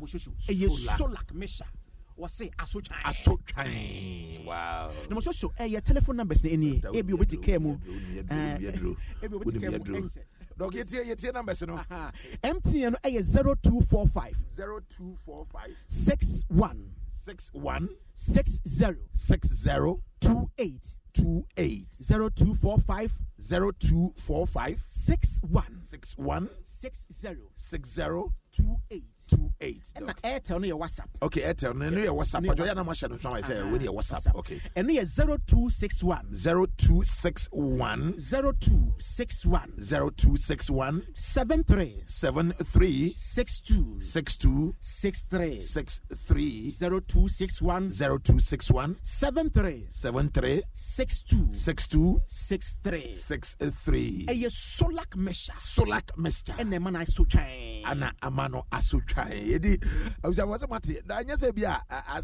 bososo ɛyɛ solar mesha wɔse asotwan asotwan wow na mo soso ɛyɛ telephone numbers ne nie ebi obi ti kɛɛ mu Six zero. Six zero. Two eight. Two eight. Zero two four five. Zero two four five. Six one. Six one. Six zero. Six zero. Two eight two eight. ɛna airtel no yɛ whatsapp. okay airtel no ɛnu yɛ whatsapp pàtó yàrá mo ahyɛ no sɔn ɛsɛ ɛwé ni yɛ whatsapp okay. ɛnu yɛ Okay. two six one. zero two six one. zero two six one. zero two six one. seven three. seven three. six two. six two. six three. six three. zero two six one. zero two six one. seven three. seven three. six two. six two. six three. six three. ɛyɛ solak measure. solak measure. ɛna ɛma na asotwa. ɛna ama no asotwa. kan eh, yɛdi abusuafo sɛ mate na ɛnyɛ sɛ bi a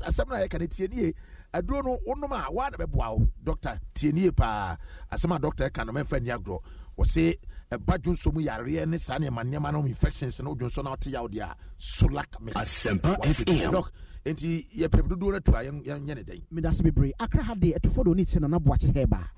asɛm no a yɛka no tie nie aduro no wonom a woa na bɛboa wo dɔkta doctor, nie paa asɛm a doctor, ɛka no mɛmfa nni agorɔ wɔse ɛba dwonso mu yareɛ ne saa nneɛma nneɛma no infections no wodwonso no wote yaw deɛ a solak mesasɛmpa fm enti yɛpɛ dodoɔ no to a yɛnyɛ ne dɛn medase bebree akra ha de ɛtofoɔ de ɔne kyɛ nanaboakye hɛ baa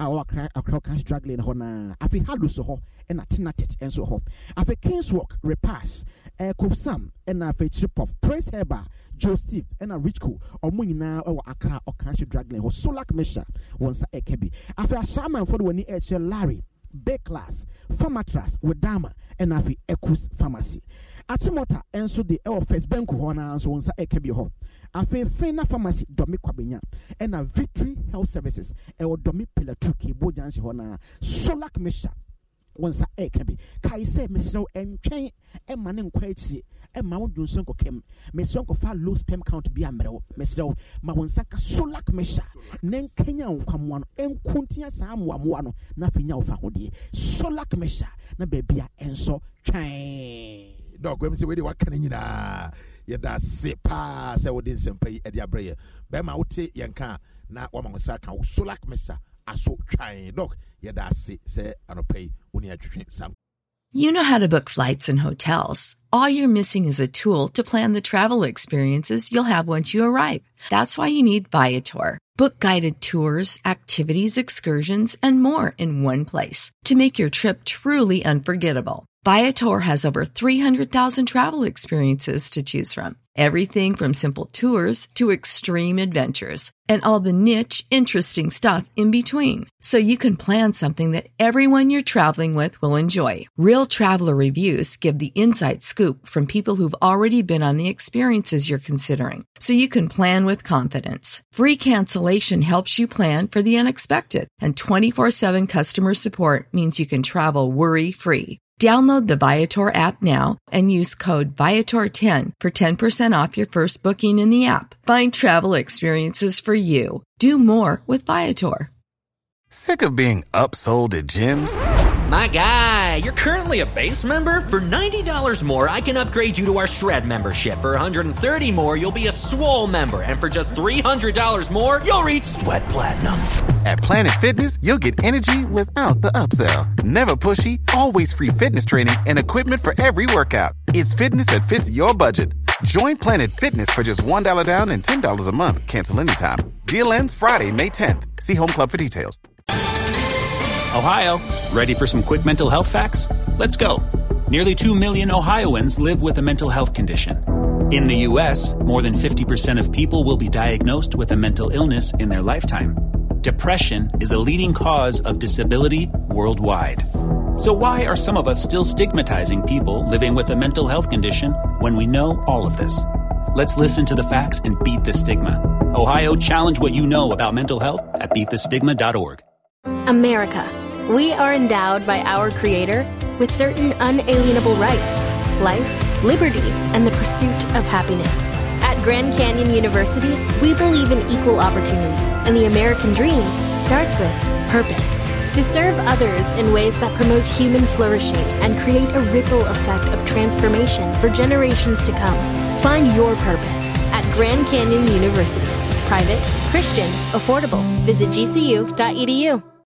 ɔka struggling hɔ naa afei halos hɔ ɛna tenatet nso hɔ afei kingswalk repass eh, kofsam ɛna afei chipof praise herba joseph ɛna richco ɔmo nyinaa ɛwɔ akra ɔka struggling hɔ solak mesha wɔn nsa ɛka bi afei ahyɛamanfoɔ de wɔn ani ɛkyerɛ larry Bakers, Farmatras, Wedama, and Afi Ekus Pharmacy. Atimota, and so the L First Bank Hona, and so on, Ekebi Ho. afei fena pharmacy dɔmi kwabenya ɛna victory health services ɛwɔ dɔmi pillar two kebo jansi hɔ naa solar commission wɔn nsa ɛɛka bi kae sɛ mesrɛ ɛntwɛn ɛma ne nkɔ akyire ɛma wo dwonso nkɔkɛm mesrɛ nkɔfa low spam count bi ammerɛ wo mesrɛ wo ma wo nsa ka solar commission na nkanya wo kwamoa no ɛnkontia saa mmoamoa no na afei nya wo fa ahodeɛ solar commission na baabi a ɛnsɔ twɛn dɔkɔ m sɛ wei de waka no nyinaa yɛda paa sɛ wode nsɛmpa yi abrɛ yɛ wote na wama sa ka wo solak mesa aso yɛda sɛ anɔpa yi wo sam You know how to book flights and hotels. All you're missing is a tool to plan the travel experiences you'll have once you arrive. That's why you need Viator. Book guided tours, activities, excursions, and more in one place to make your trip truly unforgettable. Viator has over 300,000 travel experiences to choose from. Everything from simple tours to extreme adventures and all the niche, interesting stuff in between. So you can plan something that everyone you're traveling with will enjoy. Real traveler reviews give the inside scoop from people who've already been on the experiences you're considering. So you can plan with confidence. Free cancellation helps you plan for the unexpected and 24-7 customer support means you can travel worry-free. Download the Viator app now and use code Viator10 for 10% off your first booking in the app. Find travel experiences for you. Do more with Viator. Sick of being upsold at gyms? My guy, you're currently a base member? For $90 more, I can upgrade you to our Shred membership. For $130 more, you'll be a Swole member. And for just $300 more, you'll reach Sweat Platinum. At Planet Fitness, you'll get energy without the upsell. Never pushy, always free fitness training and equipment for every workout. It's fitness that fits your budget. Join Planet Fitness for just $1 down and $10 a month. Cancel anytime. Deal ends Friday, May 10th. See Home Club for details. Ohio, ready for some quick mental health facts? Let's go. Nearly 2 million Ohioans live with a mental health condition. In the U.S., more than 50% of people will be diagnosed with a mental illness in their lifetime. Depression is a leading cause of disability worldwide. So, why are some of us still stigmatizing people living with a mental health condition when we know all of this? Let's listen to the facts and beat the stigma. Ohio, challenge what you know about mental health at beatthestigma.org. America we are endowed by our Creator with certain unalienable rights life, liberty, and the pursuit of happiness. At Grand Canyon University, we believe in equal opportunity, and the American dream starts with purpose. To serve others in ways that promote human flourishing and create a ripple effect of transformation for generations to come. Find your purpose at Grand Canyon University. Private, Christian, affordable. Visit gcu.edu.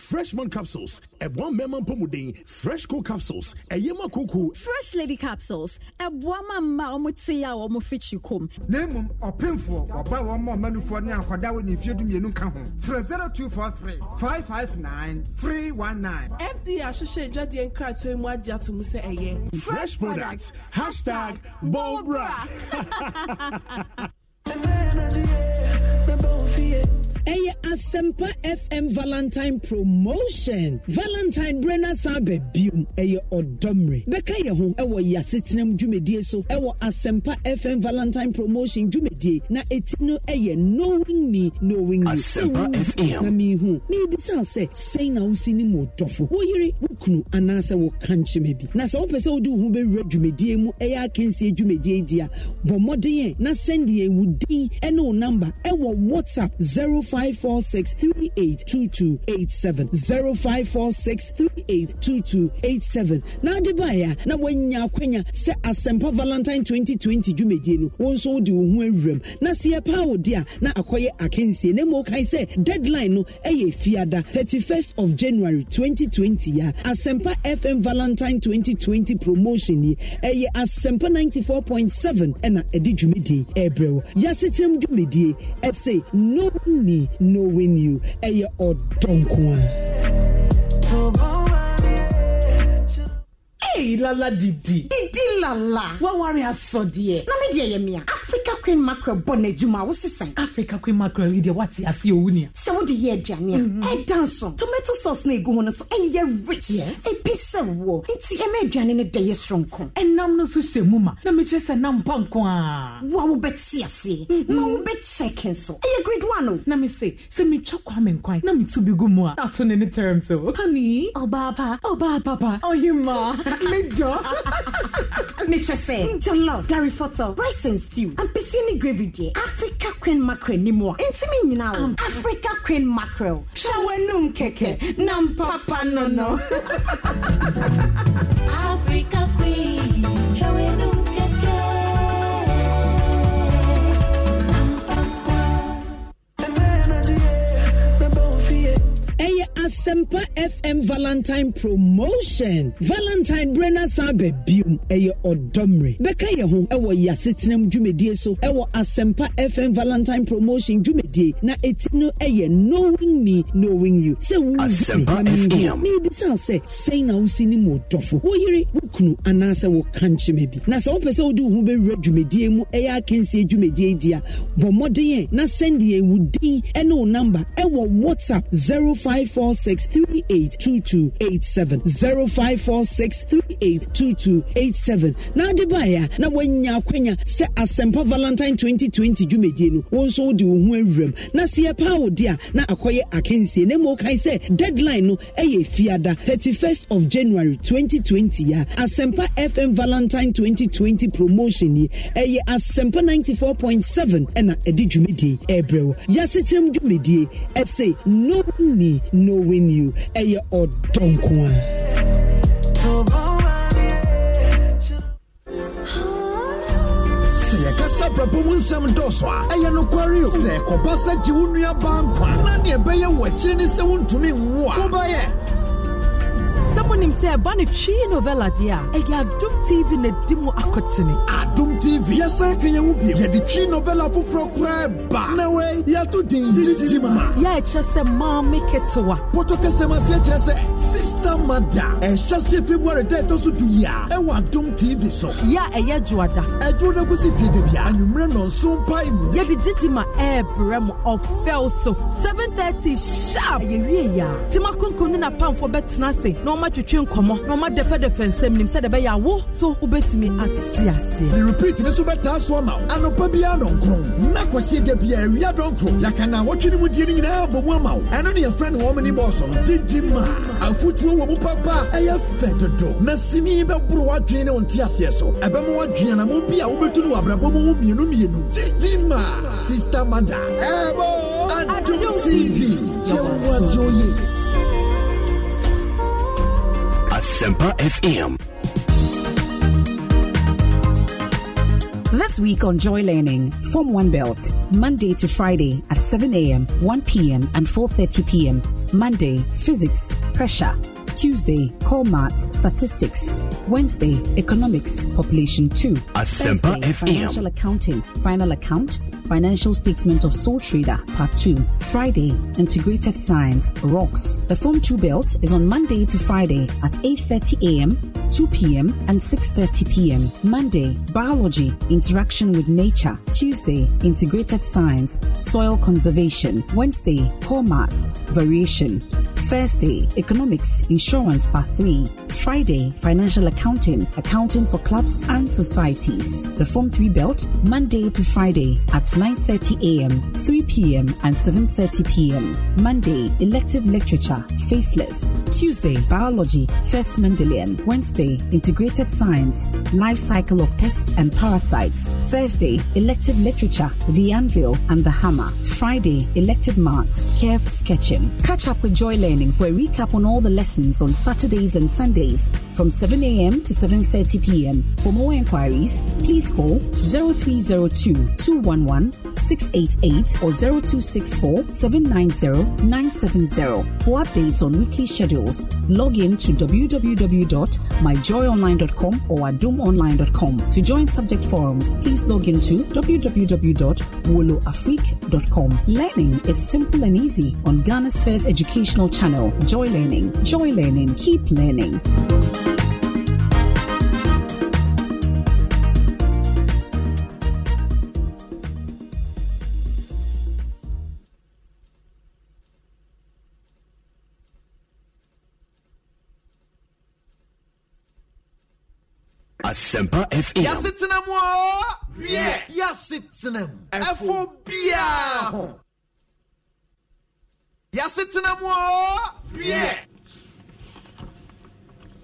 fresh man capsules, a one memon pomudin, fresh cool capsules, a yema cuckoo, fresh lady capsules, a one maomutia or mufichukum. Name or pinful or buy one more menu for now for that when you feed me no come home. From 0243 559 319. and Ashushe Jadi him what to Mwadia to say. Fresh products, hashtag Bobra. ɛyɛ asɛmpa fm valentine promotion valentine berɛ no saa baabiom ɛyɛ ɔdɔmmere bɛka yɛ ho ɛwɔ yɛasetenam dwumadie so ɛwɔ asɛmpa fm valentine promotion dwumadie na etino no ɛyɛ knowing me knowing you sɛ na mehu meebisa sɛ sɛn na wosi ne mu ɔdɔfo wo yere wo anaasɛ wo kankyema bi na sɛ wopɛ sɛ wode wo ho bɛwura dwumadie mu ɛyɛ akansie dwumadie di a bɔ mmɔden ɛ na sɛndeɛ wo din ɛne wo namba ɛwɔ whatsapp 05 Five four six three eight eight two two 0546 3822 87 0546 3822 87 na two baeɛ a na woanya akwanya sɛ asɛmpa valentine 2020 dwumadie no wo nso wode wo ho awuram na sɛ na wo de a na akoye akensi ne mo kai se deadline no ɛyɛ fiada thirty first of january twenty twenty ya asempa fm valentine twenty 2020 promotion ninety four point seven ena ɛde dwumadie ɛbrɛ wo yɛasekyerɛm dwumadie ɛse no ni knowing you. Eye drunk one. Hey, lala didi. Didi lala. Wa wari aso die. Na me die ye mia. Africa Queen Mackerel bɔ n'adwuma wo sisan. Africa Queen Mackerel yi deɛ wate ase owu nia. Sɛ wode yɛ aduane a. Ɛdan mm-hmm. so. Tomato sauce na egu ho no so ɛyɛ rich. Ebi sɛ wɔ. Nti ɛmɛ aduane no dɛ yɛ soronko. Ɛnam no so hyɛ mu ma. Na mekyerɛ sɛ nam pa nko a. Wa wo bɛ te ase. Na wo bɛ kyɛkɛ so. Ɛyɛ grade one o. Na me se sɛ metwa kwame nkwan na metu bi gu mu a. Ato ne ne term so. Honey. Ɔbaa pa. Ɔbaa papa. Ɔyɛ ma. Major. Major say, jollof, Gary Foto, rice and stew, and piscine gravy dear. Africa Queen Mackerel ni more. Intimi ni now. Um. Africa Queen Mackerel. Shawenum keke. Nam papa Nono. Africa Queen. yɛ asɛmpa fm valentine promotion valentine berɛ no saa baabiom ɛyɛ ɔdɔmmerɛ bɛka yɛ ho ɛwɔ yɛasetenam dwumadie so ɛwɔ asɛmpa fm valentine promotion dwumadie na ɛti no ɛyɛ knowing me knowing you sɛ wobisa sɛ sɛn na wosi ne mu ɔdɔfo wo yere wo anaasɛ wo kankyema bi na sɛ wopɛ sɛ wode wo ho bɛwura dwumadie mu ɛyɛ akansie dwumadie di a bɔ mmɔden ɛ na sɛndeɛ wo din ne wo namba ɛwɔ whatsapp 05 0546 382287. 0546 eight Na adebaya na wanya akwanya sɛ asɛmpa Valentine 2020 dwumadie no wɔn nso de wɔn ho awuram na sɛ yɛpa wo de a na akɔyɛ akansie na mmom kae sɛ deadline no ɛyɛ fiada thirty first of January 2020 ya asempa FM Valentine 2020 promotion yi ɛyɛ asɛmpa 94.7 ɛna ɛde dwumadie ɛbrɛw yɛasetem dwumadie ɛsɛ no ni knowing you ɛyɛ ɔdɔ nko yɛkasa brabɔ mu nsɛm dɔɔso a ɛyɛ nokware o sɛ ɛkɔba sɛ gye wo nnuaba nkwa na neɛ ɛbɛyɛ wɔ akyiri ne sɛ wontumi nwo a wobɛyɛ monim sɛ ɛba no twii novella deɛ a ɛyɛ adom tv na di mu akɔtene adom tv yɛsan ka yɛn ho bio yɛde twii novella foforɔ koraa ba na wei yɛato din gyigyima yɛakyerɛ sɛ maame ketewa bɔtɔ kɛsɛm ase akyerɛ sɛ sister mada ɛhyɛ se february da ɛtɔ so du yi a ɛwɔ adom tv so yɛ a ɛyɛ dwoada ɛdwo no kosi fie da anwummerɛ nɔnso mpae mu yɛde gyigyima ɛɛbrɛ mo ɔfɛw so 730 sharp yɛwie yɛ a tema konkom ne napamfoɔ bɛtena ase na ɔmatwe atwitwi nkɔmmɔ na ɔma dɛfɛdɛfɛ nsɛm nim sɛdeɛ ɛbɛyɛ awo so wobɛtumi ate aseɛ ne repeat ne so bɛtaa so ama wo anɔpa biara dɔnkron na kɔsie da bia awia dɔnkron yɛka na wɔtwe no mu die no nyinaa bɔ mu ama wo ɛno ne yɛfrɛ ne wɔmani bɔɔso no gyegye ma afotuo wɔ mu papa ɛyɛ fɛ dodo na sini bɛboro w'adwene ne wo nte aseɛ so ɛbɛma w'adwene anamo bi a wobɛtu no wɔ abrabɔ mu ho mmienu mmienu gyegye ma sister mada ɛbɔ adom tv yɛwɔ adwoye Asempa FM. This week on Joy Learning, Form 1 Belt, Monday to Friday at 7 a.m., 1 p.m., and 4.30 p.m. Monday, Physics, Pressure. Tuesday, Core Maths, Statistics. Wednesday, Economics, Population 2. Asempa FM. Financial Accounting, Final Account, Financial Statement of soil Trader, Part 2. Friday, Integrated Science, Rocks. The Form 2 Belt is on Monday to Friday at 8.30 a.m., 2 p.m., and 6.30 p.m. Monday, Biology, Interaction with Nature. Tuesday, Integrated Science, Soil Conservation. Wednesday, Core Maths, Variation. Thursday, Economics, Insurance Part 3. Friday, Financial Accounting, Accounting for Clubs and Societies. The Form 3 Belt, Monday to Friday at 9.30 a.m., 3 p.m., and 7.30 p.m. Monday, elective literature, faceless. Tuesday, biology, first Mendelian. Wednesday, integrated science, life cycle of pests and parasites. Thursday, elective literature, the anvil and the hammer. Friday, elective maths, care sketching. Catch up with Joy Learning for a recap on all the lessons on Saturdays and Sundays from 7 a.m. to 7.30 p.m. For more inquiries, please call 0302 211 688 or 0264 790 970. For updates on weekly schedules, log in to www.myjoyonline.com or adumonline.com. To join subject forums, please log in to www.woloafrique.com. Learning is simple and easy on Ghana's first educational channel, Joy Learning. Joy Learning. Keep learning. Semper FM. Yasitinem wo. Yeah. Yasitinem. Efo bia ho. Yasitinem wo. Yeah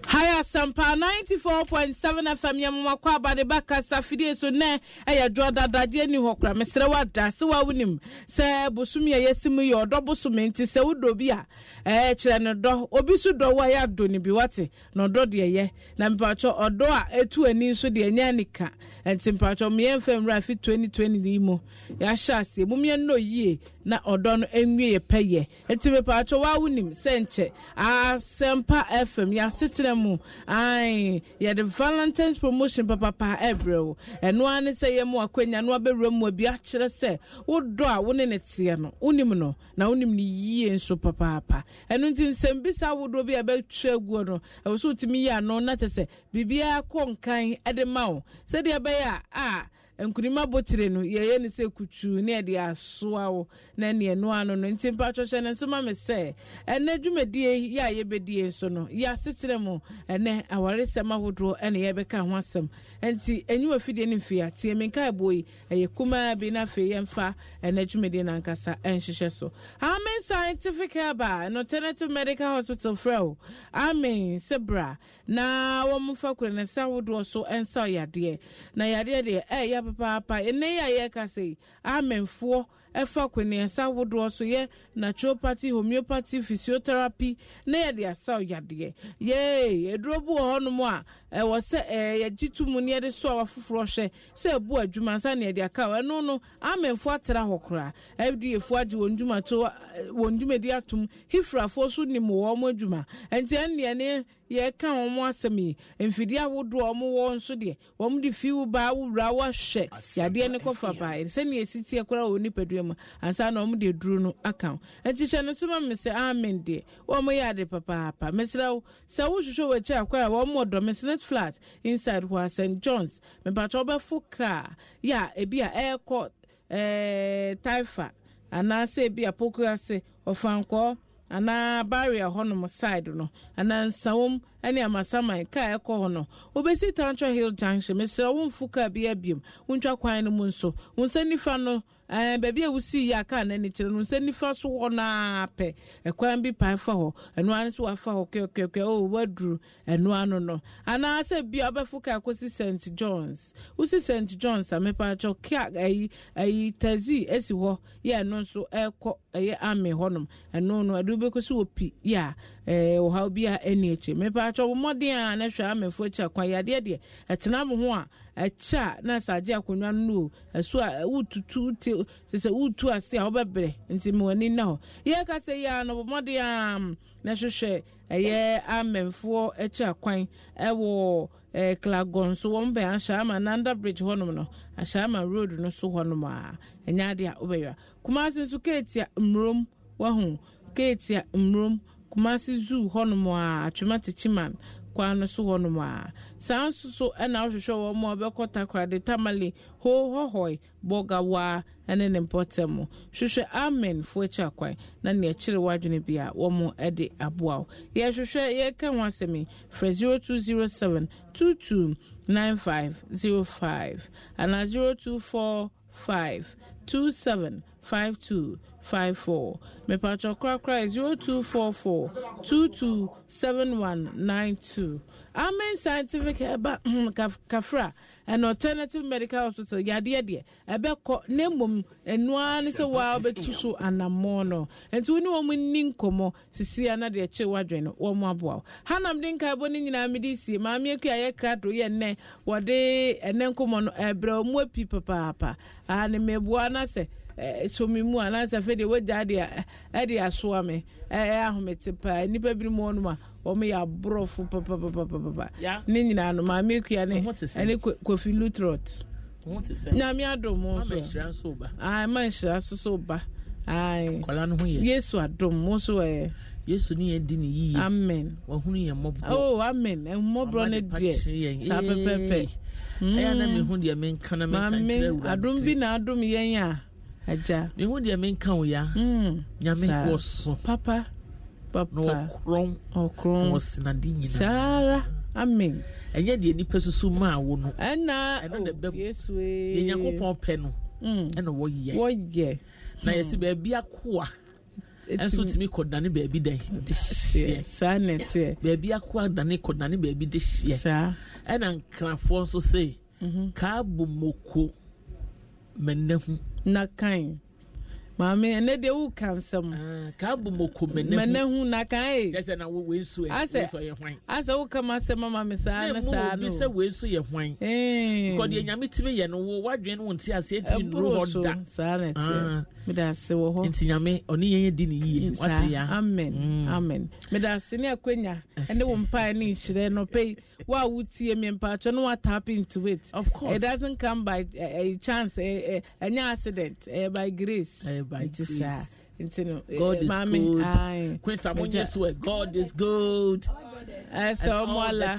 haya sampa 94.7 fm yɛ moma kɔ abade bɛkasa fidie so nɛ ɛyɛ doɔ dadagye ni hɔ kora mesrɛ woada sɛ woa wonim sɛ bosom yɛ yɛsi mu yɛ ɔdɔ bosome nti sɛ wodɔ bi a ɛɛ e, kyerɛ no dɔ obi so dɔ wo a yɛadɔ no bi wate na ɔdɔ deɛ yɛ na mpatwɔ ɔdɔ a ɛtu ani nso deɛ ɛnyɛ anika ɛnti mpatwɔ meyɛmfa mmra afe 2020 yi mu yɛahyɛ aseɛ mumyɛ nnɔ yie na ɔdɔ no ɛnwie pɛyɛ ɛnti mepatwɔ woa wonim sɛ nkyɛ asɛmpa fm yɛasetena mu ae yɛde valentines promotion papapa ɛbrɛ wo ɛno ara ne sɛ yɛmu akwanya no abɛwura mu abi akyerɛ sɛ wodɔ a wo ne ne teɛ no wonim no na wonim ne yie nso papaapa ɛno nti nsɛm bi saa wodoɔ bi a ɛbɛtwa aguo no ɛwɔ so wotumi yɛ ano na kyɛ sɛ biribiara kɔ nkan de ma wo sɛdeɛ ɛbɛyɛ a a nkuruma botire no yɛyɛ ne sɛ kutuu ne yɛde asoa wo na ne ɛnoa no no nti mpa twɛhwɛ no nso ma me sɛ ɛnɛ dwumadie yɛ a yɛbɛdie so no yɛasetere mu ɛnɛ awaresɛm ahodoɔ ɛne yɛbɛka ho asɛm nti ɛnyiwa fidie no mfei tie me nka ɛboɔ yi ɛyɛ kumaa bi na afei yɛmfa ɛnɛ dwumadie no ɛnhyehyɛ so amen scientific herba and alternative medical hospital frɛ amen sebra na wɔmfa kura ne nsa ahodoɔ so ɛnsa yadeɛ na yadeɛ deɛ ɛyɛ papaapa ɛnɛ yi a yɛreka sɛ amɛnfoɔ ɛfa akɔneɛsa ahodoɔ so yɛ naturopathy homeopathy physiotherapy na yɛde asa yadeɛ yee aduro bi wɔ hɔnom a ɛwɔ sɛ ɛɛ yɛgye to mu ne yɛde so awa foforɔ hwɛ sɛ ɛbu adwuma nsa ne yɛde aka ɛno no amanfoɔ atra hɔ koraa ɛdiyefoɔ agye wɔn dwumato wɔn dwumadi atom hifrafoɔ so nim wɔn adwuma nti ɛnneɛ ne yɛka wɔn asɛm yi mfidie ahodoɔ wɔn wɔ nso deɛ wɔn de fiw baa wura wɔahwɛ yadeɛ ne kɔfa baa sɛnea esi tie koraa wɔ nipadua mu ansa na wɔn de duro no aka ho akyikyɛ no so ma mi sɛ amen deɛ wɔn yɛ ade papaapa mesra wo sɛ wohwehwɛ wɔ akyi akɔ a wɔn wɔ dɔmisinet flat inside hɔ st johns mipatɔ bɛfo kaa yɛ ebi a ɛrekɔ ɛɛɛ eh, taifa anaasɛ ebi a poko se ɔfankɔɔ anaa barrier hɔnom side no anaa nsawom ɛne amasaman kaa ɛkɔ hɔ no obesi tantwa hill junction mesrɛ wo mfu kaa bi abiam wontwa kwan no mu nso wo nsa nifa no ɛɛ baabi a wosi yie aka n'ani kyerɛ no nsa nifa so hɔ naa pɛ ɛkwan bi pa afa hɔ ɛnoa nso wafa hɔ kɛkɛkɛ o oh, waduru ɛnoa no no anaasɛ bi a ɔbɛfo kaa kɔsi st johns wosi st johns a mepaakyɛw kia ɛyi ɛyi tazi esi hɔ yɛ ɛno nso ɛɛkɔ ɛyɛ ami hɔnom ɛno no ɛde wobɛkɔsi wɔ pi yɛ a ɛɛ ɔhaw bi a ɛni akyire mepaakyɛw. mpakyɛ wo mmɔden a na hwɛ amɛfo akyi akwan yadeɛ deɛ ɛtena mo ho a ɛkyɛ a na asagye akonnwa no no ɛso a wotutu te sɛ wotu ase a wobɛbrɛ nti ma w'ani na hɔ yɛka sɛ yi a no a mm, na hwehwɛ ɛyɛ ɛwɔ klagon so wɔn bɛn ahyɛama nanda bridge hɔnom no ahyɛama road no so hɔnom a ɛnyɛ adeɛ a wobɛyɛ kumase nso keetia mmurom keetia mmurom kumase zoo hɔnom a atwoma techiman kwaa no so hɔnom a saa nso so ɛna ahwehwɛ wɔn mu a wɔbɛkɔ takoradi tamale hohohoi bɔgawa ɛne ne mpɔtɛm hwehwɛ amen fo akyi akwan na nea ɛkyerɛ wadwene bi a wɔn ɛde aboa o yɛhwehwɛ yɛka ho asɛm frɛ zero two zero seven two two nine five zero five ana zero two four five two seven. 5254 mepatwɔ korakora 0244 227192 amen scientific ɛba hmm, kafra an alternative medical hospital yadeɛ deɛ ɛbɛkɔ na mmom ɛnoa ne sɛ waa wobɛtu so anammɔ no ɛnti wo ne wɔ mu nni nkɔmmɔ sisia na deɛ kye woadwene no wɔ mo aboa wo hanam de nkaebɔ no nyinaa mede sie maame aku a yɛkra do yɛ nnɛ wɔde ɛnɛ nkɔmmɔ no ɛbrɛ ɔ mu api papaapa ne meboa no sɛ somi mu anaasɛ afei deɛ wagya de ɛde asoa me ɛyɛ ahomete paa nnipa binom hɔ nom a wɔn yɛ aborɔfo papapapapa ne nyinaa no maame kua ne ɛne kofi lutrot nyame adom mo nso ma nhyira so ba nkɔla yesu adom mo so ɛyɛ yesu ni yɛn di ni yiye amen wahunu yɛn mɔborɔ oh amen mɔborɔ ne deɛ saa pɛpɛpɛ ɛyɛ anam mm. ihu deɛ mi nkana mi nkankyerɛ wura ti adum bi na adum yɛn a agya mehu deɛ menka wo ya nyame wɔ so papa papa na ɔkorɔn ɔkorɔn ɔsenade nyinaa saara amen ɛnyɛ deɛ nipa soso maa wo no ɛna ɛna na bɛm deɛ nyankopɔn pɛ no ɛna wɔyɛ wɔyɛ na yɛsi baabi akoa ɛnso tumi kɔ dane baabi dɛn de hyɛ saa na ɛteɛ baabi akoa dane kɔ dane baabi de hyɛ saa ɛna nkrafoɔ nso se kaa moko mɛnɛ ho na quem maame ɛnɛ de wo ka nsɛm ah, ka bo mɔko mɛnɛ hu na ka e eh. kyɛ na wo wei so asɛ yɛ hwan asɛ wo kama sɛm ama me saa ne saa no bi sɛ wei so yɛ hwan kɔdeɛ eh. nyame tumi yɛ no wo woadwene wo nte ase ɛtumi nuru hɔ da saa na ɛteɛ ah. meda ase wɔ hɔ nti nyame ɔne yɛn di ne yie wate ya amen mm. amen meda ase ne akwanya eh. ɛne wo mpae ne nhyerɛ no pɛi wo a wotie me mpaatwɛ no watap into it of course it doesn't come by a uh, uh, chance ɛnyɛ uh, uh, accident uh, by grace uh, by nti grace. Nti no, God is Mami, good. Aye. Krista Munye swear, God is good. Ẹsẹ̀ ọmọ ọ̀la.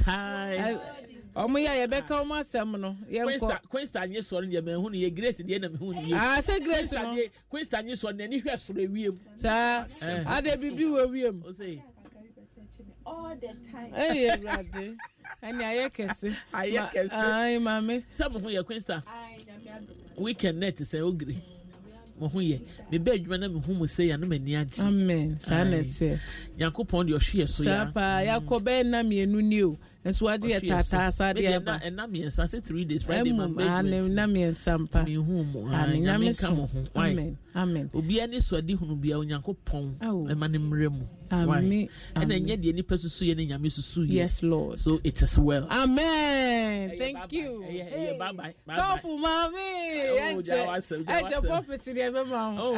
Ọmọ ya yẹbẹ ká ọmọ asẹm no. Kwesta Kwesta anyi sọrọ yẹ mẹhun yẹ Grace diẹ na mẹhun yẹ. Ah sẹ Grace no. Kwesta anyi sọrọ n'ani hwẹ soro ewiem. Saa eh. adé bibi wọ ewiem. All the time. Ẹ eh, yẹ Ewurade ɛni ayɛ kɛse. ayɛ kɛse. ayi maame. sábà fún yɛ Kwesta weekend net sɛ ogiri. Mm mo ho yɛ mebɛ adwuma na mehu mu sɛ yɛ no m'ani agye amen saa na ɛteɛ nyankopɔn deɛ ɔhwe yɛ so yɛ paa yɛakɔ bɛyɛ nna mmienu ni o nso wagye yɛ taataa saa deɛ ɛba ɛna mmiɛnsa sɛ three days friday ma mbɛ ntumi na mmiɛnsa mpa mehu mu ane nyame ka mo ho amen amen obiara ne sɔde hunu biara onyankopɔn ɛma ne mmerɛ mu Amen. And then yet the any person susu yet nyame susu Yes, Lord. So it is well. Amen. Thank you. bye you. Bye hey, hey, hey. bye bye. Bye so bye. Mami. Enche. Enche property dey be mom. Oh.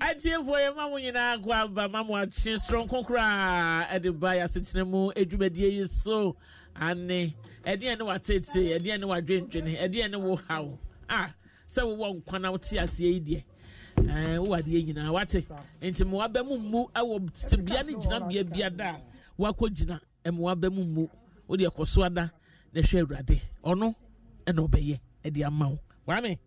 Atie fo ye mamu nyina kwa ba mamu akye strong konkra e de ba ya setena mu edwumadie yi so ane ɛde ɛne watete ɛde ɛne wadwendwene ɛde ɛne wo haw ah sɛ wowɔ nkwa na wote aseɛ yi deɛ Eh, wowɔ adeɛ nyinaa wate nti mmoaba mu mmu wɔ tebea no gyinabea bia da a woakɔ gyina mmoaba mu mmu wode ɛkɔ so ada na ɛhwɛ awurade ɔno ɛna ɔbɛyɛ ɛde ama wo wame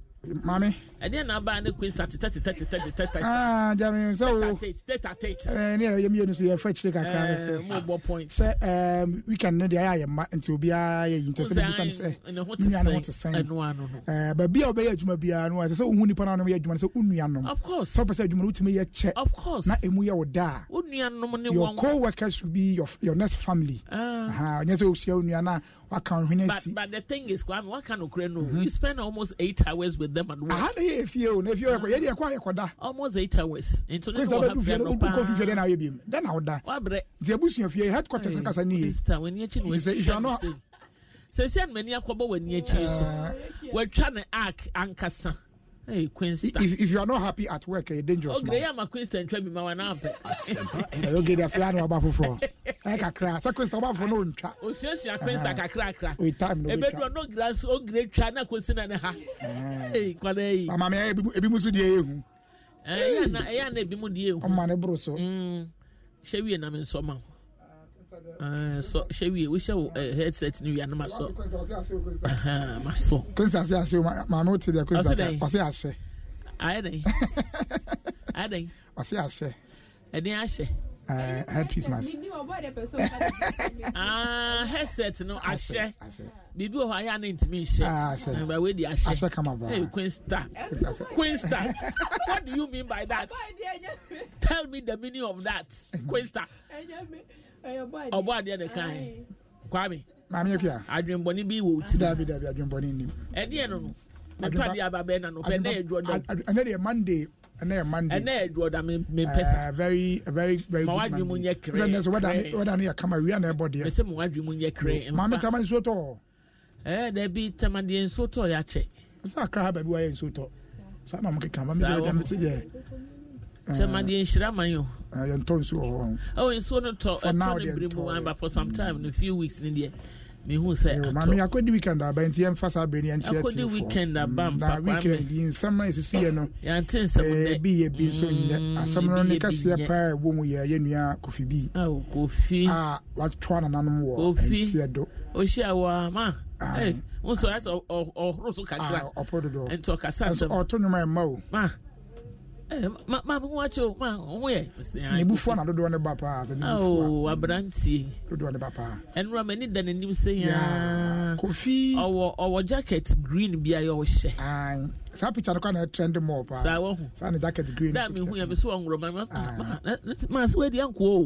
maame. ɛdeɛ na aba ne queen thirty thirty thirty thirty thirty. aa ah, jaabi eh, eh, eh, sɛ o thirty eight ɛɛ ne yɛrɛ yɛ mmienu so yɛrɛ fɛ kyerɛ kakra sɛ mo bɔ point. sɛ ɛɛ weekend ne deɛ ayɛ ma nti obiara yɛ yi nti sɛ ebi sɛ sɛ ne ho te sɛn ɛnua no no. ɛɛ baabi a ɔbɛyɛ adwuma biara no sɛ ohun nipa naa ɔyɛ adwuma no sɛ onua nom. of course sɛ ɔpɛ sɛ adwuma no wotumi yɛ kyɛ. of course na emu yɛ o da. onua nom ne wɔn. your co-workers should be your your next family. ɔnyɛ sɛ ohyia onua na waka nhwene si. but but the thing is kwame waka no kure you spend almost eight hours with them and work. Aha na ye efie o na efie o yɛ Almost eight hours. Into the wɔ ha fia who paa. Kɔntu fia I will be. Then I would die. ɔda. Wabrɛ. Nti ebusua fie headquarters nkasa ni ye. Mr. Wani akyi na wɔsi fia no sɛ sɛ mani akɔbɔ w'ani akyi so to act ark Hey, If, if you are not happy at work, you're dangerous. Okay, man. I'm a Queenstown trip in my one up. Okay, the flat of Bafu from. Like a crass, I could someone for no chat. Oh, seriously, I quit like a crack. crack. With time, no better no grass, oh, great China, question and a half. Ah. Hey, Quade, Mamma, Ebimusu de Eya eh, na ebi mu die. Ọmọ ne buru so. Ṣé mm. wíyẹn na mi nsọ ma. Eh, so ṣé wiye wohyɛ wo headset no wia no ma sɔ ma sɔ kristi ase ahye maame wote deɛ kristi ɔse ahyɛ ayɛ dɛn ayɛ dɛn ɔse ahyɛ ɛden ahyɛ headpiece na ahyɛ headset no ahyɛ biribi wɔ hɔ ayɛ a ne ntumi nhyɛ ba wei de ahyɛ ahyɛ kama baa hey queen star queen star what do you mean by that tell me the meaning of that eh, queen eh, star ọbọ adeɛ de kan kwame. maame ekua. adwembɔni bi wò ti. dabi dabi adwembɔni nim. ɛdeɛ no nipa de aba bɛɛ na no pɛ yɛ duɔ dam. ɛnɛ de yɛ mande ɛnɛ yɛ mande. ɛnɛ yɛ duɔ dam mi pɛsɛ. very very very good mande. ma wadwi mu nyɛ kere. sɛ nɛsɛ yɛ kama wia na deɛ. mɛsɛ ma wadwi mu nyɛ maame tama nsuo tɔ. ɛɛ dɛbi tama deɛ tɔ yɛ akyɛ. sɛ akra man Ah, yɛntɔ nsuo wɔ hɔ oh, nsuo no tɔ ɛtɔ no bere mu wan ba for some time in a few weeks ne deɛ mehu sɛ atɔ maame akɔdi weekend aba ah, nti yɛmfa saa bere no yɛnkyerɛ tifoɔ akɔdi weekend aba mpa kwame weekend yi nsɛm a ɛsisiɛ no yɛnte nsɛm dɛ ɛbi yɛ bi nso nyɛ mm, asɛm ah, no ne kɛseɛ paa ɛwɔ mu yɛ yɛnua kofi bi kofi a watoa nananom wɔ nsiɛ do ohyia wɔ ama eh, nso ayɛ sɛ ɔhoro so kakra nti ɔkasa nsɛm ɔto nnwoma ɛma o maame ho na dodoɔ ne ba paa ne ba paa ɛnora m'ani da n'anim sɛ kofi ɔwɔ jacket green bi a yɛ ɔhyɛ saa picture no kɔ na trend mɔ paa saa wɔn saa ne jacket green na mihu yɛ bɛsi wɔn nkorɔma maa se wadi anko o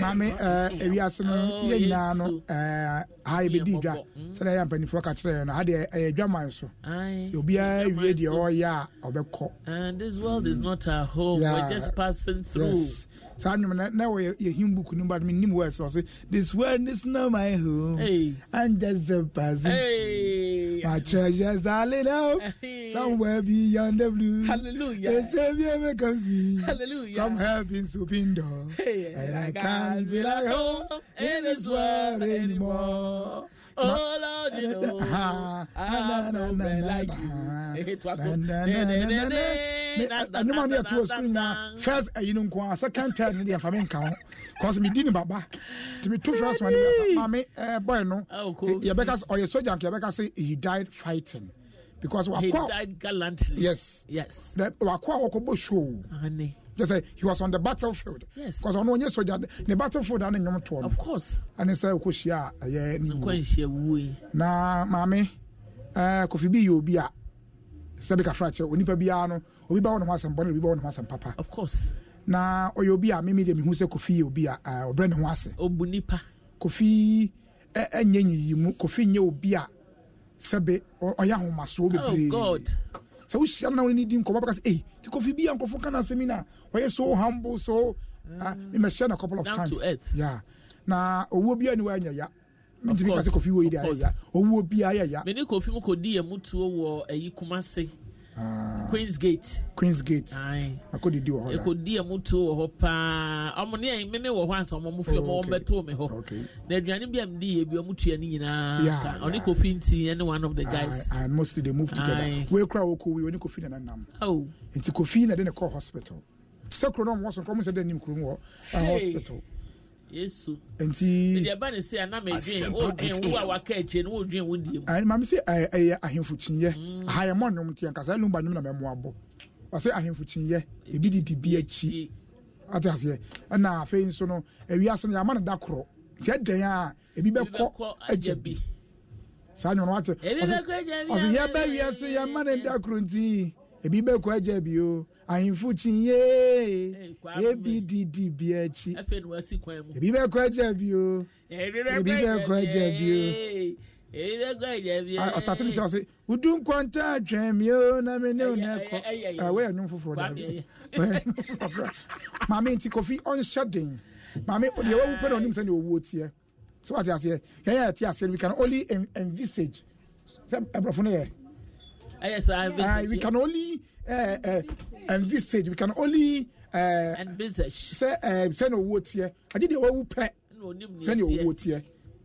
maame eh, ewiase no oh, yɛ nyinaa no eh, ha yɛ bɛdi dwa mm. sɛdeɛ yɛ mpanimfoɔ ka kyerɛ yɛn no ha deɛ ɛyɛ dwaman so obiara wie deɛ ɔreyɛ a ɔbɛkɔ. this world is mm. not our home yeah. we are just passing through. Yes saa nnwom na na wɔyɛ yɛ him book no but menim wɔ ɛsɛ ɔse this world is not my home hey. i'm just a person hey. my treasures are laid up somewhere beyond the blue hallelujah the savior becomes me hallelujah from heaven's open door hey. and i can't feel at home in this world anymore Oh uh-huh. Lord, you know, I have no man like you. ɛno ma no yɛtoɔ skul nyinaa first ayi no nko second third no deɛ fa me nka ho cause medi ne baba nti meto first one deɛ eh, boy no yɛbɛka sɛ ɔyɛ soja nka yɛbɛka sɛ he died fighting because wakɔ yes yes wakɔ a wɔkɔbɔ show They say he was on the battlefield. Yes. Because on one soldier, the battlefield and Of course. And he said, "Kushia, oh, yeah, ni wu." Na mami, eh, kofi bi yo bi a. Sɛbi ka fracture, onipa bi ano, obi ba wɔn ho asɛm bɔnne, obi ba wɔn papa. Of course. Na ɔyɛ obi a mimi de mi hu sɛ kofi yɛ obi a ɔbrɛ eh, ne ho ase. Obu nipa. Kofi ɛnyɛ eh, eh, nyiyi mu, kofi nyɛ obi a sɛbi ɔyɛ ahomasoɔ bebree. Oh God. sɛ wohyia no na wone di nkɔmmɔ bɛka sɛ ei nti kofi bia nkɔfo ka no asɛmi no a ɔyɛ so humble so ah, memɛhyɛ no couple of times yeah. na owuo bia ni waanyɛ ya mentimi ka sɛ kofi wei de ayɛya owuo bia yɛya mene kofi mu kɔdi yɛ mutuo wɔ eh, ayi Uh, queens gate. queens gate. akɔdidi wɔ hɔ da ekodi ɛmu tu wɔ hɔ paa ɔmu ne yɛn mimi wɔ hɔ ansa ɔmu mu fi ɔmu ɔmu bɛtɔ mi hɔ na aduane bi a mi di yɛ bi ɔmu tuya ne nyinaa ɔne kofi nti ɛne one of the guys. and mostly they move together wei kura wo kowi ɔne kofi nana nam oh. nti kofi na de ne kɔ hospital sɛ kuro na ɔmu wɔ so nkɔmu sɛ de ne kuro mu wɔ hospital yesu nti deɛ ɛba ne sɛ anam edwin odwin wo a waka akyire no wodwin wo die mu maame sɛ ɛyɛ ahemfo kyinyɛ mm. ahayɛmɔ nnwom nti ɛnkasa lumba nnwom na mɛmo abɔ wɔsɛ ahemfo kyinyɛ ebi didi bi akyi ate aseɛ ɛna afei nso no awiase no yɛama no da korɔ nti ɛdɛn a ebi bɛkɔ agya bi saa nnwom no wate ɔsɛ yɛbɛ wiase yɛma no da korɔ nti ebi bɛkɔ agya bi o ahemfo kyi yee ebi didi bi akyi ebi bɛ kɔ agya bi o ebi bɛ kɔ agya bi o ɔsate ne sɛ ɔse wodu nkɔnta atwɛn mi o na me ne one kɔ woyɛ nwom foforɔ da maame nti kofi ɔnhyɛ den maame deɛ wawu pɛ na ɔnim sɛ ne ɔwuo teɛ so wate aseɛ yɛn yɛ ɛte aseɛ we can only envisage sɛ ɛborɔfo no yɛ we can only uh, uh, envisage we can only uh, envisage sɛ uh, sɛ na owó tiɛ agye deɛ wawu pɛ sɛ na owó tiɛ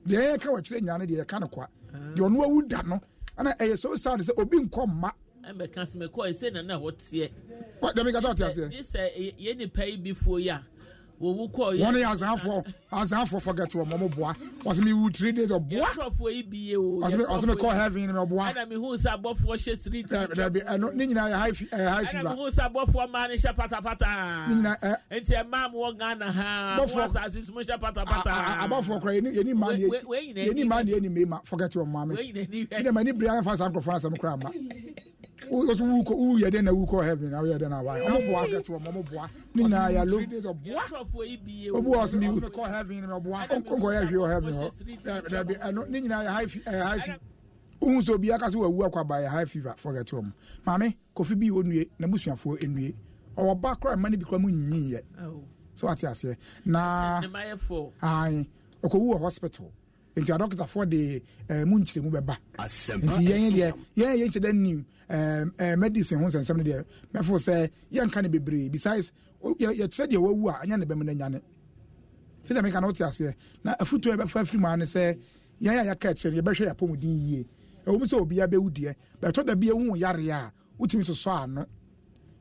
deɛ yɛka wɔ kyerɛ nyaa no deɛ yɛka no kwa deɛ ɔno awu da no ana ɛyɛ so sad sɛ obi nkɔ mma ɛmɛka sɛ mɛkɔ ɛsɛ na na hɔ teɛ dɛmekata ɔte aseɛ sɛ yɛ nipa yi bi fuo yi a wɔwu kɔɔ yɛ wɔn yɛ azanfoɔ azanfoɔ forget wɔn wɔn boa wɔsi mi wu three days ɔboa yɛtɔfoɔ yi bi ye mi wɔsi mi kɔ heaven mi ɔboa ɛna mi hu sa bɔfoɔ hyɛ street ɛ dɛbi ɛno ne nyinaa yɛ high fever ɛna eh. mi hu sa bɔfoɔ maa ni hyɛ patapata ne nyinaa ɛ nti ɛmaa mi wɔ ghana ha bɔfoɔ asase sumu hyɛ patapata abɔfoɔ kora yɛ ni maa ni yɛ ni maa ni yɛ ni mɛma forget wɔn maa mi ne ma ni biri ayɛ fa san kɔfɔ asɛm kora ma wosu wuko wu yɛ den na wuko heaven awo yɛ den na wa ɔmo bua kɛtɛ wɔn ɔmo bua ne nyinaa yɛ lo obu wa ɔsi mi wu kɔ heaven mi ɔbua nkɔ yɛ hwɛ wɔ heaven hɔ dɛbi ɛno ne nyinaa yɛ high ɛɛ high fi ohun so obi akasi wɔ wu akɔ aba yɛ high fever Forget kɛtɛ wɔn maame kofi bi onue na busuafoɔ enue ɔwɔ ba kora ɛma ne bi kora mu nyinyɛ oh. so ate aseɛ naa ayi ɔkɔ wu wɔ hospital nti adɔkotafoɔ de eh, mu nkyerɛmu bɛba nti yɛn deɛ yɛn yɛn kyerɛ dɛ nim eh, eh, medicine ho nsɛnsɛm no deɛ mɛfo sɛ yɛnka no bebree besides yɛkyerɛ deɛ wawu a ɛnyɛ ne bɛmu no nyane sɛdeɛ meka no wote aseɛ na afotuo yɛbɛfa afiri maa ne sɛ yɛn a yɛka kyerɛ no yɛbɛhwɛ yɛapɔmuden yie ɛwɔ mu sɛ obia bɛwu deɛ bɛtɔ da bi ɛwu yareɛ a wotumi sosɔ ano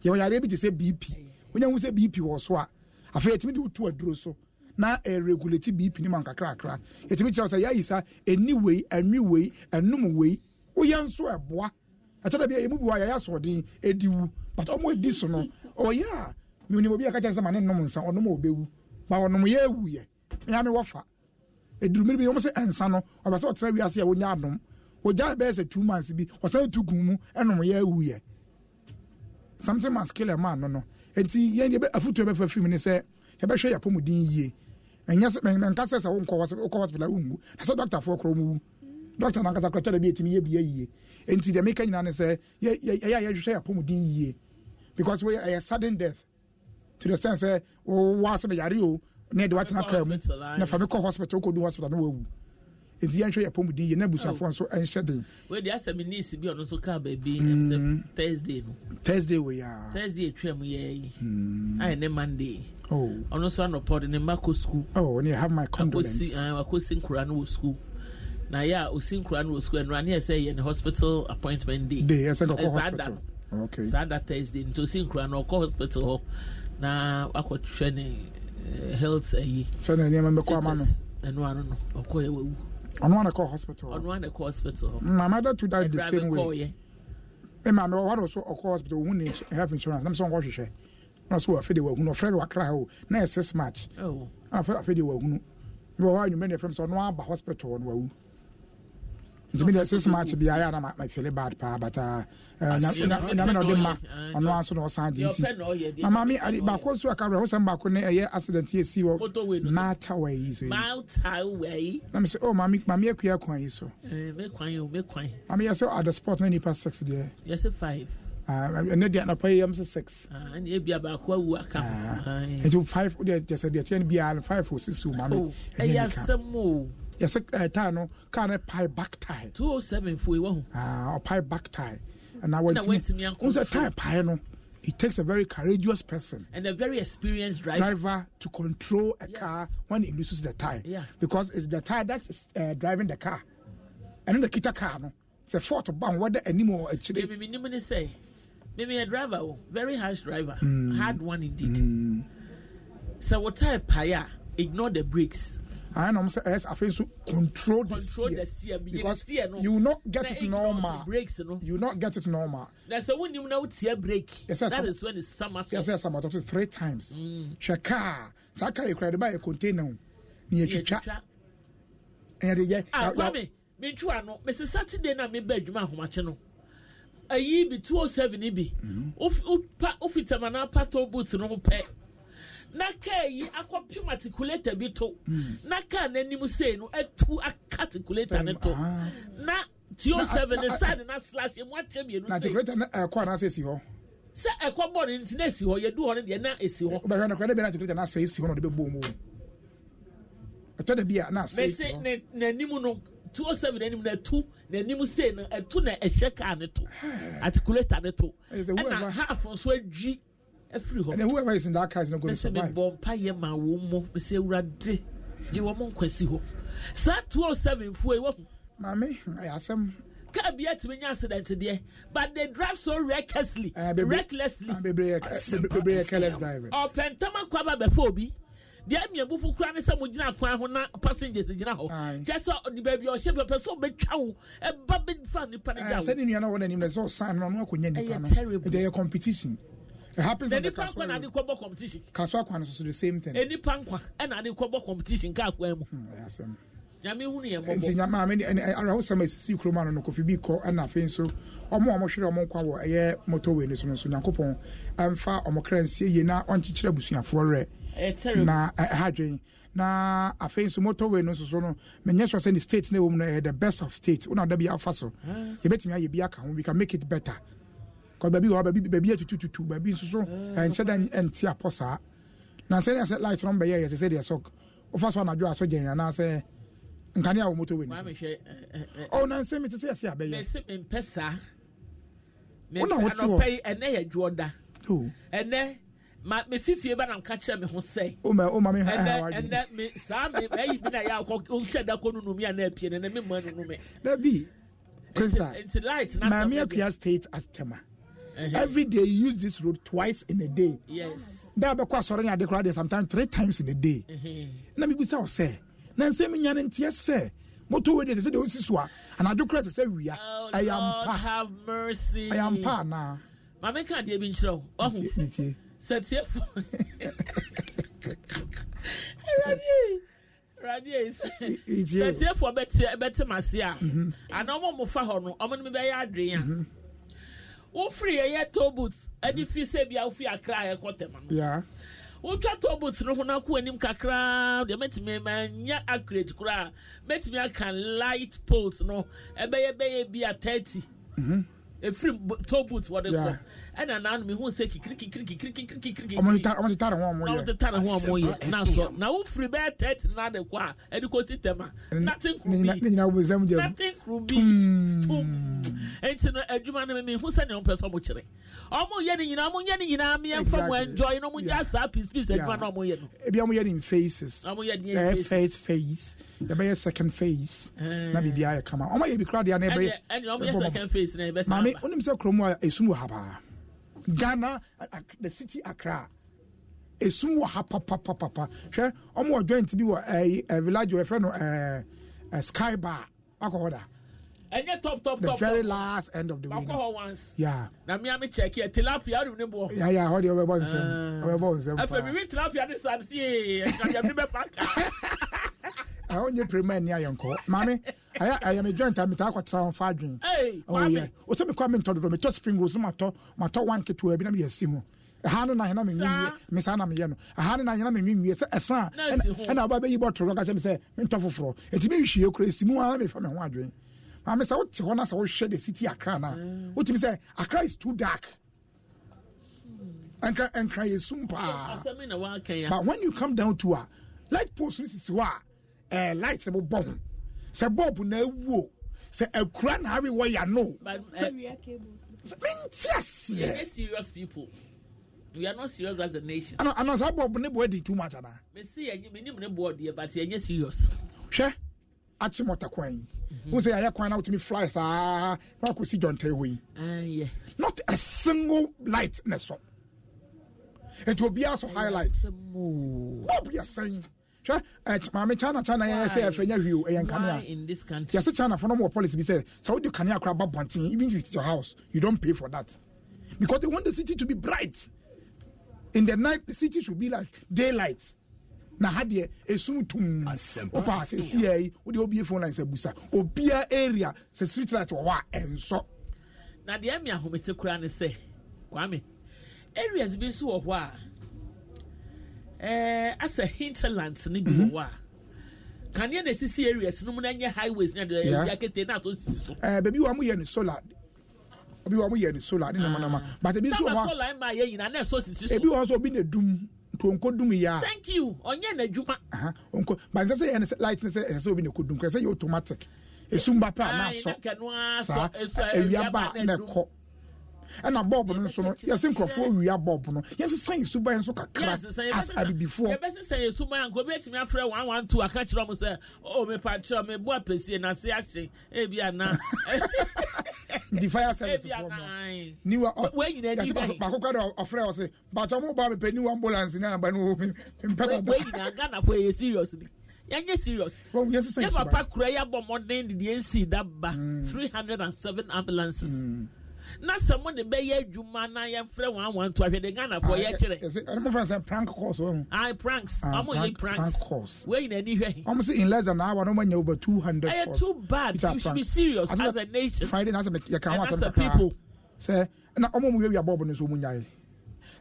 yɛwɔ yareɛ bi te sɛ bp wonya hu sɛ bp wɔ so a afei yɛtumi de wotu aduro so na ɛregulate bp ne ma nkakrakra ɛtumi kyerɛ sɛ yɛayi sa ɛni wei ɛnwi wei ɛnum wei woyɛ nso ɛboa ɛkyɛ dɛ bi bi wa yɛyɛ asoɔden ɛdi wu but ɔmo ɛdi so no ɔyɛ a mewunim obi a ka kyerɛ sɛ ma ne nom nsa ɔnom a ɔbɛwu ba ɔnom yɛ ewu yɛ meame wɔfa edurumiri bi wɔn sɛ nsa no ɔbɛ sɛ ɔtena wiase a wonya anom ogya bɛyɛ sɛ two months bi ɔsan tu kun mu ɛnom yɛ ewu yɛ something must kill a man no no nti yɛn deɛ afutuo bɛfa firi mu ne sɛ yɛbɛhwɛ yɛ apɔmuden yie menkasɛ sɛ wokɔ hospital wongu na sɛ doctorfoɔ korɔ mu wu doctor no ankasa kɔkyɛda bi ɛtumi yɛ bia yie enti deɛ meka nyina ne sɛ yɛyɛ yɛhwehwɛ yɛpɔmuden yie because ɛyɛ sudden death to the sense sɛ eh, wowɔ asɛ bɛyare o ne ɛde woatena kaa mu na fa mekɔ hospital wokɔdu hospital na wawu nti yɛnhwɛ yɛ pɔmuden yɛ na abusuafoɔ nso nhyɛ den. wɛdi asɛm ni isi bi ɔno nso kaa baabi ɛmisɛ mm. thursday no. thursday wɔ yaa. thursday etwa mu yɛ yi. Mm. ayɛ ne monday. Oh. ɔno nso anɔpɔ de ne mma kɔ sukuu. Oh, ne have my condolence. akosi ah, akosi nkura no wɔ sukuu na yɛ a osi nkura no wɔ sukuu ɛnura ne yɛ yɛ ne hospital appointment day. day ɛsɛ nkɔkɔ hospital okay saa da thursday nti osi nkura no ɔkɔ hospital hɔ na akɔtwɛ ne eh, health ayi. sɛ na nneɛma mbɛkɔ ama no. ɛnua no no ɔkɔ yɛ wawu ɔno ana kɔ hospital ɔno ana kɔ hospital my mother too died the same way ɛdra mi maame ɔwari so ɔkɔ hospital ohun ni health insurance nam sɛ ɔnkɔ hwehwɛ ɛna so afei de wa hunu ɔfrɛ de wa kra o na yɛ six march ɛna afei de wa hunu ɛna wɔn anwumɛ na yɛ fɛn sɛ ɔno aba hospital ɔno wa nti mi de sisi match bi ayé anam my feel bad paa but uh, uh, nyame na ɔde ma ɔno aso na ɔsan di nti na maame ade baako nso aka wura hosan baako ne ɛyɛ accident yɛ si wɔ malta wɛ yi so yi na mi sɛ oh maame maame akuya kwan yi so eh, maame yɛ sɛ at the sport na nipa sex deɛ yɛ sɛ five ah, ɛnɛ deɛ anapa yi yam sɛ six ah, ah, nti five deɛ kyɛ sɛ deɛ kyɛ no biara five o six o maame oh, ɛyɛ nika ɛyɛ asɛm o yɛsɛ uh, eh, taa no kaa no pae back tie 207 fo ewa ho ah ɔpae back tie na wantimi sɛ tie pae no it takes a very courageous person and a very experienced driver, driver to control a yes. car when it loses the tie yeah. because it's the tie that's uh, eh, driving the car and in the kita car no a fault bang whether anymore actually. Maybe me, me say, maybe a driver oh, very harsh driver mm. hard one indeed mm. so, what tie pae ignore the brakes I know say yes, I feel so control, control the steer because you will not get it normal. You will not get it normal. Now, so when you know steer break, yes, yes, that is when it's summer. Yes, yes, I'm talking three times. Mm. Shaka, Saka, you cried by a container. Near Chicha. And again, ah, Kwame, me too. I know, Mr. Saturday, na me bed, you man, how much no. Ayi bi two o oh seven ibi. Ofi mm-hmm. tamana pato booth no pɛ na kaa yi akɔpem atikulata bi to na kaa n'anim sei no atu aka atikulata no to ah. na tio ah, seven ne ah, saa na slash emu akyɛ mmienu sei na eh, atikulata no ɛkɔ Se esi hɔ sɛ ɛkɔ bɔ ne nti na esi hɔ yɛdu hɔ no deɛ na esi hɔ wobɛhwɛ no kora ne bɛ na atikulata no asɛ esi hɔ na ɔde bɛbɔ mu ɛtɔ da bi a na asɛ esi hɔ mɛsɛ n'anim no two seven anim na two na anim sei na ɛtu na ɛhyɛ kaa ne to atikulata ne to ɛna half nso adwi afiri hɔ and whoever is in that car is not going to survive mɛsɛ mebɔ mpayɛ ma wɔn mo mɛsɛ awurade gye wɔn mo nkwasi hɔ saa oh fo maame asɛm. bi accident deɛ but they drive so recklessly uh, recklessly ah, bebree eh, yɛ careless driving. ɔpɛntɛm akɔ aba bɛfɔ obi deɛ mmiɛ bufu kura ne sɛ mo gyina kwan ho na passengers gyina hɔ kyɛ sɛ baabi ɔhyɛ sɛ ɛba bɛ fa nipa ne eh, gya wo. ɛyɛ terrible ɛyɛ competition. it happens the on the kaswa road enipa nkwa competition kaswa kwan so the same thing enipa eh, nkwa na ade kɔbɔ competition ka akwa mu hmm, nyame hunu yɛ mbɔbɔ nti nyame ame ɛni arahu sɛm esisi kuroma no no kofi bi kɔ ɛna afei nso ɔmo a ɔmohwere ɔmo nkwa wɔ ɛyɛ eh, motorway no so no so nyankopɔn ɛnfa um, ɔmo kra nsie eh, yie na ɔnkyekyere abusuafoɔ rɛ na ɛha dwen na afei nso motorway no nsoso no menyɛ sure sɛ ne state no ɛwɔ mu no ɛyɛ the best of state wona da bi afa so ah. yɛbɛtumi ayɛ bi aka ho we can make it better kɔ baabi wɔ baabi baabi atutututu baabi nso so ɛnhyɛ dan ɛnte apɔ saa na sɛdeɛ sɛ light no bɛyɛ yɛ sɛ sɛdeɛ sɔ wofa so anadwo asɔ gyɛn anaasɛ nkanea wɔ moto wei no na nsɛm mete sɛ yɛsɛ abɛyɛ mpɛ saa wona wote hɔ ɛnɛ yɛ dwoɔ da ɛnɛ ma me fifie ba na nka kyerɛ me ho sɛ oma oma mi ha ɛnɛ me saa me ayi bi na yɛ akɔ ɔnhyɛ da kɔ no numi anaa pie no na me mma no nume dabi kwesta nti light state as tema Uh-huh. Every day you use this road twice in a day. Yes. That because sorry, I declare sometimes three times in a day. Let bibi say say. Na say me nyane ntia say. Moto we dey say dey osi so a. And I do credit say oh, we are. I am pa. have mercy. I am pa na. Ma me ka dey bi Oh, wo. Ohu. Metie. Setie fo. Radie. Radie. Setie fo bɛte bɛte mase a. Mhm. Ana ɔmo mo fa hɔ no, ɔmo no bɛyɛ adwen a. Mhm. wofiri ɛyɛ tobut ɛde fi sɛ bia wofi akra ɛkɔ tɛm no wotwa tobut no ho no ko anim kakraa deɛ mɛtumi manya accurate koraa mɛtumi aka light poles no ɛbɛyɛ bɛyɛ bia 30 mhm. ɛfiri tobut wɔde kɔ ɛna nanu mi hun sɛ nothing kuru bi ne nyinaa bɛ ghana the city accra esum wɔ ha papapapa hwɛ ɔmo wɔ joint bi wɔ ɛɛ ɛ village wɔfɛ no ɛɛ sky bar wakɔ hɔ da. ɛnyɛ top top the top the very last end of the week. wakɔ hɔ once. ya na miami cɛki ɛ tilapia de ne bɔ. ya ya hɔ ɔbɛ bɔ nsɛm ɔbɛ bɔ nsɛm paa. ɛfɛ mi wi tilapia de sa si ee ɛnjɛbi bɛ pa kan a onye premier ni ayɛ nkɔ maame ɛyɛ ɛyɛ mi joint a mi taa akɔtara wɔn fa adwin ɔyɛ osɛ mi kɔ a mi ntɔ dodo mi tɔ spring rolls ma tɔ ma tɔ one ketewa bi na mi yɛ si ho ɛha no na ahena mi nwi wie mi saa na mi yɛ no ɛha no na ahena mi nwi wie sɛ ɛsan ɛna ɔba bɛyi bɔtɔrɔ ka kyɛ mi sɛ mi ntɔ foforɔ eti mi nhwie kura esi mu ara mi fa mi ho adwin maame sɛ wote hɔ na sɛ wohwɛ the city akra na mm. wotumi sɛ akra is too dark nkra nkra yɛ sum paa but when you come down to a uh, light post no sisi hɔ a ɛɛ uh, eh, light eh, no bɔ ho sɛ bulb na ewuo eh, sɛ ekura na awi wɔ yano sɛ nti aseɛ. we serious people we are not serious as a nation. ana ana saa bulb ne bɔ di too much ana. mesi yɛn mi ni mu ne bɔ di but yɛn nye serious. hwɛ akyi mɔta kwan yi n mhm. sɛ yɛayɛ kwan na wotumi fly saa na wakɔ si jɔnta hɔ yi not a single light ne so nti obiara sɔ highlight bulb yɛ sɛn hwɛ eh, maame china china yɛn sɛ ɛfɛ nya hwio ɛyɛ nkanea yɛsɛ china fɔ no wɔ policy bi sɛ sɛ wode kanea kora ba bɔnten even if it's your house you don't pay for that because they want the city to be bright in the night the city should be like daylight na ha deɛ esum tum ɔpa sɛsi yɛ yi wode obie phone line sɛ busa obia area sɛ street light wɔ hɔ a ɛnsɔ na deɛ mi ahomete kura ne sɛ kwame areas bi nso wɔ hɔ a ɛɛ eh, asɛ hinterland ne bi mhm. wɔ hɔ a kanea na esisi areas no mu na nye highways na deɛ ebi akete na ato sisi so. ɛɛ eh, beebi wa mo yɛ ni solar obi wa mo yɛ ni solar ne namanama ah. but ebi nso wɔ hɔ a solar ma yɛ nyina na ɛsɔ sisi so. ebi wɔ hɔ so obi na dum nkonko dum yia. thank you ɔnyɛ n'adwuma. nko but n sɛ sɛ yɛn sɛ light sɛ ɛsɛ obi na ko dum kɛ sɛ yɛ automatic esumba pɛ Naso. na asɔ saa ewia ba na ɛkɔ. ɛna bulb no nso no yɛsi nkurɔfoɔ wia bulb no yɛsesan esuban nso kakra as abibifoɔ. yɛbɛsesan esuban one one two oh, na se ahye ebi fire service mo niwa ɔ yasi ambulance ni aba ni o nyina ghana fo serious yɛ kura yɛ abɔ mmɔden de deɛ mm. three hundred and seven ambulances. Mm. na sɛ mo de bɛyɛ adwuma na yɛmfrɛ wɔn awɔn to ahwɛ de ghanafoɔ yɛ kyerɛ. ɛni mo fɛn sɛ prank course wɔn. ayi pranks ah, ɔmo yɛ pranks wɔn nyinaa ni hwɛ. ɔmo sɛ in less than an hour n'ɔmo nya over two hundred. ɛyɛ too bad you should be serious as a nation. friday na asɛ yɛ kan ho asɛm kakra sɛ na ɔmo mu yɛwia bɔɔbu ni nso ɔmo nya yɛ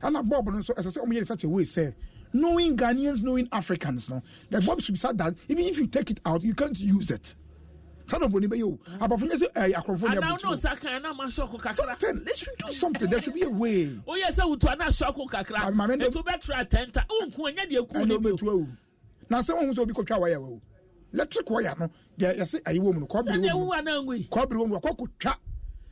ɛna bɔɔbu ni nso ɛsɛ sɛ ɔmo yɛ de such a way sɛ knowing ghanaians knowing africans no the bɔɔbu should be sad that even if you take it out you can't use it sani obroni bɛ ye o abafo ne se ɛɛ akorofo ni abutu. anaw n'o sa kan na ma sɔko kakra. something they should do something there should be a way. o yɛ sɛ wutu ana sɔko kakra etu bɛ tura ten ta o nkun ɛnyɛ de ekun de bi o. ɛnna o bɛ tu o na sɛ wọn sɔ bi ko twa waya o electric waya no deɛ yɛsɛ ayi wo mu no kɔbiri wo mu sani ewu ana nwi kɔbiri wo mu akɔ ko twa.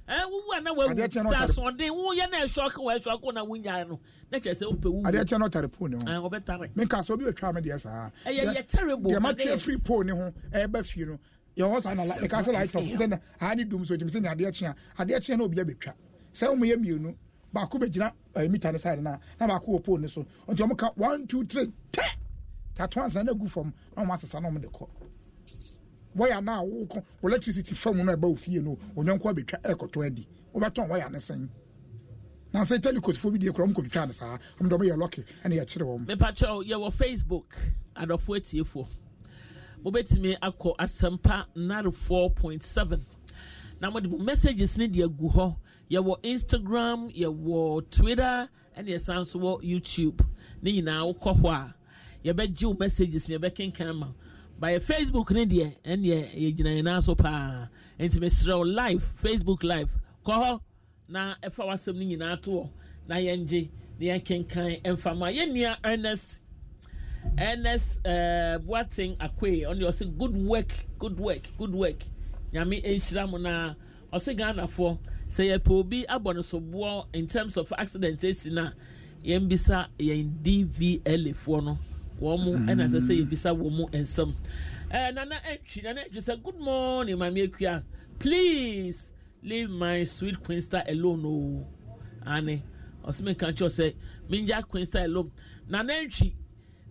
ɛ wuwu ana wa wu sasɔnden wu yɛ na ɛsɔko wa ɛsɔko na wu nyaa no ne kyerɛ sɛ o pɛ wu. adeɛ kyɛn na ɔtare pole ne ho. ɔbɛ tare. mi nka so obi bɛ twa mi deɛ saa. ɛyɛ yɛ terrible. deɛ ma twɛ free pole ne ho ɛyɛ bɛ fie no yɛwɔ saa na meka sɛ light sɛ aa ne dum so gyimi sɛ ne adeɛ kyea adeɛ kyea na obia bɛtwa sɛ wo moyɛ mmienu baako bɛgyina mita ne side no a na baako wɔ pole ne so nti ɔmoka one two three tɛ tatoansana no agu fam na ɔma asesa na ɔmde kɔ wɔyɛ no a wokɔ electricity fam no ɛba wo fie no ɔnyɔnko abɛtwa ɛkɔtɔ adi wobɛtɔn wɔyɛ ne sɛn nansɛ telecosfoɔ bi deɛ kora mkɔtwitwa ne saa ɔmde ɔmyɛ lɔke ɛne yɛkyere wɔ m mepakyɛw yɛwɔ facebook adɔfoɔ atiefoɔ mobɛtumi akɔ asɛmpa nare 4.7 na mode mo messages ne de agu hɔ yɛwɔ instagram yɛwɔ twitter ɛne yɛsan so wɔ youtube ne nyinaa wokɔ hɔ a yɛbɛgye wo messages ne yɛbɛkenkan ma bayɛ facebook ne deɛ ɛneɛ yɛgyina nyinaa so paa nti mesrɛ wo live facebook live kɔ hɔ na ɛfa w'asɛm no nyinaa to hɔ na yɛngye na yɛnkenkan ɛmfa ma yɛnnua ernest Ernest uh, Boateng Akwe ɔno ɔsɛ good work good work good work nyame nhyira mu na ɔsɛ Ghanafoɔ sɛ yɛpɛ obi abɔ no soboɔ in terms of accident esi eh, na yɛn bisa yɛn DVLA foɔ no wɔn mu ɛna sɛ sɛ yɛbisa wɔn mu nsɛm ɛɛ eh, nana ɛtwi nana ɛtwi sɛ good morning maame ekua please leave my sweet queen star alone oo oh. ane ɔsɛ mi kan kyerɛ sɛ mi queen star alone nana ɛtwi.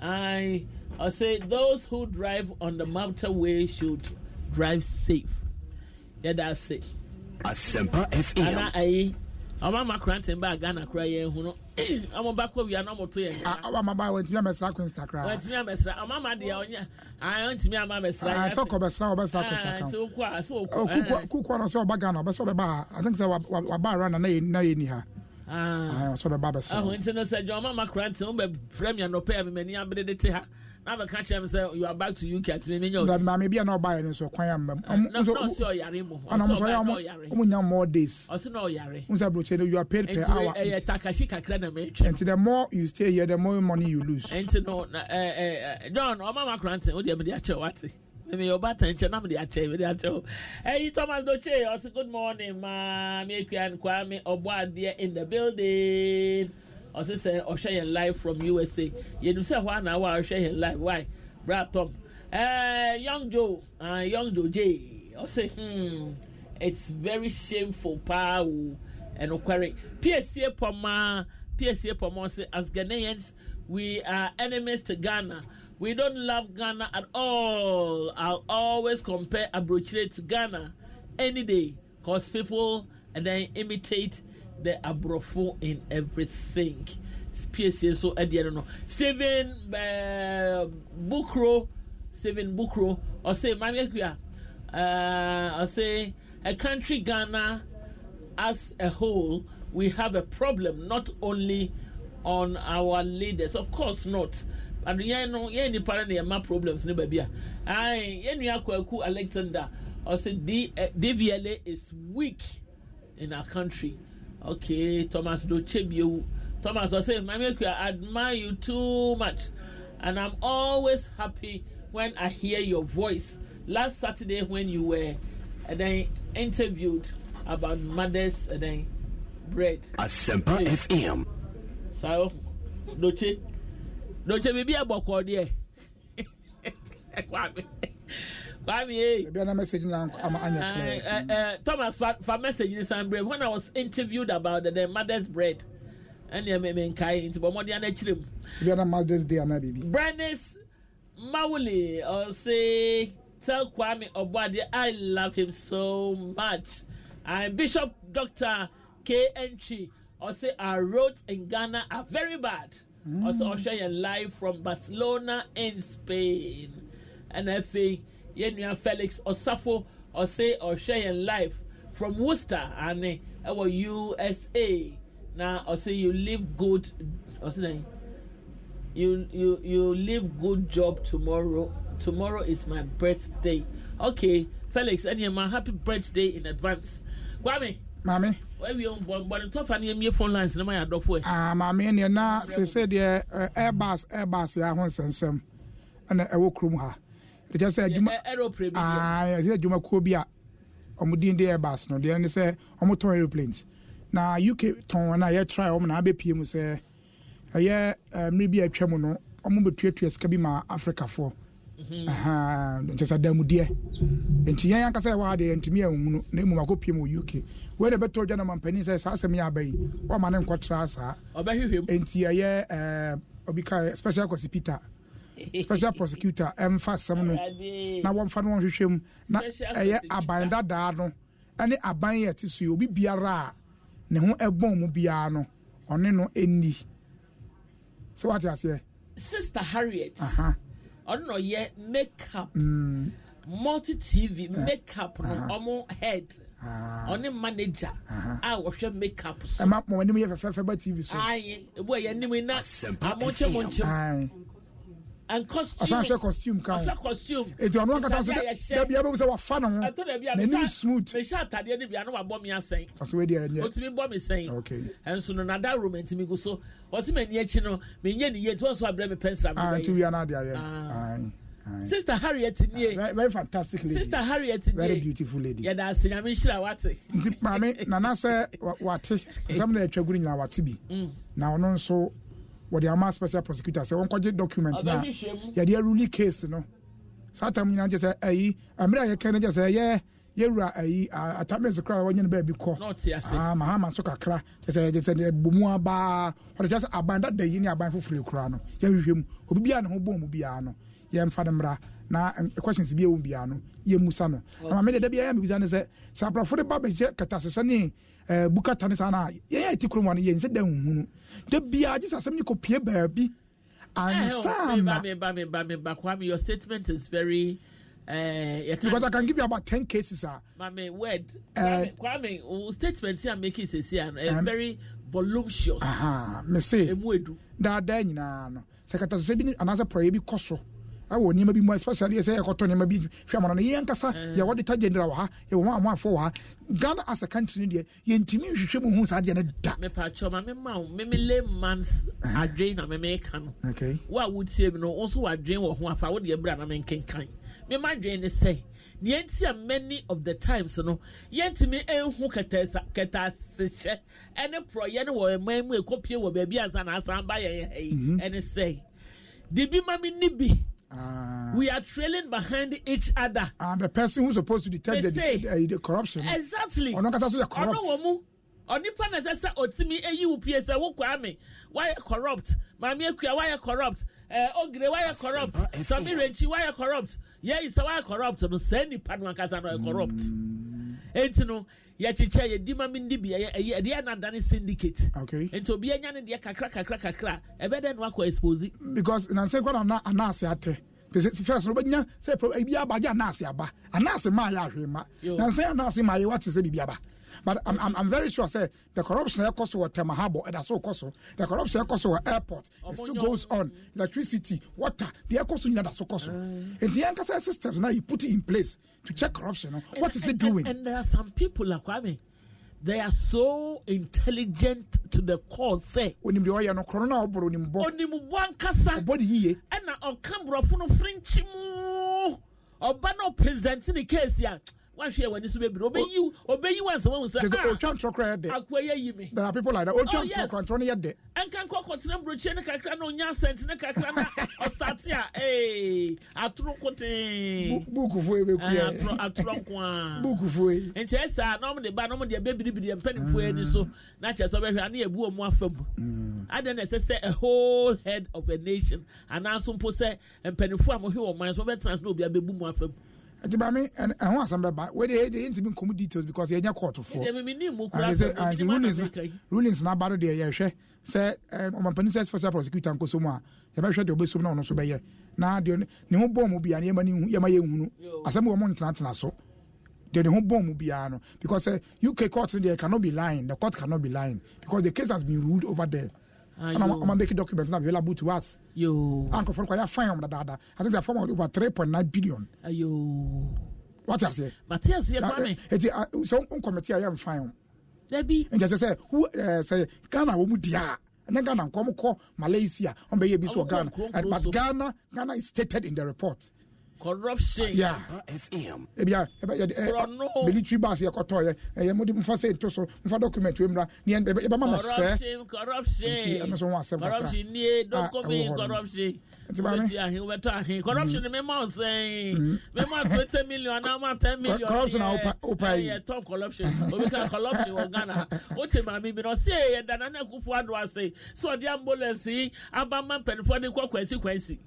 I, I say those who drive on the motorway should drive safe. Yeah, that's it. Asempa FM. Ana ayi. Ọmọ ama kurante mba Ghana kura yẹn hu no. Ọmọ bako wia na ọmọ to yẹn. Awa ama baa wẹntumi amẹsira kunsta kra. Wẹntumi amẹsira ọmọ ama deɛ ɔnya ayi wẹntumi ama amẹsira. Ayi sɛ ɔkɔbɛsira ɔbɛsira kunsta kan. Ti ah, okua sɛ okua. Oh, Kukua na sɛ ɔba Ghana ɔbɛsɛ ɔbɛba I think sɛ waba ara na na yɛ ha. Ah. Ah, sɛ bɛba bɛsɛnti ah, no sɛ dwama ma kora nti wobɛfrɛ me anɔpɛ a memani abere de te ha na bɛka kyerɛ me sɛ you are back to uk atimi menyamaame bi a na ɔbaeɛ no nso kwan ammamɔmu nya more days ɔse na ɔyare wo sɛ abrɔkyɛ no you are paid per hour ɛyɛ takahye kakra na metwɛ nti the more you stay here the more money you lose nti no eh, eh, eh, john ɔma ma kora nti wodeɛ mede akyerɛ wate me your button che na me dey ache me dey ache oh. hey thomas doche also good morning ma me kwan kwame obuade in the building also say ohwe yen live from usa you know say why na why ohwe yen live why bra tom Eh, young joe uh, young joe j also hmm it's very shameful pa and okwari psa poma psa poma say as ghanaians we are enemies to ghana we don't love Ghana at all. I'll always compare Abrochire to Ghana any day because people and then imitate the Abrofo in everything. PSA so at the end know. seven uh, seven Bukro. or say Mamia uh or say a country Ghana as a whole we have a problem not only on our leaders of course not and yɛn no yɛn nipa no na yɛma problems ne baabi a ayi yɛn nua kwaku alexander ɔsɛ d eh, dvla is weak in our country okay thomas dochebiewu thomas I maame eku i admire you too much and i'm always happy when i hear your voice last saturday when you were and eh, then interviewed about mothers and eh, then bread. asempa fm. sayo doche n'oche beebi agbakọ deɛ eh. kwame kwame ebi eh. ana message na ama anya ah, eh, thomas fa fa message ni san when i was interviewed about the, the mother's bread ɛnna ɛmɛ mɛ nkae nti bɔn mɔden ana akyire ebi ana mother's day ana bibi. brenis mawuli ɔsi tell kwame obuade i love him so much and bishop doctor k entry ɔsi our roads in ghana are very bad. I'll show you live from barcelona in spain ɛna afei you nua felix ɔsafo ɔsɛ ɔhwɛ live from worcester ane eh, ɛwɔ usa Now I say you live good ɔsɛ say you you you live good job tomorrow tomorrow is my birthday okay felix ɛnìyɛn my happy birthday in advance kwame. maame. wẹ́ẹ̀wì bọ̀dọ̀ tọ́fà ni emie phone lines ní ma yà dọ́fọ́ ẹ̀. aa maame ẹ̀ nìyẹn náà sèse deɛ airbus airbus yà ho nsẹ̀nsẹ̀m ɛna ɛwɔ kurom ha ɛkyɛ sɛ adwuma aa ɛkyɛ adwuma kuo bi a ɔmo din de airbus no deɛ ne sɛ ɔmo tɔn aeroplanes na uk tɔn wɔn a yɛ try ɔmo na abɛpie mu sɛ ɛyɛ uh, mmiri bi a atwa mu no ɔmo bɛtuatua sika bi ma afrikafoɔ. Mhm. nkyɛ sɛ damudeɛ nti yɛn ankasa ɛwɔ ha deɛ yɛntumi ahunu na mmom akɔpie mu wɔ uk wei na bɛtɔ dwa na mampanin sɛ saa asɛm yɛ aba yi wɔma ne nkɔtra saa enti ɛyɛ eh, obi ka special kwasi peter special prosecutor ɛmfa asɛm no na wɔmfa no wɔnhwehwɛ mu na ɛyɛ aban dadaa no ɛne aban yɛ ɛte so yi obi biara a ne ho ɛbɔn mu biara no ɔne no ɛnni sɛ wate aseɛ sister harriet uh -huh ɔno na ɔyɛ makeup mm. multi tv uh, makeup no ɔmo uh-huh. head ɔne uh-huh. manager a uh-huh. wɔhwɛ makeup so ɛma mɔmɔnim yɛ fɛfɛɛfɛ ba tv so ayi ebu ɛyɛ nimu na amɔnkyɛmɔnkyɛm and costume asan costume kan asan costume etu ɔno ankasa nso dabi abɛ wusa wafa ne ho na enim smooth mɛ hyɛ atadeɛ ne bi ano wa bɔ mi asɛn aso edi ɛnyɛ o ti mi bɔ mi sɛn okay ɛnso no nada ro mɛ ntumi gu so wɔsi mɛ ni ekyi no mɛ nye ni yie tuwɔn so abirɛ mi pɛnsira mi ah, bɛyɛ ah nti wia n'adi ayɛ ah. sister harriet nie ah, very, very fantastic lady sister harriet nie very beautiful lady yɛda ase nyame nhyira wate nti maame nana sɛ wate asɛm na atwa gu ne nyinaa wate bi mm. na ɔno nso wɔde ama special prosecutor sɛ wɔnkɔgye document no a yɛde aruli case no saa tam nyinaa nkyɛ sɛ ayi mmerɛ a yɛka no kyɛ sɛ yɛ yɛwura ayi atames kora a wɔnyɛ no baabi kɔ mahama nso kakra kyɛ sɛ yɛgye sɛ bomu abaa ɔde kyɛ sɛ aban dada yi ne aban foforɔ kora no yɛhwehwɛ mu obi biara ne ho bɔn mu biara no yɛmfa no mmra na eh, questions bi ewu biara no yɛ musa no ama mi de dɛbi ayɛ mi bisa ne sɛ sɛ aborɔfo de ba bɛhyɛ kata sɔsɔ ne ɛɛ eh, bukata ne saa na yɛn yɛ ti kurom wa no yɛn nhyɛ dan nhunu de biara gye sɛ asɛm yi pie baabi ansana. Eh, meba meba meba kwami your statement is very. Uh, because I can give you about ten cases. Uh, Mame, word. Uh, Kwame, Kwame, statement I'm making is uh, um, very voluptuous. Aha, uh-huh, me say. Emuedu. Da da nyina no. Sekata so anasa proyebi koso awɔ nneɛma bi mu especially sɛ yɛkɔtɔ nneɛma bi hwɛ amana no yɛn ankasa mm. yɛwɔ de tagye ndra wɔ ha yɛwɔ ho amoafoɔ wɔ ha ghana as a country eh. no deɛ yɛntumi nhwehwɛ mu hu saa deɛ no da mepakyɛ ma mema wo memele mans adwen na memeka no wo a wotie bi no wo nso wadwen wɔ ho afa wode ɛbrɛ na menkenkan mema adwen ne sɛ neɛ a many of the times no yɛntumi ɛnhu kɛtaasehyɛ ɛne porɔyɛ no wɔ ɛman mu ɛkɔpie wɔ baabi asa na asan ba yɛn ɛne sɛ de bi ma me ni bi Uh, we are trailing behind each other. And the person who's supposed to detect the, the, the, the corruption. Exactly. Ono kasa sá sọ corrupt. Ọ̀nà wọ̀ mu. Ọ̀nípa náà sẹ́sẹ́ òtí eyi wù pie sẹ́ wọ́n kọ́ àmì corrupt maami ekuya wáyé corrupt ẹ̀ ogire wáyé corrupt Sami rẹ̀nchi wáyé corrupt yẹ́yì sẹ́ wáyé corrupt ọ̀nà sẹ́ nípa na ankasa náà corrupt. Mm nti no yɛkyekyɛ yɛdi ma mi ndi bi ɛyɛ ɛdeɛ nadane syndicate. okay nti obi enya ne deɛ kakra kakra kakra ɛbɛ dɛ no akɔ expose. because nansi nkɔ na anaase atɛ pese first no bɛnya sɛ ebi aba anaase aba anaase maa yɛ ahwɛ ma nansi anaase maa yɛ wa te sɛ bibi aba. but I'm, I'm, I'm very sure I say the corruption that cost what Tema and that's all cost the corruption air cost airport it still goes on electricity water the air cost you know that's all cost mm. and the Ankasa systems now you put it in place to check corruption what is and, it doing and, and, there are some people like Kwame they are so intelligent to the core say onimde ɔyɛ no korɔ no a ɔboro onimbɔ onimbɔ ankasa ɔbɔ ne yie ɛna ɔka borɔfo no firi nkyi mu ɔba no present the case a wahwe w'ani so bebree obeyi obeyi wa nsɛm sɛ ah otwa ntɔ yɛ dɛ akwa yɛ yi there are people like that otwa ntɔ kora ntɔ no yɛ dɛ ɛnka kɔtena mburokyi ne kakra na onya asɛnti ne kakra na ɔstate a ee eh, e eh, atoro koten buuku foyi bɛ kuya atoro atoro nkoa buuku foyi e. nti ɛsɛ a na de ba na de ɛbɛ biribiri yɛ ni so mm. na sɛ ɔbɛhwɛ ani ebu ɔmo afam mm. adan na ɛsɛ sɛ a whole head of a nation anaasompo sɛ mpanimfoɔ a mo hwɛ wɔn man so so na ɛti maame ɛho asɛm bɛba wede de yɛntumi nkɔmu details because yɛnyɛ kɔɔtofoɔ rulings na aba no deɛ yɛhwɛ sɛ ɔmampani sɛ special prosecutor nkɔsom a yɛbɛhwɛ deɛ wobɛsom na ɔno nso bɛyɛ na deɛ ne ho bɔɔ mu biaa no yɛma yɛhunu asɛm wɔ mo ntenatena so deɛ ne ho bɔɔ mu biaa no because uh, eh, uk court no deɛ cannot be lying the court cannot be lying because the case has been ruled over there Ah, and I'm, I'm making documents now available to us. Yo. Uncle Folko, I find that, that, I think the form of over 3.9 billion. Ayo. Ah, what I say? But yes, you're coming. So, on um, committee, I am fine. Debbie. And just say, who eh, say, Ghana, womu dia. And then Ghana, come, Malaysia, on Baby ah, Ghana. But Ghana, Ghana is stated in the report. corruption. Yeah. FM. Ebi ya ebe eh, yɛ ɛ military bus yɛ kɔtɔ yɛ ɛyɛ mo di nfa se nto so nfa document wɛ mura ni yɛn ebe ma ma sɛ. corruption corruption. Nti ɛmɛ sɔn wa sɛ. corruption nie ah, dokomi corruption corruption mm. mema sɛn twenty million na ma ten million corruption na wopa yi corruption obi ka corruption wɔ ghana o te maame bi na ɔsi yɛ dana ne kufu ado ase sɛ ɔdi ambulance yi aba ma mpanyinfoɔ de kɔ kwesi kwesi.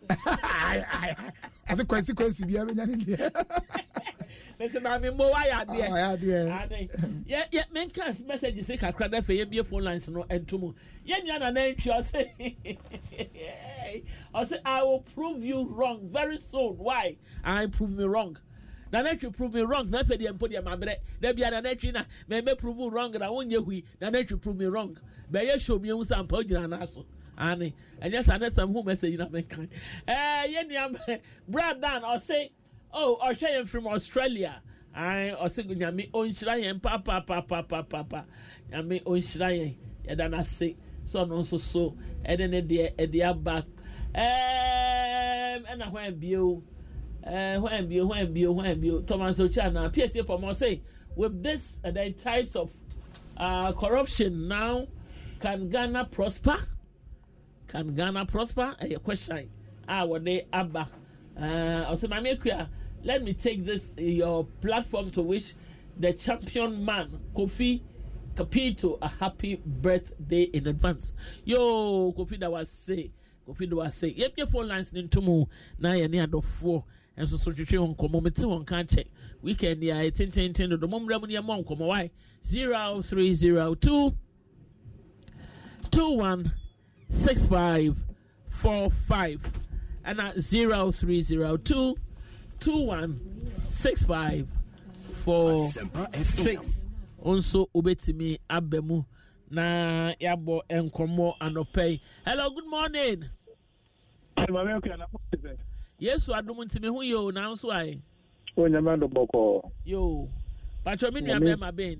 ase kwesi kwesi bi a bɛ nya ne deɛ. mɛsɛ maame mo wayɛ adeɛ yɛ yɛ menka message se kakra na afei yɛbie phone lines no ɛnto mu yɛn nyinaa nana ntwi ɔsɛ i will prove you wrong very soon why i prove me wrong nanatwi prove me wrong na afei deɛ mpo deɛ mabrɛ da bia nanatwi na mɛmɛ prove me wrong na wonyɛ hui nanatwi prove me wrong bɛyɛ show mi ehu sɛ ampa ogyina n'aso ani ɛnyɛ sa next time hu message na mɛnka ɛɛ yɛ nua brad dan ɔsɛ oh ɔhwɛ yɛn from australia I'm ɔsi nyame ɔnhyira yɛn papapapapapa nyame ɔnhyira yɛn yɛda n'ase sɛ ɔno nso so ɛde ne deɛ ɛde aba ɛɛɛm ɛna hwan bio ɛɛ hwan bio hwan bio hwan bio thomas ochiana psa pɔmɔ say with this uh, the types of uh, corruption now can ghana prosper can ghana prosper ɛyɛ eh, question a wɔde aba ɛɛ ɔsi maame ekua let me take this your platform to wish the champion man Kofi Kapito a happy birthday in advance. Yo, Kofi that was say, Kofi that was say. Yep, your phone lines into mu na yɛ ne adɔfoɔ And so twitwi wɔn nkɔmɔ mete wɔn weekend yɛ ayɛ tententen dodo mo mmerɛ mu ne ɛmɔ nkɔmɔ wae zero three zero two. 2165 for 6 nso wobɛtumi aba mu na yɛabɔ nkɔmmɔ anɔpɛ hello good morning yesu adom nti me ho yɛ o nanso ae onyame do bɔkɔɔ yo patwɛ me nua bɛma bɛn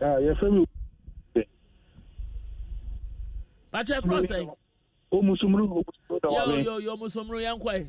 yɛfrɛ me patwɛ frɔ sɛ ɔmusumru yo yo yo musumru yɛnkɔe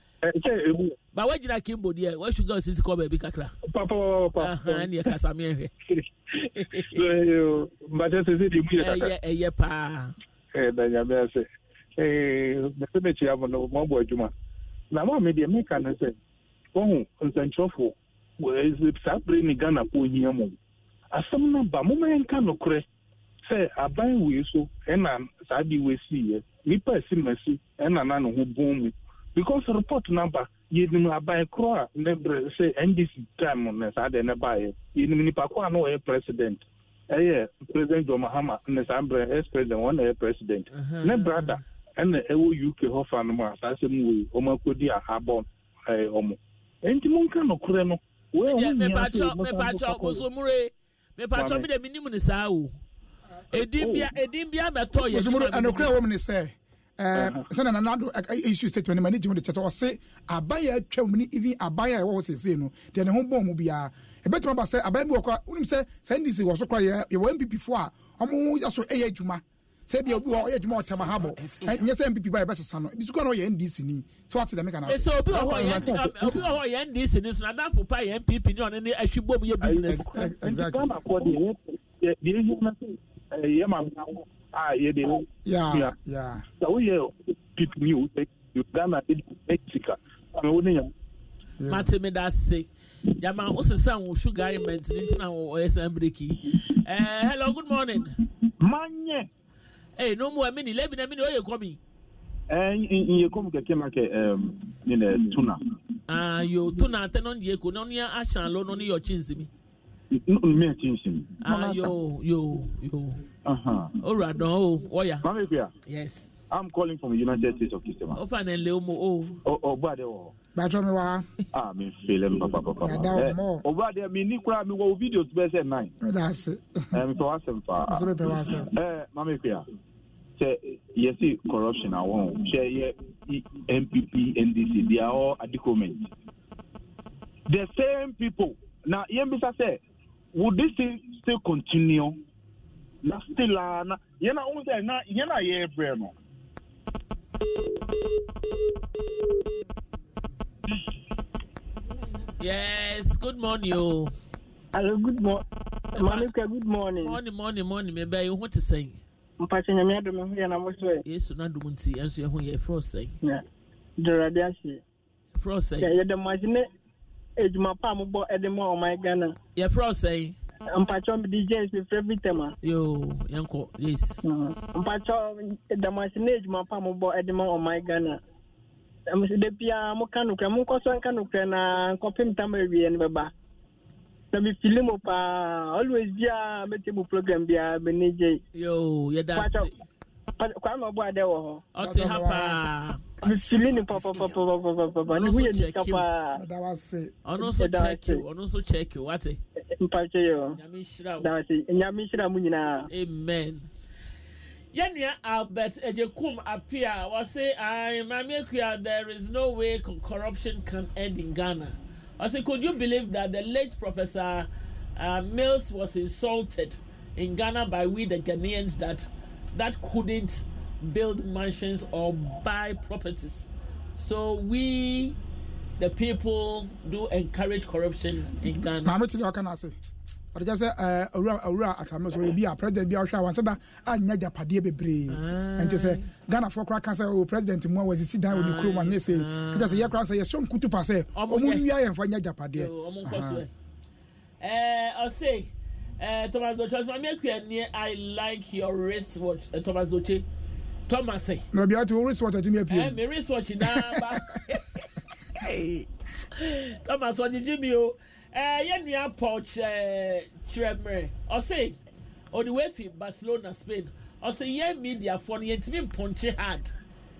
ɛkyɛ emu. ba wagyina kimbo deɛ wasuga osisi kɔ baabi kakra. papapapa ne yɛ kasameɛ hwɛ. mbakyɛ sisi de mu yɛ kakra. ɛyɛ ɛyɛ paa. ɛɛ na nyame ase ɛɛ mɛsɛ mɛkyia mo no mo abɔ adwuma na mo a mi deɛ mɛka ne sɛ wɔn nsɛnkyerɛfo saa bere ne ghana po ohia mo asɛm no ba mo mɛ nka nokorɛ sɛ aban wei so ɛna saa de wei si yɛ nipa esi ma si ɛna na ne ho bɔn mu because report number yɛnim aban korɔ a ne berɛ sɛ ndc time ne saa deɛ ne baeɛ yɛnim nipa ko a na ɔyɛ president ɛyɛ president john mahama ne saa berɛ ex president wɔn na ɛyɛ president ne brada ɛna ɛwɔ uk hɔ fa no mu a saa asɛm wei ɔmo akɔdi a abɔ ɛɛ ɔmo nti mo nka no korɛ no wɔyɛ ɔmo nyinaa sɛ ɔmo kɔkɔ kɔkɔ mosomure mepatɔ mi de mi nim ne saa o edin bia edin bia mɛtɔ yɛ mosomure anokorɛ wɔm ne sɛ sɛnɛ nanado issue statement ma ne gyimi de kyɛ sɛ ɔse abayɛ atwa mu ne even abayɛ a ɛwɔ hɔ seesei no deɛ ne ho bɔn mu biara ɛbɛtumi aba sɛ abayɛ bi wɔ kɔ wonim sɛ saa ndc wɔ so kora yɛwɔ mpp foɔ a ɔmo yɛ so ɛyɛ adwuma sɛ bia obi wɔ ɔyɛ adwuma ɔtɛm ahabɔ nyɛ sɛ mpp ba yɛbɛsesa no bi sukuu na ɔyɛ ndc ni sɛ wate dɛm kana eh, so obi wɔ hɔ yɛ ndc um, ni so na adafo pa yɛ mpp ni ɔne ne ahwi bom yɛ business exactly a yɛde nua sɛ woyɛ pipini wo sɛ ghana mexica ama wo ne yam mate meda ase yama wo sesa wo sugar ayement ne ntina ɔyɛ saa breki hello good morning manyɛ Hey, no more mini lebi na mini oye komi nye kom keke ma ke nina tuna ayo ah, tuna ate no ye ko no ni asan lo no ni yo chinzimi mi chinzimi ah, ayo yo yo, yo. Owurade o wọ́yà. Mami Bia. Yes. I'm calling from the United States of Oh, Kisima. O fana le omo Oh, O Obuade wọ. Gbàtọ́ mi wá. A mi fele feeling, papa papa. Yàda o mọ. Obuade mi ní kura mi wọ fídíò tí bẹ́ẹ̀ sẹ̀ náà. Ẹ dà sí. Ẹ mi fẹ́ wá sẹ́m fa. Ẹ sẹ́mi fẹ́ wá Mami Bia. Sẹ yẹ corruption àwọn o. Sẹ yẹ MPP, NDC they are all adequate. The same people Now, yẹn Mister, say, would this thing still continue? na na no. yes good morning o. hello good morning mamika good morning. morning morning morning mɛ bɛɛ ihu ti sɛn. mpatsɛ nyamia dum ho yɛ na mo sɛ. yesu na dum nti ɛnso ɛho yɛ fura sɛn. dɔrɔde ase. fura sɛn. yɛ yɛ dɛm ase ne edwuma pa a mo bɔ ɛde mo a mpatwɔ djs mefrɛ bi tɛma yo yɛnkɔ yes mm. mpatwɔ damase ne adwuma pa mobɔ ɛde ma ɔman ghana da biaa moka nokorɛ monkɔ so nka nokorɛ na nkɔpem tam awie no bɛba na mefili mu paa always biaa mɛte mu program biaa mɛne gye yo yɛda kwa na ɔbɔ adɛ wɔ hɔ ɔte ha paa Amen. Yenya Albert Ejekum appear was say I Mami Kuya there is no way corruption can end in Ghana. I say could you believe that the late professor uh, Mills was insulted in Ghana by we the Ghanaians that that couldn't build mansions or buy properties. So we, the people, do encourage corruption in mm-hmm. Ghana. Maame ti ni ọkàn náà sè. Wọ́n ti sẹ́ ẹ eh, owurọ̀ owurọ̀ àtàmì sọ̀rọ̀ ebi a president bi ahwẹ́ àwọn sẹ́dá a nyẹ́ japadeɛ bebree. Ah. Nti sɛ Ghana fɔ kura kan sɛ o oh, president mu a wɔ sisi dan oni oh, kurom a ah. ne se. Nti sɛ yɛ kura sɛ yɛ sɔn kutu pa sɛ ɔmu nwia yɛn fɔ nyɛ japadeɛ. Ɔmu nkɔ so ɛ. Ɛɛ ɔsè ɛɛ Thomas Doche ɔsè maame ekuya ni I like your wristwatch ɛ eh, Thomas Doche. Thomas say. Eh? Na to ti research ati mi I'm eh, me research na ba. Thomas onye jimi Jimmy. Eh ye nua Paul Chremre. O say on the way fi Barcelona Spain. O say ye media for no yentimi mpɔnkye hard.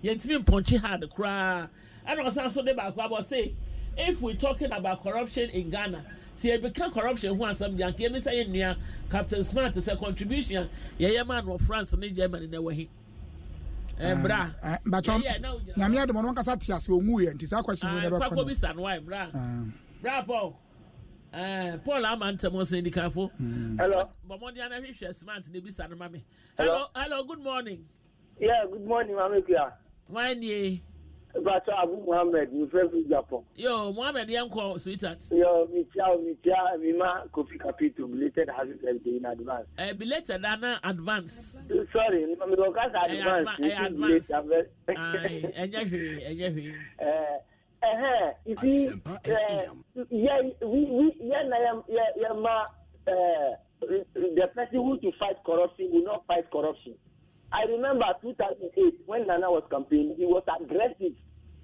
Yentimi mpɔnkye hard Kwa, And o say so de ba kwa bo say if we talking about corruption in Ghana sɛ yɛbɛka corruption ho asɛm deɛ anka yɛne sɛ yɛ nnua captain smart sɛ contribution a yɛyɛ ma no france ne germany na ɛwɔ he ɛbra eh, eh, eh, bàtɔ um, nyame adumu no nkasa ti ase onwu yɛ nti saa ah, kɔsi mi ah. paul paul ama ntɛm ɔsɛn nikanfo hmm. hello bɔmɔdi anahwehwɛ smart ne bisa no ma mi hello good morning yeah good morning maame kua wɔn ani Bàtà uh, Abu Muhammed ní fẹ́ fi Japan. Yo, Muhammed yẹn kọ sweetheart. Yo, mi tia o mi tia mi ma Kofi Kapito belated happy birthday in advance. Ẹ eh, belated ana advance. Sorry, mi kò kásá advance. Ẹ eh, advance. Ẹ nyẹ hwee, ẹ nyẹ hwee. Ẹhẹ́, ibi yẹ na yẹ ma eh, the person who to fight corruption will not fight corruption. I remember 2008 when Nana was campaigning, he was aggressive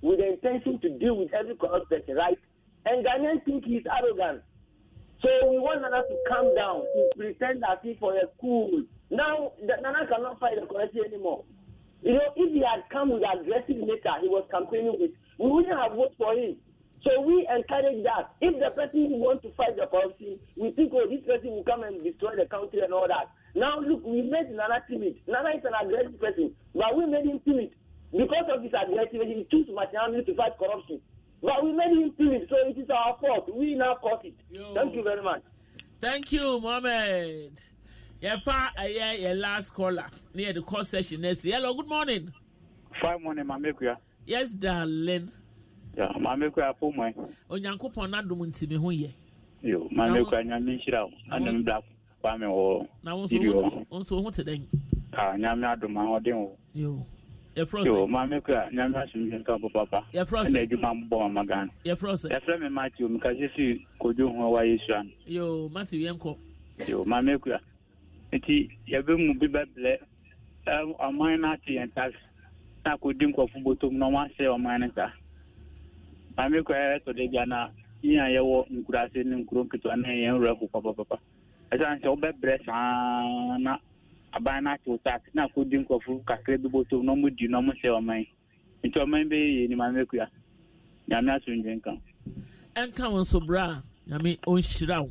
with the intention to deal with every corrupt person, right? And Ghanaians think he's arrogant. So we want Nana to calm down, to pretend that he for a cool. Now Nana cannot fight the corruption anymore. You know, if he had come with aggressive nature, he was campaigning with, we wouldn't have voted for him. So we encourage that. If the person who wants to fight the corruption, we think, oh, this person will come and destroy the country and all that. Now, look, we made Nana timid. Nana is an aggressive person, but we made him timid. Because of his aggressivity, he took materiality to fight corruption. But we made him timid, so it is our fault. We now cause it. Yo. Thank you very much. Thank you, Mohammed. yɛfa ɛyɛ yɛ last caller ne yɛde call session na asi hello good morning fine morning maame kua yes darlin yeah, maame kua apo mɔe onyankopɔn n'adom ntimi ho yɛ yo maame kua nyame nhyira wo anem da kwame wɔ yiri hɔ a nyame adom ahoɔden wɔ yo maame kura nyame asom nka papa ɛna mama yɛfrɛ wa yesu ano yo matthew yɛnkɔ yo maame kura nti yɛbɛmu bi bɛbrɛ ɔman no ate yɛn tax na akɔdi nkurɔfo botom na ɔma asɛ ɔman no maame kura bia na ne nkuro nketewa yɛn ɛsiane sɛ wobɛbrɛ saa na aban no tax na akɔdi nkurɔfo kakra bi na di na ɔmosɛ ɔman nti ɔman bɛyɛ yɛ nima mɛkua nyame asomdwe nka ɛnka wo nso berɛ a nyame ɔnhyira wo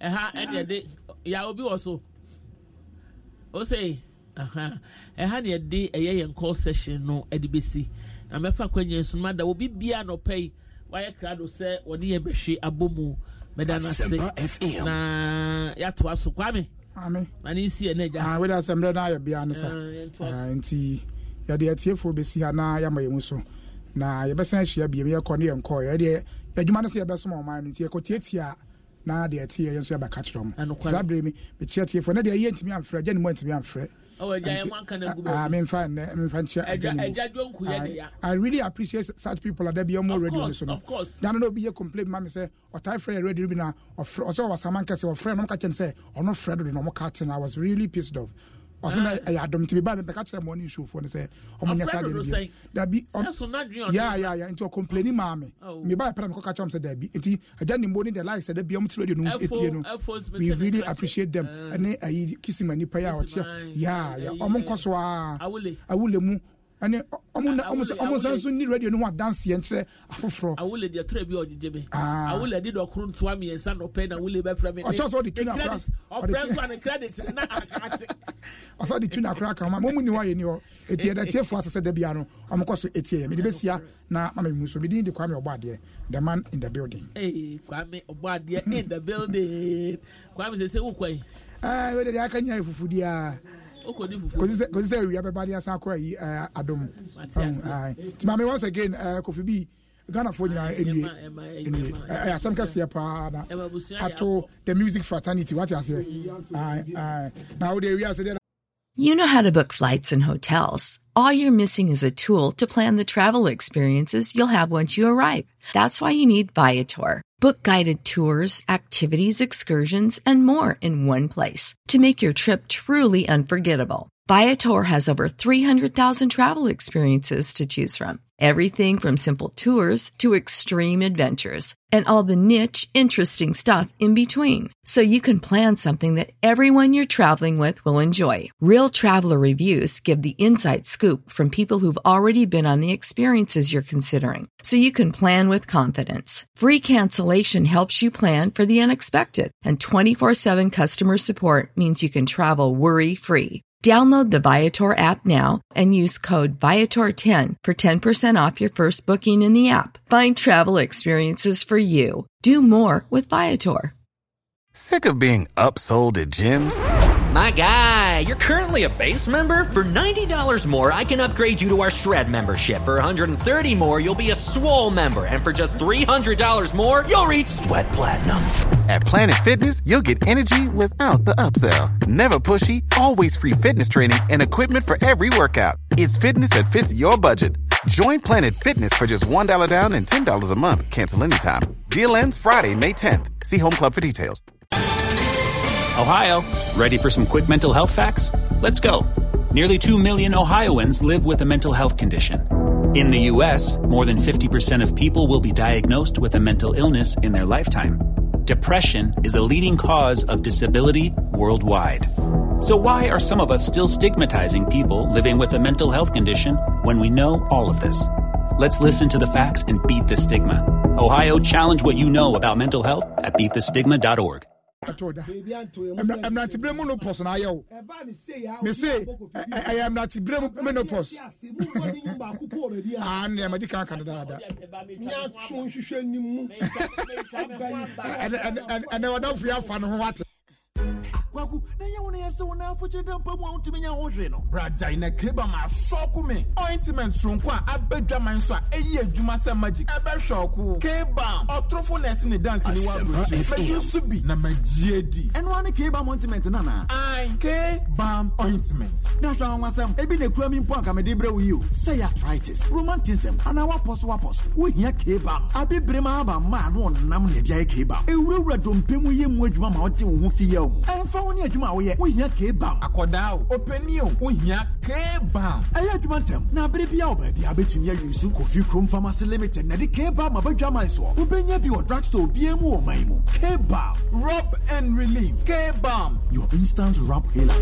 ɛha ɛdeɛ de ya obi wɔ so ɛha ɛyɛ yɛn call session no ɛde bɛsi na mɛfa kwanya nso no obi na ɔpɛ yi wayɛ krado sɛ yɛ bɛhwe abɔ mu mɛda no ase na yɛatoa so kwame na ne si ɛnɛ gya ah, wede asɛmmerɛ no ayɛ bia no sa eh, ah, nti yɛde atiefoɔ bɛsi ha na yɛama yɛ mu so na yɛbɛsan ahyia biam yɛkɔ ne yɛnkɔ yɛdeɛ yɛadwuma no sɛ yɛbɛsoma ɔman no nti yɛkɔtiatia na deɛ ɛteɛ yɛ nso yɛbɛka kyerɛ mu saa berɛ mi mekyerɛ tiefoɔ na deɛ ɛyɛ ntimi amfrɛ agya ne mu antimi amfrɛ Oh, ah, memfa eh, nkyɛ i really appreciate such people ada bi ɔmɔ radio no so oh, no dane na obi yɛ complain ma me sɛ ɔtae frɛ yɛ radio bi na ɔsɛ ɔwasama nkɛ sɛ ɔfrɛ no mka kyɛ no sɛ ɔno frɛ dodo na ɔmo ka te no i was really pissed off ɔsɛ na ɛyɛ adɔm nti bibaa mɛka kyerɛ mɔɔ ne nsuofoɔ no sɛ ɔmo bi dabi yaayaaya nti ɔkompleni maa oh. me mebaa ɛpɛra mekɔka kyerɛ m sɛ dabi nti agya nimbo ne de like sɛ da bia mte radio no ɛtie no we really appreciate them eh. ɛne ayi kisima nnipa yi a ɔkyerɛ yaaya eh, eh, ɔmo nkɔ so aa awole mu ɛne ɔmo nsa nso ni radio no ho adanseɛ nkyerɛ afoforɔ awole deɛ trɛ bi ɔgyegye me awole de dɔkoro ntoa mmiɛnsa na ɔpɛ na wole bɛfrɛ me ɔkyɛ sɛ ɔde tu no akora ɔfrɛ nso ane credit na akate ɔsɛ ɔde tu no akora ka ma mɔmu ni hɔ ayɛ ni hɔ ɛti ɛdɛ tiefoɔ asɛ sɛ da bia no ɔmokɔ so ɛtiɛ yɛ mede bɛsia na mama mu so medin de kwame ɔbɔ the man in the building hey, kwame ɔbɔ adeɛ in the building kwame sɛ sɛ wokɔi ah, wede deɛ aka nya yɛ fufudiaa kòsi sẹ ewia bẹba ni asa akọ yi adum ti maame once again uh, kofi bi ghana fo nyinaa enue enue paa na ato the music fraternity wati aseɛ na awo de ewia You know how to book flights and hotels. All you're missing is a tool to plan the travel experiences you'll have once you arrive. That's why you need Viator. Book guided tours, activities, excursions, and more in one place to make your trip truly unforgettable. Viator has over 300,000 travel experiences to choose from. Everything from simple tours to extreme adventures and all the niche, interesting stuff in between. So you can plan something that everyone you're traveling with will enjoy. Real traveler reviews give the inside scoop from people who've already been on the experiences you're considering. So you can plan with confidence. Free cancellation helps you plan for the unexpected and 24-7 customer support means you can travel worry free. Download the Viator app now and use code Viator10 for 10% off your first booking in the app. Find travel experiences for you. Do more with Viator. Sick of being upsold at gyms? My guy, you're currently a base member. For $90 more, I can upgrade you to our Shred membership. For $130 more, you'll be a swole member. And for just $300 more, you'll reach Sweat Platinum. At Planet Fitness, you'll get energy without the upsell. Never pushy, always free fitness training and equipment for every workout. It's fitness that fits your budget. Join Planet Fitness for just $1 down and $10 a month. Cancel anytime. Deal ends Friday, May 10th. See Home Club for details. Ohio, ready for some quick mental health facts? Let's go. Nearly 2 million Ohioans live with a mental health condition. In the U.S., more than 50% of people will be diagnosed with a mental illness in their lifetime. Depression is a leading cause of disability worldwide. So, why are some of us still stigmatizing people living with a mental health condition when we know all of this? Let's listen to the facts and beat the stigma. Ohio, challenge what you know about mental health at beatthestigma.org mmeranteberɛ mu nopos no ayɛ wo me se ɛyɛ mmeranteberɛ mu menopos nneɛmadi ka ka no daadaɛnɛ wadamfo yɛ afa no ho wate kwaku na ɛnyɛ wo no yɛ sɛ wo no afokyere da mpa mu a wotumi nya wo hwe no bragyae na kaba ma asɔko me ointment soronko a abɛdwaman so a ɛyi adwuma sɛ magic ɛbɛhwɛ ɔko kaba ɔtorofo na ɛse ne danse ni woabrɛkyi mayi so bi na magyie di ɛnoa ne kebam ointment no anaa ae kebam ointment na hwɛ awowasɛm ebi na ɛkura mi mpo anka mede brɛ wo yi o sɛ yɛ atritis romantism anaa woapɔ so woapɔ so wohia kaba abibire ma aba mmaa na ɔnam ne ɛde ayɛ kaba ɛwurawura dompe mu yɛ mu adwuma ma wode wo ho fi yɛ wo mu wɔmfa wo ne adwuma a woyɛ wohia kbam akɔdaa o ɔpani o wohia kbam ɛyɛ adwuma ntɛm na abere bia wɔ baabia wobɛtumi awiso kofi krom pharmacy limited na de kbam abadwa man Open your bi wɔ drugstore bia mu wɔ man rub and relieve kbam your instant rub healer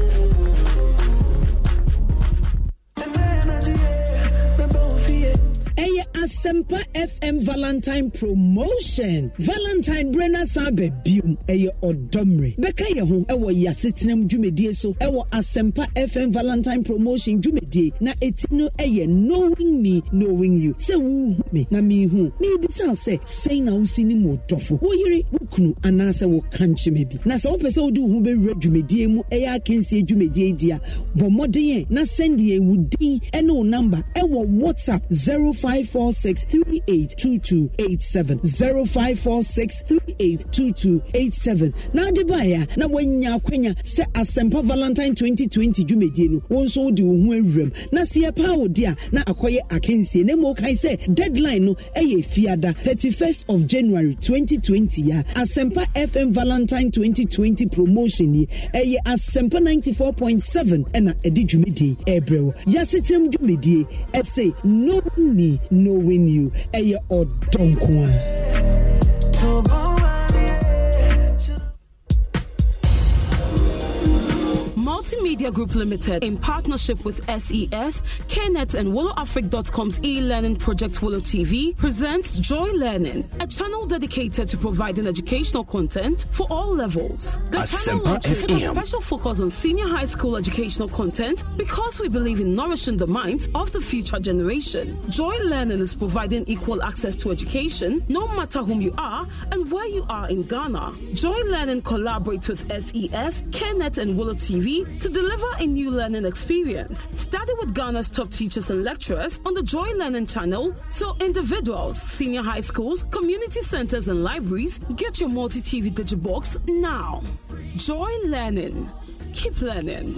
Asempa FM Valentine Promotion. Valentine Brenner Sabe Bium, Eye Odomre. Beka Yehu, Ewa Yasitinem Jumedie so, Ewa Asempa FM Valentine Promotion Jumedie, na etino Eye Knowing Me, Knowing You. Se wu me, na mi hu. Me bisa se, se na usini mo wo yiri wukunu, anase wo kanchi mebi. Na se ope se udu hube re Jumedie mu, Eya Kensi Jumedie dia. Bo modeye, na sendi ye wudin, eno number, Ewa WhatsApp 054 Six three eight two two eight seven zero five four six three eight two two eight seven 382287. 0546 382287. Na de baya na wanya kwanya se asempa Valentine 2020 dwumadie no. Wo di wo de Na se pa wo na akoye akensi ne mo kai se deadline no ɛyɛ fiada 31st of January 2020 ya. Asempa FM Valentine 2020 promotion yi ɛyɛ asempa 94.7 ena ɛna uh, ɛde ya ɛbrɛw. Yasitirim dwumadie ɛsɛ no ni no win you ɛyɛ ɔdɔ nko a Multimedia Group Limited, in partnership with SES, KNET, and WillowAfric.com's e learning project Willow TV, presents Joy Learning, a channel dedicated to providing educational content for all levels. The channel launches with a special focus on senior high school educational content because we believe in nourishing the minds of the future generation. Joy Learning is providing equal access to education, no matter whom you are and where you are in Ghana. Joy Learning collaborates with SES, KNET, and Willow TV to deliver a new learning experience, study with Ghana's top teachers and lecturers on the Joy Learning channel so individuals, senior high schools, community centers, and libraries get your multi TV digibox now. Joy Learning. Keep learning.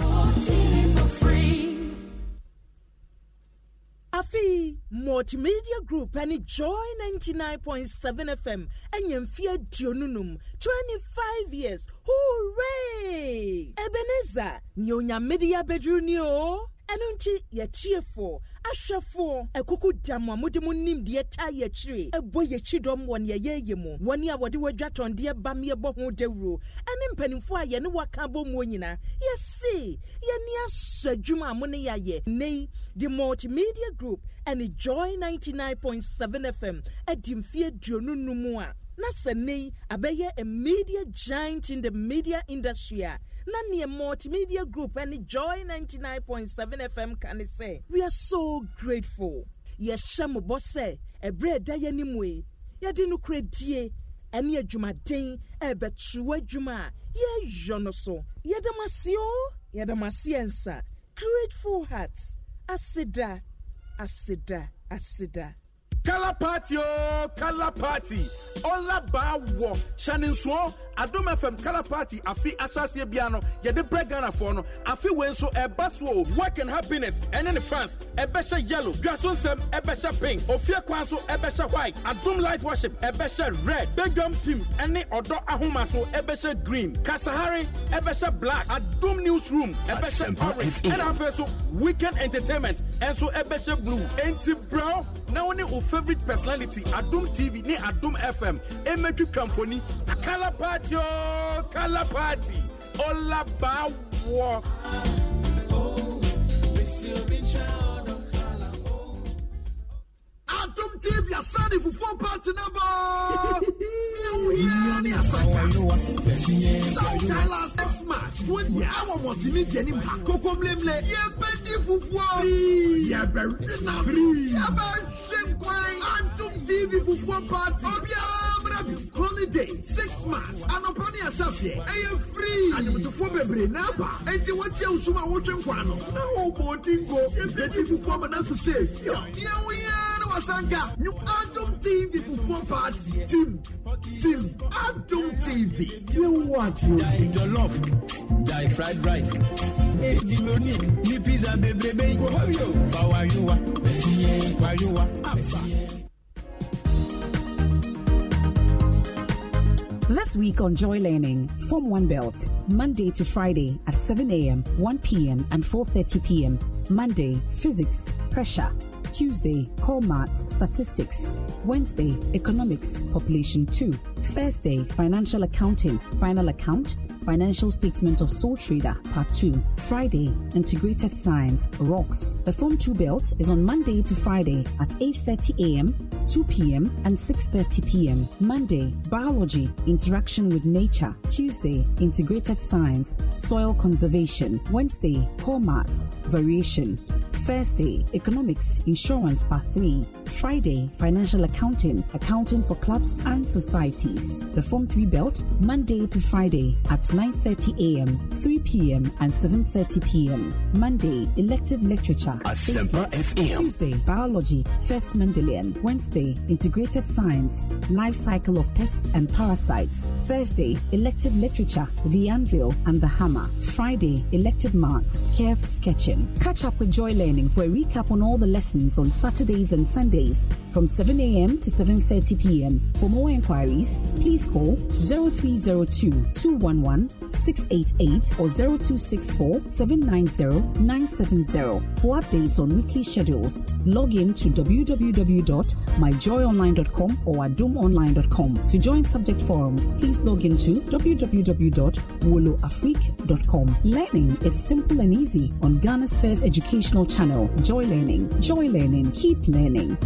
afei multimedia group and joy 99.7 fm and mfeɛ aduonu 25 years hooray ebenezer nea onyame de yɛ ni o ɛno nti yɛtiefoɔ ahwɛfoɔ ɛkuku dam a mode mu nimdeɛ taa yɛkyire ɛbɔ yɛkyidɔm wɔ ne yɛyɛyɛ mu wɔne a wɔde wɔadwatɔndeɛ bam yɛbɔ ho dawuro ɛne mpanimfoɔ a yɛne waka bɔ muo nyinaa yɛse yɛne asɔ adwuma a mo ne yɛayɛ nei the multimedia group ɛne joy 99.7 fm adi mfeɛ aduonu no mu a na sɛ yi abɛyɛ a media giant in the media industry a na multimedia group ne joy 99.7 fm ka ne sɛ we are so grateful yɛhyɛ mobɔ sɛ ɛberɛ ɛda yɛ no mu yi yɛde no korɛ die ɛne adwumaden ɛbɛtoa adwuma a no so yɛda m aseɛ o yɛda aseɛ nsa grateful heart aseda aseda aseda Colour party oh colour party ɔlabaa wɔ hyɛnensoɔ adom fm colour party afi ahyɛaseɛ bia no yɛde brɛ ghanafoɔ no afe wei nso ɛba so work and happiness france ne fans ɛbɛhyɛ yellow dwaso nsɛm ɛbɛhyɛ pink ofie kwan so ɛbɛhyɛ white adom life worship ɛbɛhyɛ red bedwam team any Odo ahoma so ɛbɛhyɛ green kasahare ɛbɛhyɛ black adom newsroom ɛbɛhyɛ orange and afei so weekend entertainment ɛnso ɛbɛhyɛ blue Anti bro now we need to favorite personality adom tv ne adom fm ɛmɛtwi kamfoni akala party o oh, kala party ɔlabaawɔ oh, oh. Atom TV asane fufuo party number. Oh, South Thailand next March 20. Our multimedia ni mha. Koko mlemle. Yebedi fufuo. Yebedi na. Yebedi nkwan. Atom TV fufuo party. Obia mrabi. Holiday 6 March. Anopani I am free. Animutofo bebre na ba. Enti wachi usuma wotwe nkwan no. Na wo bo tingo. Yebedi fufuo mana so safe. Yo. Yewo yeah. Wasanga, Adam TV for four parts. Team, team, Adam TV. You Die die fried rice. Hey, Diloni, pizza Go you? This week on Joy Learning, Form 1 Belt, Monday to Friday at 7 a.m., 1 p.m., and 4.30 p.m. Monday, Physics, Pressure. Tuesday, Call Maths, Statistics. Wednesday, Economics, Population 2. Thursday, financial accounting, final account, financial statement of sole trader, part 2. Friday, integrated science, rocks. The form 2 belt is on Monday to Friday at 8:30 a.m., 2 p.m., and 6:30 p.m. Monday, biology, interaction with nature. Tuesday, integrated science, soil conservation. Wednesday, core maths, variation. Thursday, economics, insurance, part 3. Friday, financial accounting, accounting for clubs and society the Form 3 belt, Monday to Friday at 9.30 a.m., 3 p.m. and 7.30 p.m. Monday, elective literature FM. Tuesday, biology, first Mendelian. Wednesday, integrated science, life cycle of pests and parasites. Thursday, elective literature, the anvil and the hammer. Friday, elective maths, care sketching. Catch up with Joy Learning for a recap on all the lessons on Saturdays and Sundays from 7 a.m. to 7.30 p.m. For more inquiries, please call 0302 211 688 or 0264 790 970. For updates on weekly schedules, log in to www.myjoyonline.com or adumonline.com. To join subject forums, please log in to www.woloafrique.com. Learning is simple and easy on Ghana's first educational channel, Joy Learning. Joy Learning, keep learning.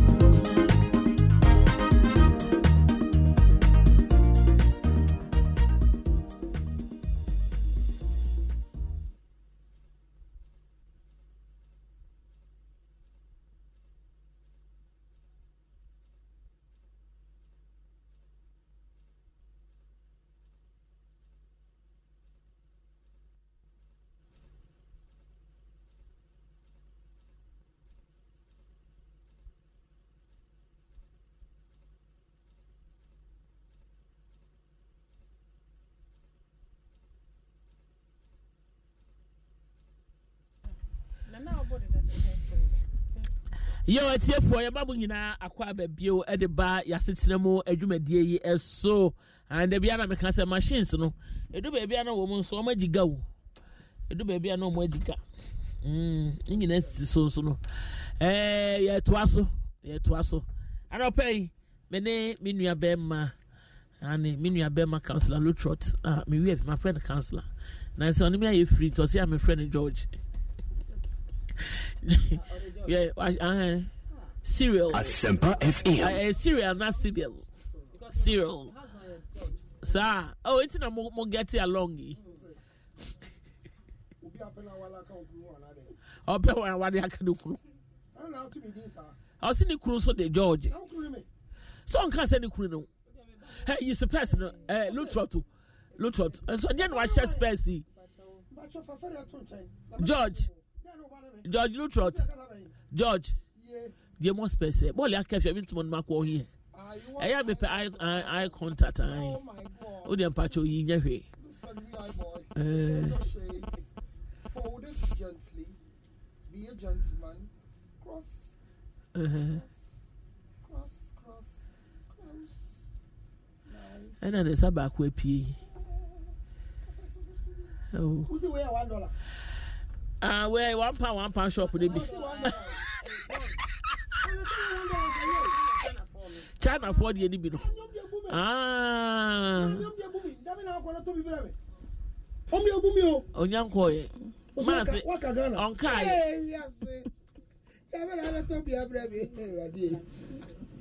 yɛ wɔtiefoɔ yɛba mo nyinaa akɔ abɛbio de ba yɛasetena mu adwumadie yi ɛso anda bia na meka sɛ machines no ɛdu baabia na wɔ mu nso ɔma adi ga wo ɛdu baabia na ɔma adi ga ne nyinaa sisi so nso no yɛtoa so yɛtoa so anɔpɛ yi me ne me nua bɛrima ane me nua bɛrima councillor lutrot a mewie my friend councillor na sɛ ɔne me ayɛ firi nti ɔse a mefrɛ no george Yeah, uh, cereal. Asempa FM. Uh, eh, cereal, not cereal. Cereal. Sir, oh, it's not mo, mo get it along. Ọpẹ wọn àwọn adé aka ne kuru. Ọsí ne you nso de George. Sọ nka sẹ ne kuru no. Hey, yi spẹs no ẹ lutrọtu lutrọtu nsọ díẹ̀ na wàá hyẹ spẹs yìí. George. George Lutrot, George, the most person. Well, I kept your Milton Marco here. I have a eye, eye, eye contact. I would have patch you in your way. Fold it gently, be a gentleman, cross, uh-huh. cross, cross, cross. Nice. And then there's a back way. Oh, who's the way one dollar? ah wey one pound one pound shop dey be china fɔ deɛ ni bi no onyankɔ yɛ maase ɔnkaa yɛ.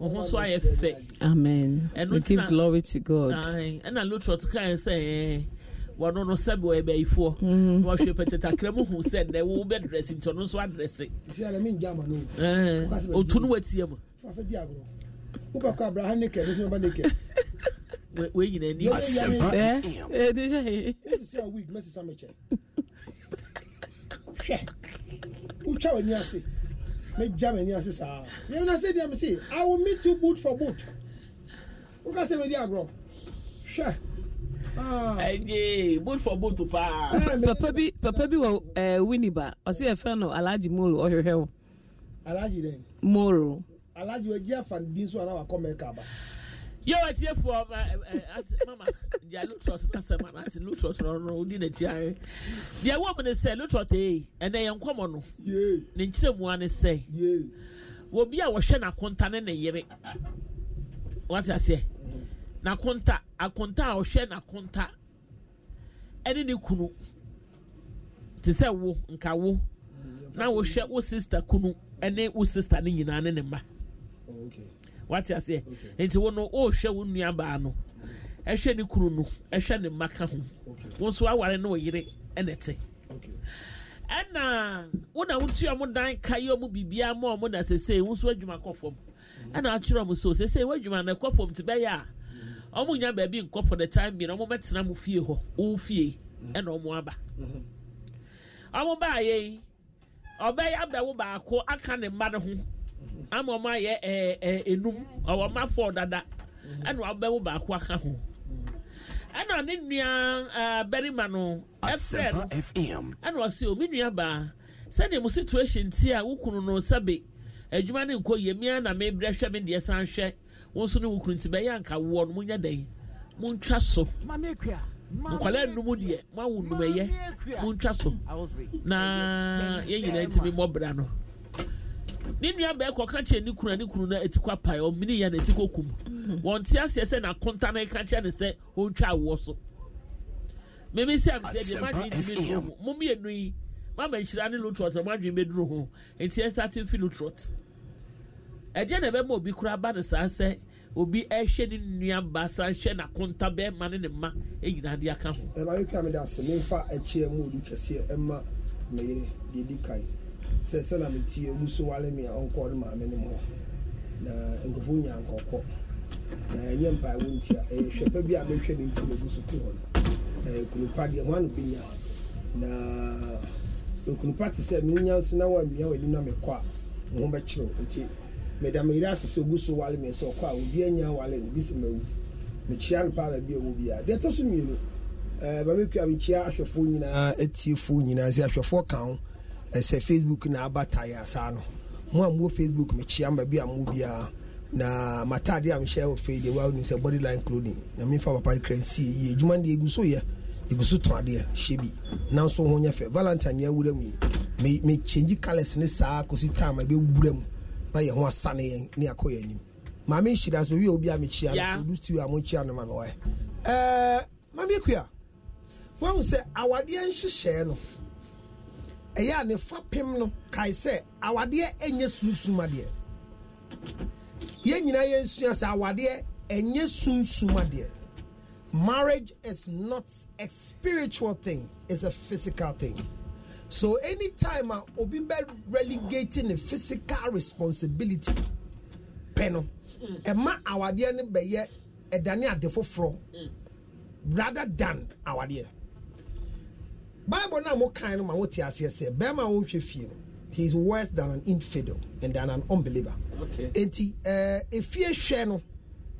ɔho nso ayɛ fɛ. amen we give glory to god. ɛna lutrot kan sɛ wɔno no sɛbi ɔyɛ bɛyifoɔ na wahwɛ pɛtɛtakra mu hu sɛ nnɛ wo bɛdrɛsi nti ɔno nso adrɛsi. otu no watie mu. wobɛkɔ abraham nekɛ ne so mɛba nekɛ wei nyina ni ɛsesɛ wig mɛsesa mekyɛ hwɛ wotwa w'ani ase mɛgya m'ani ase saa na sɛ Di mese i will meet you boot for boot woka sɛ mɛdi agorɔ hwɛ papa bi papa bi wɔ ɛɛ eh, winiba ɔsi ɛfɛ no alaji molo ɔhwehwɛ o. alaji dɛ. molo. alaji wɔ di afa di nso ara wa kɔ mɛka aba. yẹ wọ tiẹ fọ mama ndia lutrọs kasẹm ana ati lutrọs rọrọ odi n'akyi ayẹ deɛ wɔn mu ne sɛ lutrɔs obi a wɔhwɛ n'akonta ne ne yere wate aseɛ n'akonta akonta a ɔhwɛ eh, kunu wo na wɔhwɛ wo mm, kunu ne ne ne Okay. wate aseɛ nti wo no ɔrehwɛ wo nuabaa no ɛhwɛ ne kuru no ɛhwɛ ne mma ka ho wo nso aware ne wo ɛna ɛte ɛna wo na wotu ɔmo dan kae ɔmo biribiara ma ɔmo na sesei wo nso adwuma kɔ fam ɛna atwerɛ ɔmo so sesei w'adwuma na ɛkɔ fam te bɛyɛ a ɔmo nya baabi nkɔ for the time being ɔmo bɛtena mo fie hɔ wo fie ɛna ɔmo aba ɔmo baayɛ yi ɔbɛyɛ abɛwo baako aka ne mma no ho ama ọma yɛ ɛɛ ɛɛ enum ɔwɔ ma fɔ dada ɛna ɔbɛwo baako aka ho ɛna ne nua ɛɛ bɛrima no ɛfrɛ no ɛna ɔsi omi nua baa sɛdeɛ mo situation ti a wokunu no sɛbe adwuma ne nkɔ yie mmea na mebrɛ hwɛ me deɛ san hwɛ wɔn nso ne wokunu ti bɛyɛ anka woɔ no mo nya dɛn mo ntwa so nkwadaa nnum deɛ mo awo nnum ɛyɛ mo ntwa so na yɛn nyinaa ti mi mɔ bra no. ne nua bɛɛ kɔ kankyɛ ne kunu ne kunu no eti kɔ apae ɔmini yɛ n'eti kɔ kum mhm. wɔn ti aseɛ sɛ na kankyɛ ne sɛ ɔntwa awoɔ so mɛmi si am sɛ deɛ duro ho mo yi mama nhyira ne na madu ntumi duro ho eti ɛsate fi lutrot ɛdeɛ na obi kura ba ne saa sɛ obi ɛhwɛ ne nua ba bɛɛ ma ne ne ma aka ho. a mi da ase sɛ sɛ na metie ogu so wale me ɔnkɔ no maame no mu na nkurɔfoɔ nya nkɔkɔ na ɛnyɛ mpaeɛwo nti a ɛyɛ hwɛpɛ bi a mehwɛ ne nti megu so te hɔ no kunupa deɛ ho ano bɛnya na ekunupa te sɛ menya nso na wammia w'anim na mekɔ a ho bɛkyerɛw nti meda meyere ase sɛ ogu so wale me sɛ ɔkɔ a obia nya wale no gye sɛ mawu mekyia no paa baabi a ɛwɔ biara deɛ ɛtɔ so mmienu ɛɛ mekyia ahwɛfoɔ nyinaa atiefoɔ nyinaa sɛ ahwɛfoɔ ka ho ɛsɛ facebook na aba tae asaa no mo a mowɔ facebook mekyia ma bi a mo biara na mataadeɛ a mehyɛ wɔ fei deɛ woahunu sɛ body line clothing na memfa papa no kra nsie yie adwuma no deɛ ɛgu so yɛ ɛgu so tɔn adeɛ hyɛ bi nanso ho nyɛ fɛ valentine ne awura mu yi mekyɛngyi colours ne saa kɔsi time a ɛbɛwura mu na yɛ ho asane yɛn ne akɔ yɛ anim maame nhyira sɛ obi a obi a mekyia no so studio a monkyia no ma no ɔɛ maame akua woahu sɛ awadeɛ nhyehyɛɛ no ɛyɛ a ne fa pem no kae sɛ awadeɛ ɛnyɛ sunsuma deɛ yɛn nyinaa yɛn sua sɛ awadeɛ ɛnyɛ sunsuma marriage is not a spiritual thing it's a physical thing so anytime a obi bɛ relegating the physical responsibility pɛ no ɛma awadeɛ no bɛyɛ ɛdane ade foforɔ rather than awadeɛ. bible na mo kan no ma wo te aseɛ sɛ bɛrima wo hwɛ fie no he is worse than an infidel and than an unbeliever okay enti eh efie hwɛ no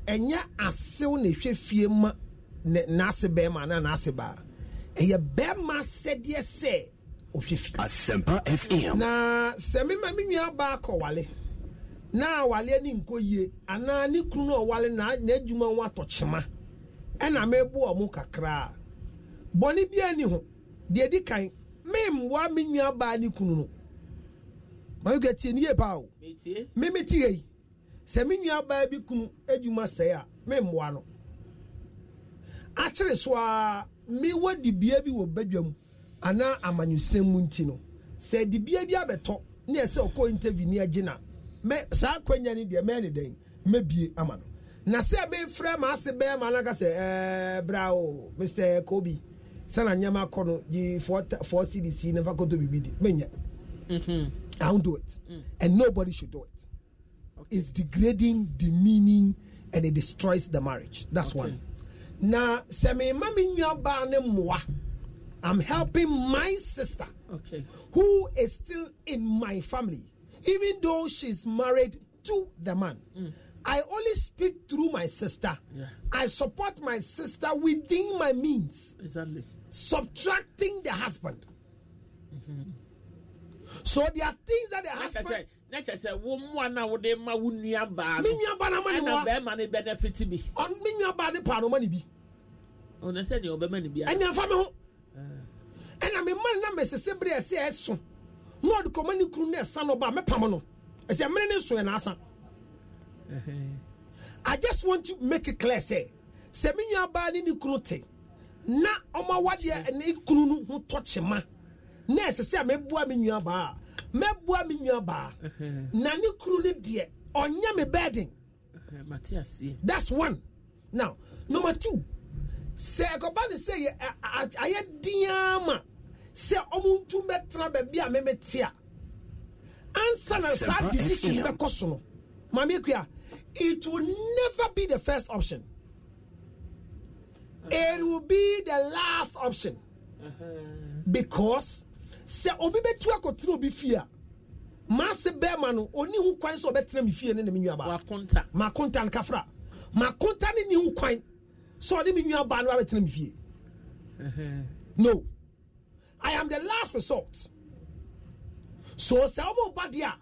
ɛnyɛ asew na ehwɛ fie ma ne n'ase bɛrima na n'ase baa ɛyɛ bɛrima sɛdeɛ sɛ ohwɛ fie asɛmpa fm na sɛmi ma mi nua baa kɔ wale na wale ni nko yie anaa ne kunu na ɔwale na n'adwuma ho atɔ kyema ɛna mɛbu ɔmo kakra bɔnne bi ani ho. deɛ di kan memboa me nua baa n'i kunu no maame kura tie ne yie paa o meme tie yi sɛ me nua baa bi kunu adwuma sɛe a memboa no akyere so a mewɔ dibea bi wɔ badwa mu anaa mu nti no sɛ dibea bi abɛtɔ ne ɔkɔ ne na mɛ saa akwanya ni deɛ mɛɛ dɛn mɛbie ama no na sɛ mefrɛ maase bɛɛ ma ka sɛ ɛɛ mr sana nyama akɔ no ye four cdc never go to bibi di menya mhm. i won't do it mm. and nobody should do it okay. it's degrading demeaning and it destroys the marriage that's okay. one na sɛ me nua baa i'm helping my sister okay. who is still in my family even though she's married to the man mm. I only speak through my sister. Yeah. I support my sister within my means. Exactly subtracting the husband. So there are things that the husband. Nature kyerɛ "Woman, I mmoa na wode ma wo nuabaa no ɛna bɛrima no bɛnɛfiti bi me nuabaa ne paa no ma ne bi ɔnɛ sɛ deɛ ɔbɛma ne bi ɛne mfa me ho ɛna mema no na mesese berɛ ɛsɛ ɛso na ɔde kɔma ne kunu no ɛsa no I say no ɛsɛ mene ne so ɛna asa i just want to make it clear say, sɛ me nuabaa ne ne na ɔmo awadeɛ ne kunu no ho tɔ kyema na ɛsɛ sɛ mɛboa me nuabaa mɛboa me nuabaa na ne kunu no deɛ ɔnyɛ me burden that's one now number two sɛ ɛkɔba ne sɛ yɛ ayɛ diaa ma sɛ ɔmo ntu mɛtena baabi a mɛmɛte a ansa na saa decision bɛkɔ so no maame kua it will never be the first option it will be the last option because sɛ obi bɛtu akɔtena obi fie a maase bɛrima no oni ho kwan sɛ ɔbɛtena mi fie ne ne mi nua baa ma konta no kafra ma konta ne ni hu kwan sɛ ɔne mi nua baa no abɛtena mi fie uh-huh. no i am the last resort so sɛ ɔmo ba deɛ a.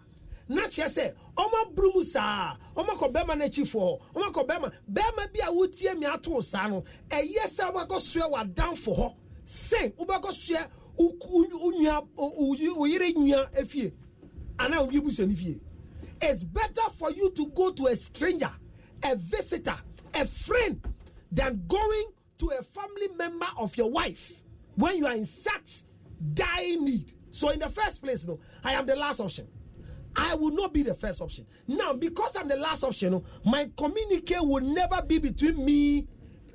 na kyerɛ sɛ ɔma buru mu saa ɔma kɔ bɛrima n'akyifoɔ hɔ ɔma kɔ bɛrima bɛrima bi a wotie mi ato saa no ɛyɛ sɛ wobɛkɔ soɛ w'adamfo hɔ sɛn wobɛkɔ soɛ nua oyere nua efie anaa onye busa ne it's better for you to go to a stranger a visitor a friend than going to a family member of your wife when you are in such dire need so in the first place no i am the last option I will not be the first option. Now, because I'm the last option, my communique will never be between me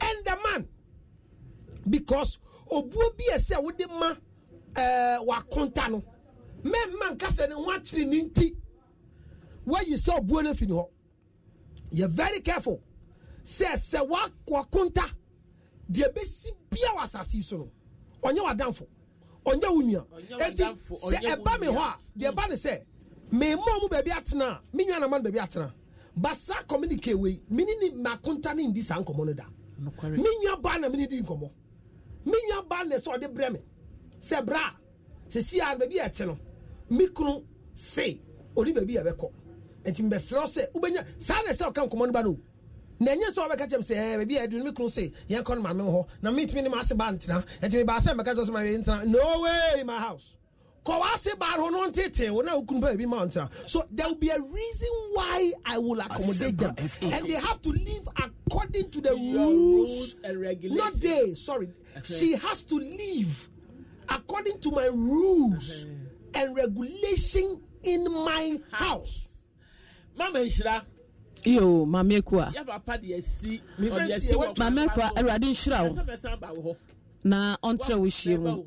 and the man. Because obuo bi ɛsɛ wode ma ɛɛ eh, wakonta no mɛma nkasa ne ho akyere ne nti wayi sɛ obuo no fi ne very careful sɛ se wa wakonta deɛ bɛsi bia wɔ asase yi so no ɔnyɛ wadamfo ɔnyɛ wo nua eti sɛ ɛba mi hɔ a deɛ ɛba ne sɛ mɛmɔ mu baabi atena me nua nama no baabi atena basa communicate wei mene ni makonta ne ndi saa nkɔmmɔ no da eh, me nua baa na mene di nkɔmmɔ me nua baa na sɛ ɔde brɛ me sɛ bra sɛsi a baabi a ɛte no me kunu se ɔne baabi a ɛbɛkɔ nti mbɛsrɛ sɛ wobɛnya saa na sɛ ɔka nkɔmmɔ no ba no na ɛnyɛ sɛ wɔbɛka kyɛm sɛ ɛɛ baabi a ɛdu no me kunu se yɛnkɔ no maame hɔ na mentumi ne maase ba ntena ɛnti mebaasɛ mbɛka kyɛ sɛ ma yɛntena no way my house Kowase Tete, So there will be a reason why I will accommodate them. And they have to live according to the rules, not they, sorry. She uh-huh. has to live according to my rules uh-huh. and regulation in my house. Mama Ishra. Yo, Mama kwa Ya papa de esi. Mama kwa Awurade nhyira Na ɔntrɛ wo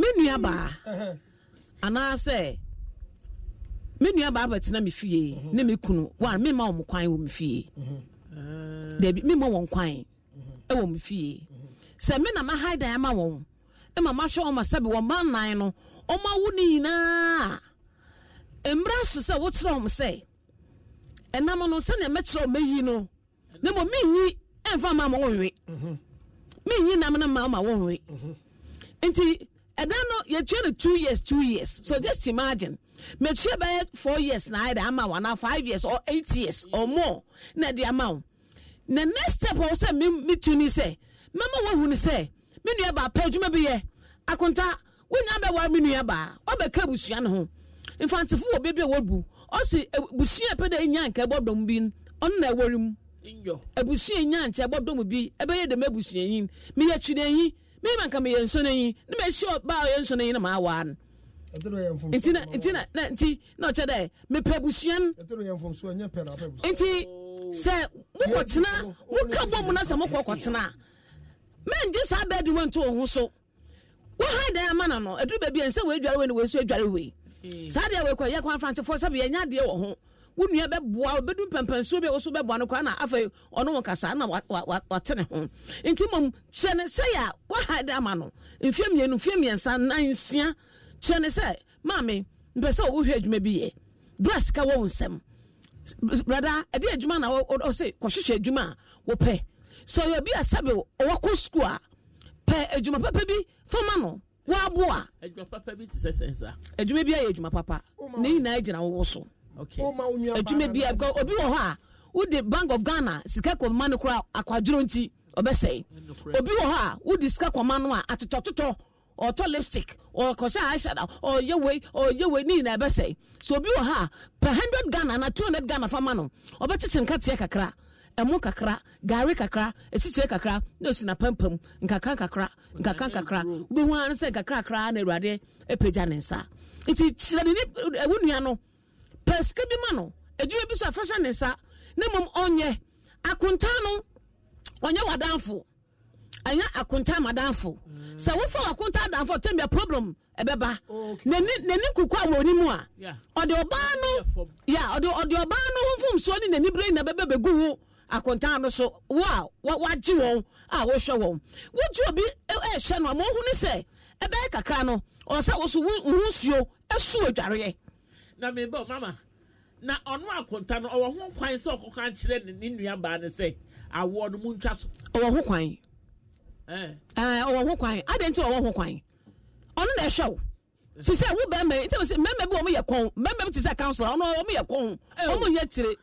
me nua baa anaasɛ me nua baa bɛtena me fie ne me kunu wa me ma wɔn kwan wɔ me fie dabi me ma wɔn kwan ɛwɔ me fie sɛ me na ma ha dan ama wɔn ɛma ma hwɛ wɔn ma sɛbi wɔn ma nan no wɔn awo ne nyinaa mmerɛ so sɛ wokyerɛ wɔn sɛ ɛnam no sɛnea mɛkyerɛ wɔn mɛyi no ne mo meyi ɛnfa ma wɔn we meyi nam no ma wɔn we nti ɛdan no you're no two years two years so just imagine mɛtua by four years na ayɛ de ama wo five years or eight years or more Now the amount. wo next step ɔwɔ sɛ me ni sɛ mɛma woahu no sɛ me nua baa pɛ adwuma bi yɛ akonta wonya bɛwa me nua baa wabɛka abusua no ho mfantefo wɔ baabi a wɔbu ɔsi abusua pɛ dɛ nya nka ɛbɔ dɔm bi ɔno na ɛwɔ mu abusua nya nkyɛ ɛbɔ dɔm bi ɛbɛyɛ dɛm abusua yi meyɛ twene yi mema nka meyɛ nsɔne yi ne mɛsi ɔba a ɔyɛ nsɔne yi na maawaa no nti na nti na na nti na ɔkyɛ dɛ mepɛ busua no nti sɛ mokɔ tena moka bɔ mu na sɛ mokɔ kɔ tena mɛngye saa bɛɛde wɔ nto wo ho so woha dɛn ama na no aduru baabi ɛnsɛ wɔadware wei ne wɔsu adware wei hmm. saa deɛ wɔkɔ yɛ kwan frantefoɔ sɛ bɛyɛnya adeɛ wɔ ho wo nua bɛboa wobɛdu mpɛmpɛnsuo bi a wo so bɛboa no koraa na afei ɔno wo kasa na wate ne ho nti mmom kyerɛ ne sɛ a waha ama no mfeɛ mmienu mfeɛ mmiɛnsa na nsia kyerɛ ne sɛ maame mpɛ sɛ wohwɛ adwuma bi yɛ bra sika wɔ wo nsɛm brada ɛde adwuma na ɔse kɔhwehwɛ adwuma a wopɛ sɛ ɔyɛ bi a sɛbe ɔwɔkɔ skuul a pɛ adwuma papa bi fama no wɔaboa adwuma bi ayɛ adwuma papa ne nyinaa gyina wowɔ so adwuma bi obi wɔ hɔ a wode bank of ghana sika kɔma no kora akwadworo nti ɔbɛsɛe obi wɔ hɔ a wode sika kɔma no a atotɔtotɔ ɔtɔ lipstick ɔkɔhyɛ eyeshadow ɔyɛ wei ɔyɛ wei ne nyinaa ɛbɛsɛe so obi wɔ hɔ a per hundred ghana na two hundred ghana fa ma no ɔbɛkyekye nkateɛ kakra ɛmo kakra gari kakra esikyire kakra na osi na pampam nkakra nkakra nkakra nkakra wobɛhu ara sɛ nkakra kakra na awurade apagya ne nsa nti kyerɛ ne ne ɛwo nua no pɛ sika bi ma no adwuma bi so afɛhyɛ ne nsa na mmom ɔnyɛ akonta no ɔnyɛ wadanfo ɛnyɛ akonta madanfo sɛ wofa wakonta adanfo ɔtɛnbia problem ɛbɛba n'ani n'ani kuku a wɔn nimu a ɔde ɔbaa no ya ɔde ɔde ɔbaa no mfomsoɔ ne n'ani bere na bɛbɛ bɛgu wo akonta no so wo a wagye wɔn a wohwɛ wɔn wogye obi ɛɛhwɛ no a ma ohun sɛ ɛbɛyɛ kakra no ɔsɛ woso wo nsuo ɛsu odwareɛ. na mebɛo mama na ɔno akonta no ɔwɔ ho kwan sɛ ɔkɔka kyerɛ ne nnuabaa no sɛ awoɔ no mu ntwa so ɔwɔ ho kwan ɔwɔ ho kwan adɛn nti ɔwɔ ho kwan ɔno na ɛhwɛ wo te sɛ wo bɛrima nti sɛ mmarima bi wɔn yɛ kɔn mmarima bi te sɛ councilor ɔno wɔn yɛ kɔn wɔn nyɛ tire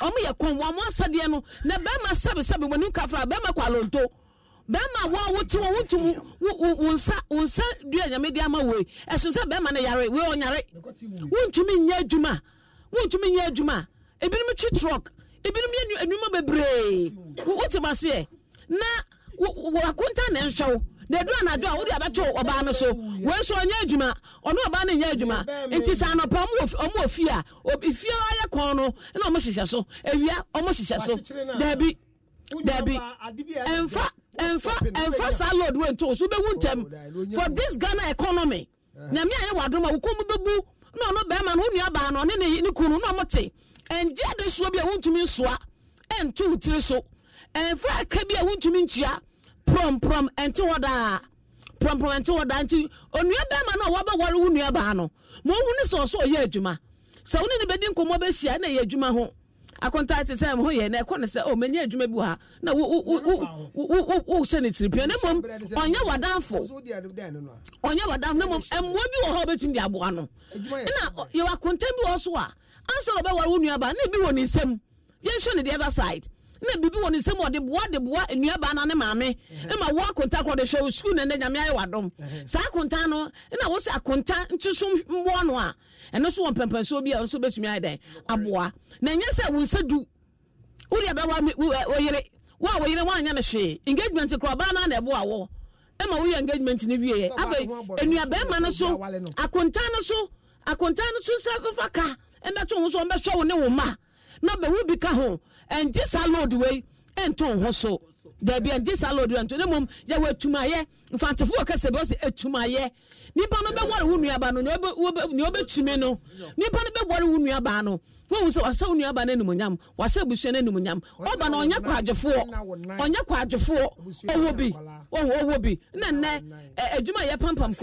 wɔn yɛ kɔn wɔn asadeɛ no na bɛrima sɛbisɛbi wɔn ni nkafra bɛrima kɔ alonto. bɛrima wo a wote wɔ wotu wo nsa wo nsa dua nyame de ama wei ɛso sɛ bɛrima no yare wei ɔnyare wontumi nye adwuma wontumi nye adwuma ebinom twi trɔk ebinom yɛ nnwuma bebree wote ma seɛ na wakonta na ɛnhwɛ wo na edu anadwo a wode abɛto ɔbaa no so wei so ɔnyɛ adwuma ɔno ɔbaa no nyɛ adwuma nti sɛ anɔpa ɔmo wɔ fie a fie ayɛ kɔn no na ɔmo hyehyɛ so ewia ɔmo hyehyɛ so dabi dabi nfa. ɛnfa ɛnfa saa load wey nto so bɛwu ntɛm oh, for this ghana economy uh-huh. na mi a yɛ wɔ adum a wɔkɔ mu bɛbu na ɔno bɛrima no onua baa no ɔne ne ne kunu na ɔmo te ɛngye adesoɔ bi a wɔntumi nsoa ɛnto wo tiri so ɛnfa aka bi a wɔntumi ntua prɔmprɔm ɛnte hɔ daa prɔmprɔm ɛnte hɔ daa nti onua bɛrima no a wɔabɛwɔre wo nua baa no ma ohun ne sɛ ɔso ɔyɛ adwuma sɛ wɔne ne bɛdi nkɔmɔ bɛhyia na ɛyɛ adwuma ho akonta te sɛ ho yɛ na ɛkɔ ne sɛ o oh, manya adwuma bi wɔ ha na wohyɛ ne tiripia na mmom ɔnyɛ wadamfo ɔnyɛ wadamfo na mmom mmoa bi wɔ hɔ a wobɛtumi de aboa no na yɛwɔ akonta bi wɔ so a ansa na ɔbɛware wo nuaba na ebi wɔ ne nsam yɛnhwɛ ne the other side na biribi wɔ ne nsam ɔde boa de boa nnuaba na ne maame ma wo akonta korɔ de hwɛ sukuu nene nyame ayɛ wadom saa akonta no na wo sɛ akonta ntuso mboa no a ɛno so wɔ mpɛmpɛnsoɔ bi a ɔno so bɛtumi ayɛ dɛn aboa na ɛnyɛ sɛ wo nsa du wode bɛwa wɔyere wo a wɔyere woanyɛ no hwee engagement korɔ ɔbaa no na ɛboa wo ɛma woyɛ engagement no wieɛ abe nnuabarima no so akonta no so akonta no so nsa kɔfa ka ɛmbɛto wo so ɔmbɛhwɛ wo na bɛwo bi ka ho ɛngye saa load wei ndị ho so dabi ɛngye saa load wei ɛnto ne mom yɛwɔ atumayɛ mfantefo ɔkasa bi ɔsɛ atumayɛ nipa no nuaba no nea no nipa no nuaba no nuaba no no ɔba no ɔnyɛ kwadwofoɔ ɔnyɛ kwadwofoɔ ɔwɔ bi ɔwɔ bi na nnɛ ya pampam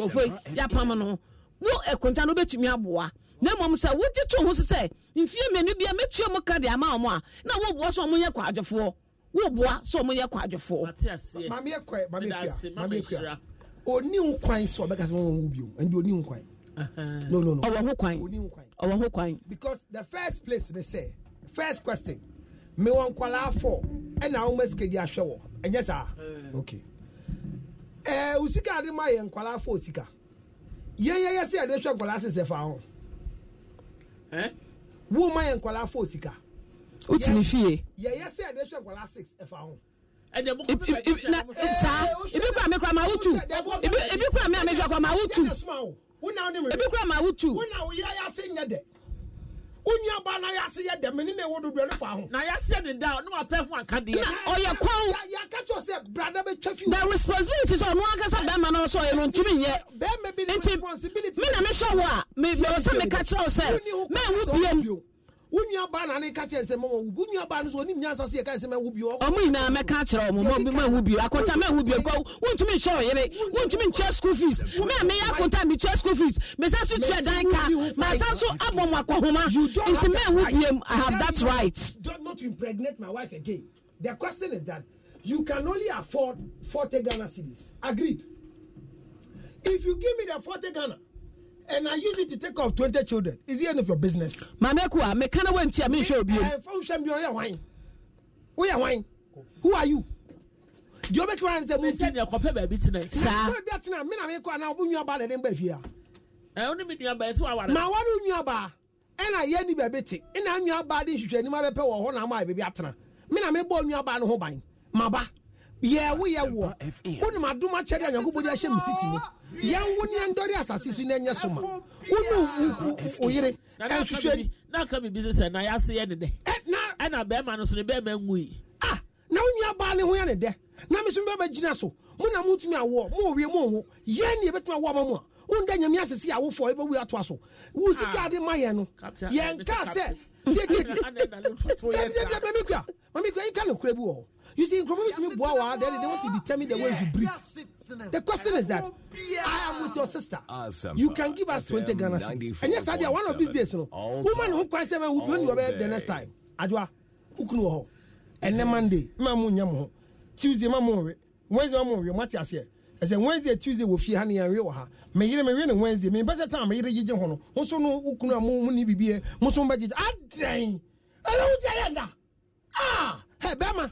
yi no wo no aboa na mmom sɛ wogye to ho so sɛ mfie mmienu bia mɛtua mu ka de ama ɔmo a na woboa so ɔmo yɛ kɔ adwofoɔ woboa so ɔmo yɛ kɔ adwofoɔ maame ɛkɔ maame oni ho kwan sɛ ɔbɛka sɛ wɔn wo bio ɛnde oni ho kwan no no no ɔwɔ ho kwan ɔwɔ ho kwan because the first place they say first question mewɔ nkwalaa fɔ ɛna ahoma sika di ahwɛ wɔ ɛnyɛ saa okay ɛɛ osika adi ma yɛ nkwalaa fɔ osika yɛn yɛ yɛ sɛ yɛde hwɛ nkwalaa sisɛ fa ho. Eh? wo ma yɛ nkɔla fo sika. wotumi fie. yɛyɛ sɛ ɛde hwɛ nkɔla six ɛfa ho. saa eh, ebi kura mi kura ma wotu ebi kura mi a mi hwɛ kura ma wotu ebi kura ma wotu. wọn na yíyá yá sí nyẹ dẹ onyiaba na yase yɛ dɛm ne na ɛwɔ dodoɔ fa ho. na yase ne da ne wa pɛ ho akadeɛ. na ɔyɛ kwan. yakakyɛ sɛ brada bɛ twɛ fi. the responsibility sɛ ɔno ankasa bɛrima na ɔsɔ yɛ no ntumi nyɛ. bɛrima bi ni responsibility. nti mi na mi sɛ wo a mi bɛ wɔ sɛ mi ka kyerɛ wo sɛ mɛ n wo biem wonua baa na ne ka kyerɛ nsɛm wɔ wonua baa no so onim nyansa sɛ yɛka nsɛm awu bio ɔmo nyinaa mɛka kyerɛ ɔmo mɔ ma awu bio akɔta ma awu bio kɔ wontumi nhyɛ ɔyere wontumi nkyɛ school fees me a meyɛ akɔta mekyɛ school fees mesa so kyerɛ dan ka masa so abɔ mo akɔhoma nti ma awu biem i have that right Don't not to impregnate my wife again the question is that you can only afford forty Ghana cedis agreed if you give me the forty Ghana and I use it to take off twenty children. Is it end of your business? Mamekua, ah, me kana wenti a me show bi. Eh, phone sham bi oya wine. Oya wine. Who are you? Do you make man say me say na kope ba bi tena. Sa. Na bi tena me na me kwa na obunwa ba le den eh, ba fie a. Eh, oni mi nua ba se wa ware. Ma wa no nua ba. E na ye ni ba bi te. Eh, e na nua ba di hwehwe ni ma bepe wo ho na ma ba bi atena. Me na me bo nua ba no ho ban. Ma ba yɛ wo yɛ wɔ wonim adom akyɛde a nyankopɔn de ahyɛ eh, mu sisi mu yɛnwo ne ɛndɔre asase so na eh, ɛnyɛ so ma wone oyere ɛnhwehwɛ na ka biribi sɛ sɛ na yɛase yɛ ne dɛ ɛna bɛrima no so ne bɛrima ngui ah, na wonua baa ne ho yɛ ne dɛ na me so mebɛbɛgyina so mo na motumi awoɔ mowie mowo yɛn ne yɛbɛtumi awoɔ ma mo a wonda nyame asese a wofoɔ yɛbɛwi atoa so wo ah. sika ade ma yɛn no yɛnkaa sɛ tietietie mamekua mamekua yɛka nokora bi wɔ hɔ You see, Nkrofo to me, wow, they, they want to determine the way you breathe. The question is that I am with your sister. You can give us 20 Ghana cedis. And yes, Adia, one of these days, you know, woman who cries seven will be the next time. Adwa, Ukunu, and then Monday, Mamu Yamu, Tuesday, Mamu, Wednesday, Mamu, Matias here. ɛsɛ wednesday tuesday wɔ fie ha ne yɛnwe wɔ ha meyere meyere ne wednesday mempɛsɛ ta meyere gyegye ho no mo so no wokunu a mone bibiɛ mo so mbɛgyegye adɛn ɛne wo tiɛ yɛ da ah! bɛma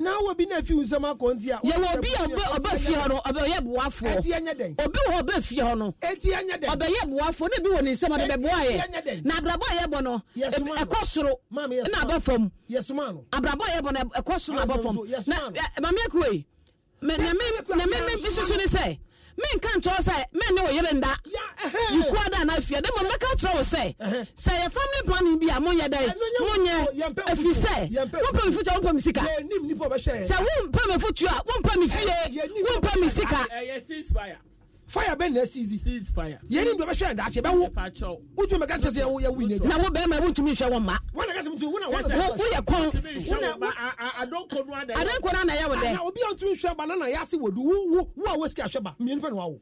na obi na efi nsɛm akɔ nti a. yɛwɔ obi a ɔbɛ ɔbɛ fie hɔ no ɔbɛ yɛ buafo. eti ɛnyɛ dɛ. obi wɔ ɔbɛ fie hɔ no. eti ɛnyɛ dɛ. ɔbɛ yɛ buafo ne bi wɔ ne nsɛm ɔde bɛ bua yɛ. na abrabɔ a yɛbɔ no ɛkɔ soro ɛna abɔ fam. abrabɔ a yɛbɔ no ɛkɔ soro na abɔ fam. na eh, maame ekuwe na me na me bi soso ne sɛ menka nkyerɛ sɛ me ne wo yere nda yikoa da na fie de mmom mɛka kyerɛ wo sɛ sɛ yɛ family planning bi a monyɛ dɛn monyɛ ɛfiri sɛ wompɛ me fotua wompɛ me sika sɛ wompɛ me fotua wompɛ me fie wompɛ me sika fire bẹ́ẹ̀ na seize. seize fire. yẹn ni ndọ̀bẹ̀ hwẹ́ ẹ̀ dàkye bẹ́ẹ̀ wo. pàtó. wútu mi kàtí sẹ́yìn wúyẹ wúyi n'ẹjọ. na wo bẹ́ẹ̀ ma I wútu mi hwẹ́ wọn ma. wọn na kẹsàn-án wúna wọn. wọ́n yẹ kọ́n. adọ́nkọ́nù adẹ́yẹ. obi a ntumi hwẹ́ ba nana yasi wòdu wú wú wú a wọ́sìkì ahwẹ́ ba mìíràn pẹ̀lú wa wò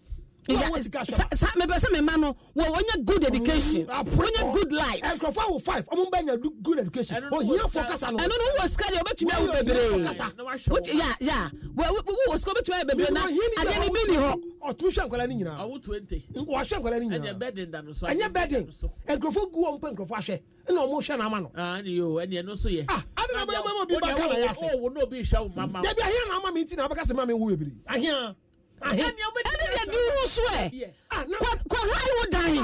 mepɛ sɛ mema no wɔnya mm, good education wɔnya good life nkurɔfoɔ awo five ɔmo bɛ nya good education ohiafoɔ kasa no ɛno ah, ah, oh, no wowɔ sika deɛ wobɛtumi awo bebreeya wowɔ sika wobɛtumi ayɛ bebree na adeɛ no bi ni Awo twenty. hɔ ɔtumi hwɛ nkwadaa no nyinaa wɔhwɛ nkwadaa no nyinaa ɛnyɛ bɛden nkurɔfoɔ gu wɔn pɛ nkurɔfoɔ ahwɛ ɛna ɔmo hwɛ n'ama no adena bɛyɛ mama bi ba kala yɛ ase dabi ahia na ama mi ti na abɛka sɛ maa mi wu bebree ahia ɛne deɛ bi wo so ɛ kɔhae wo dan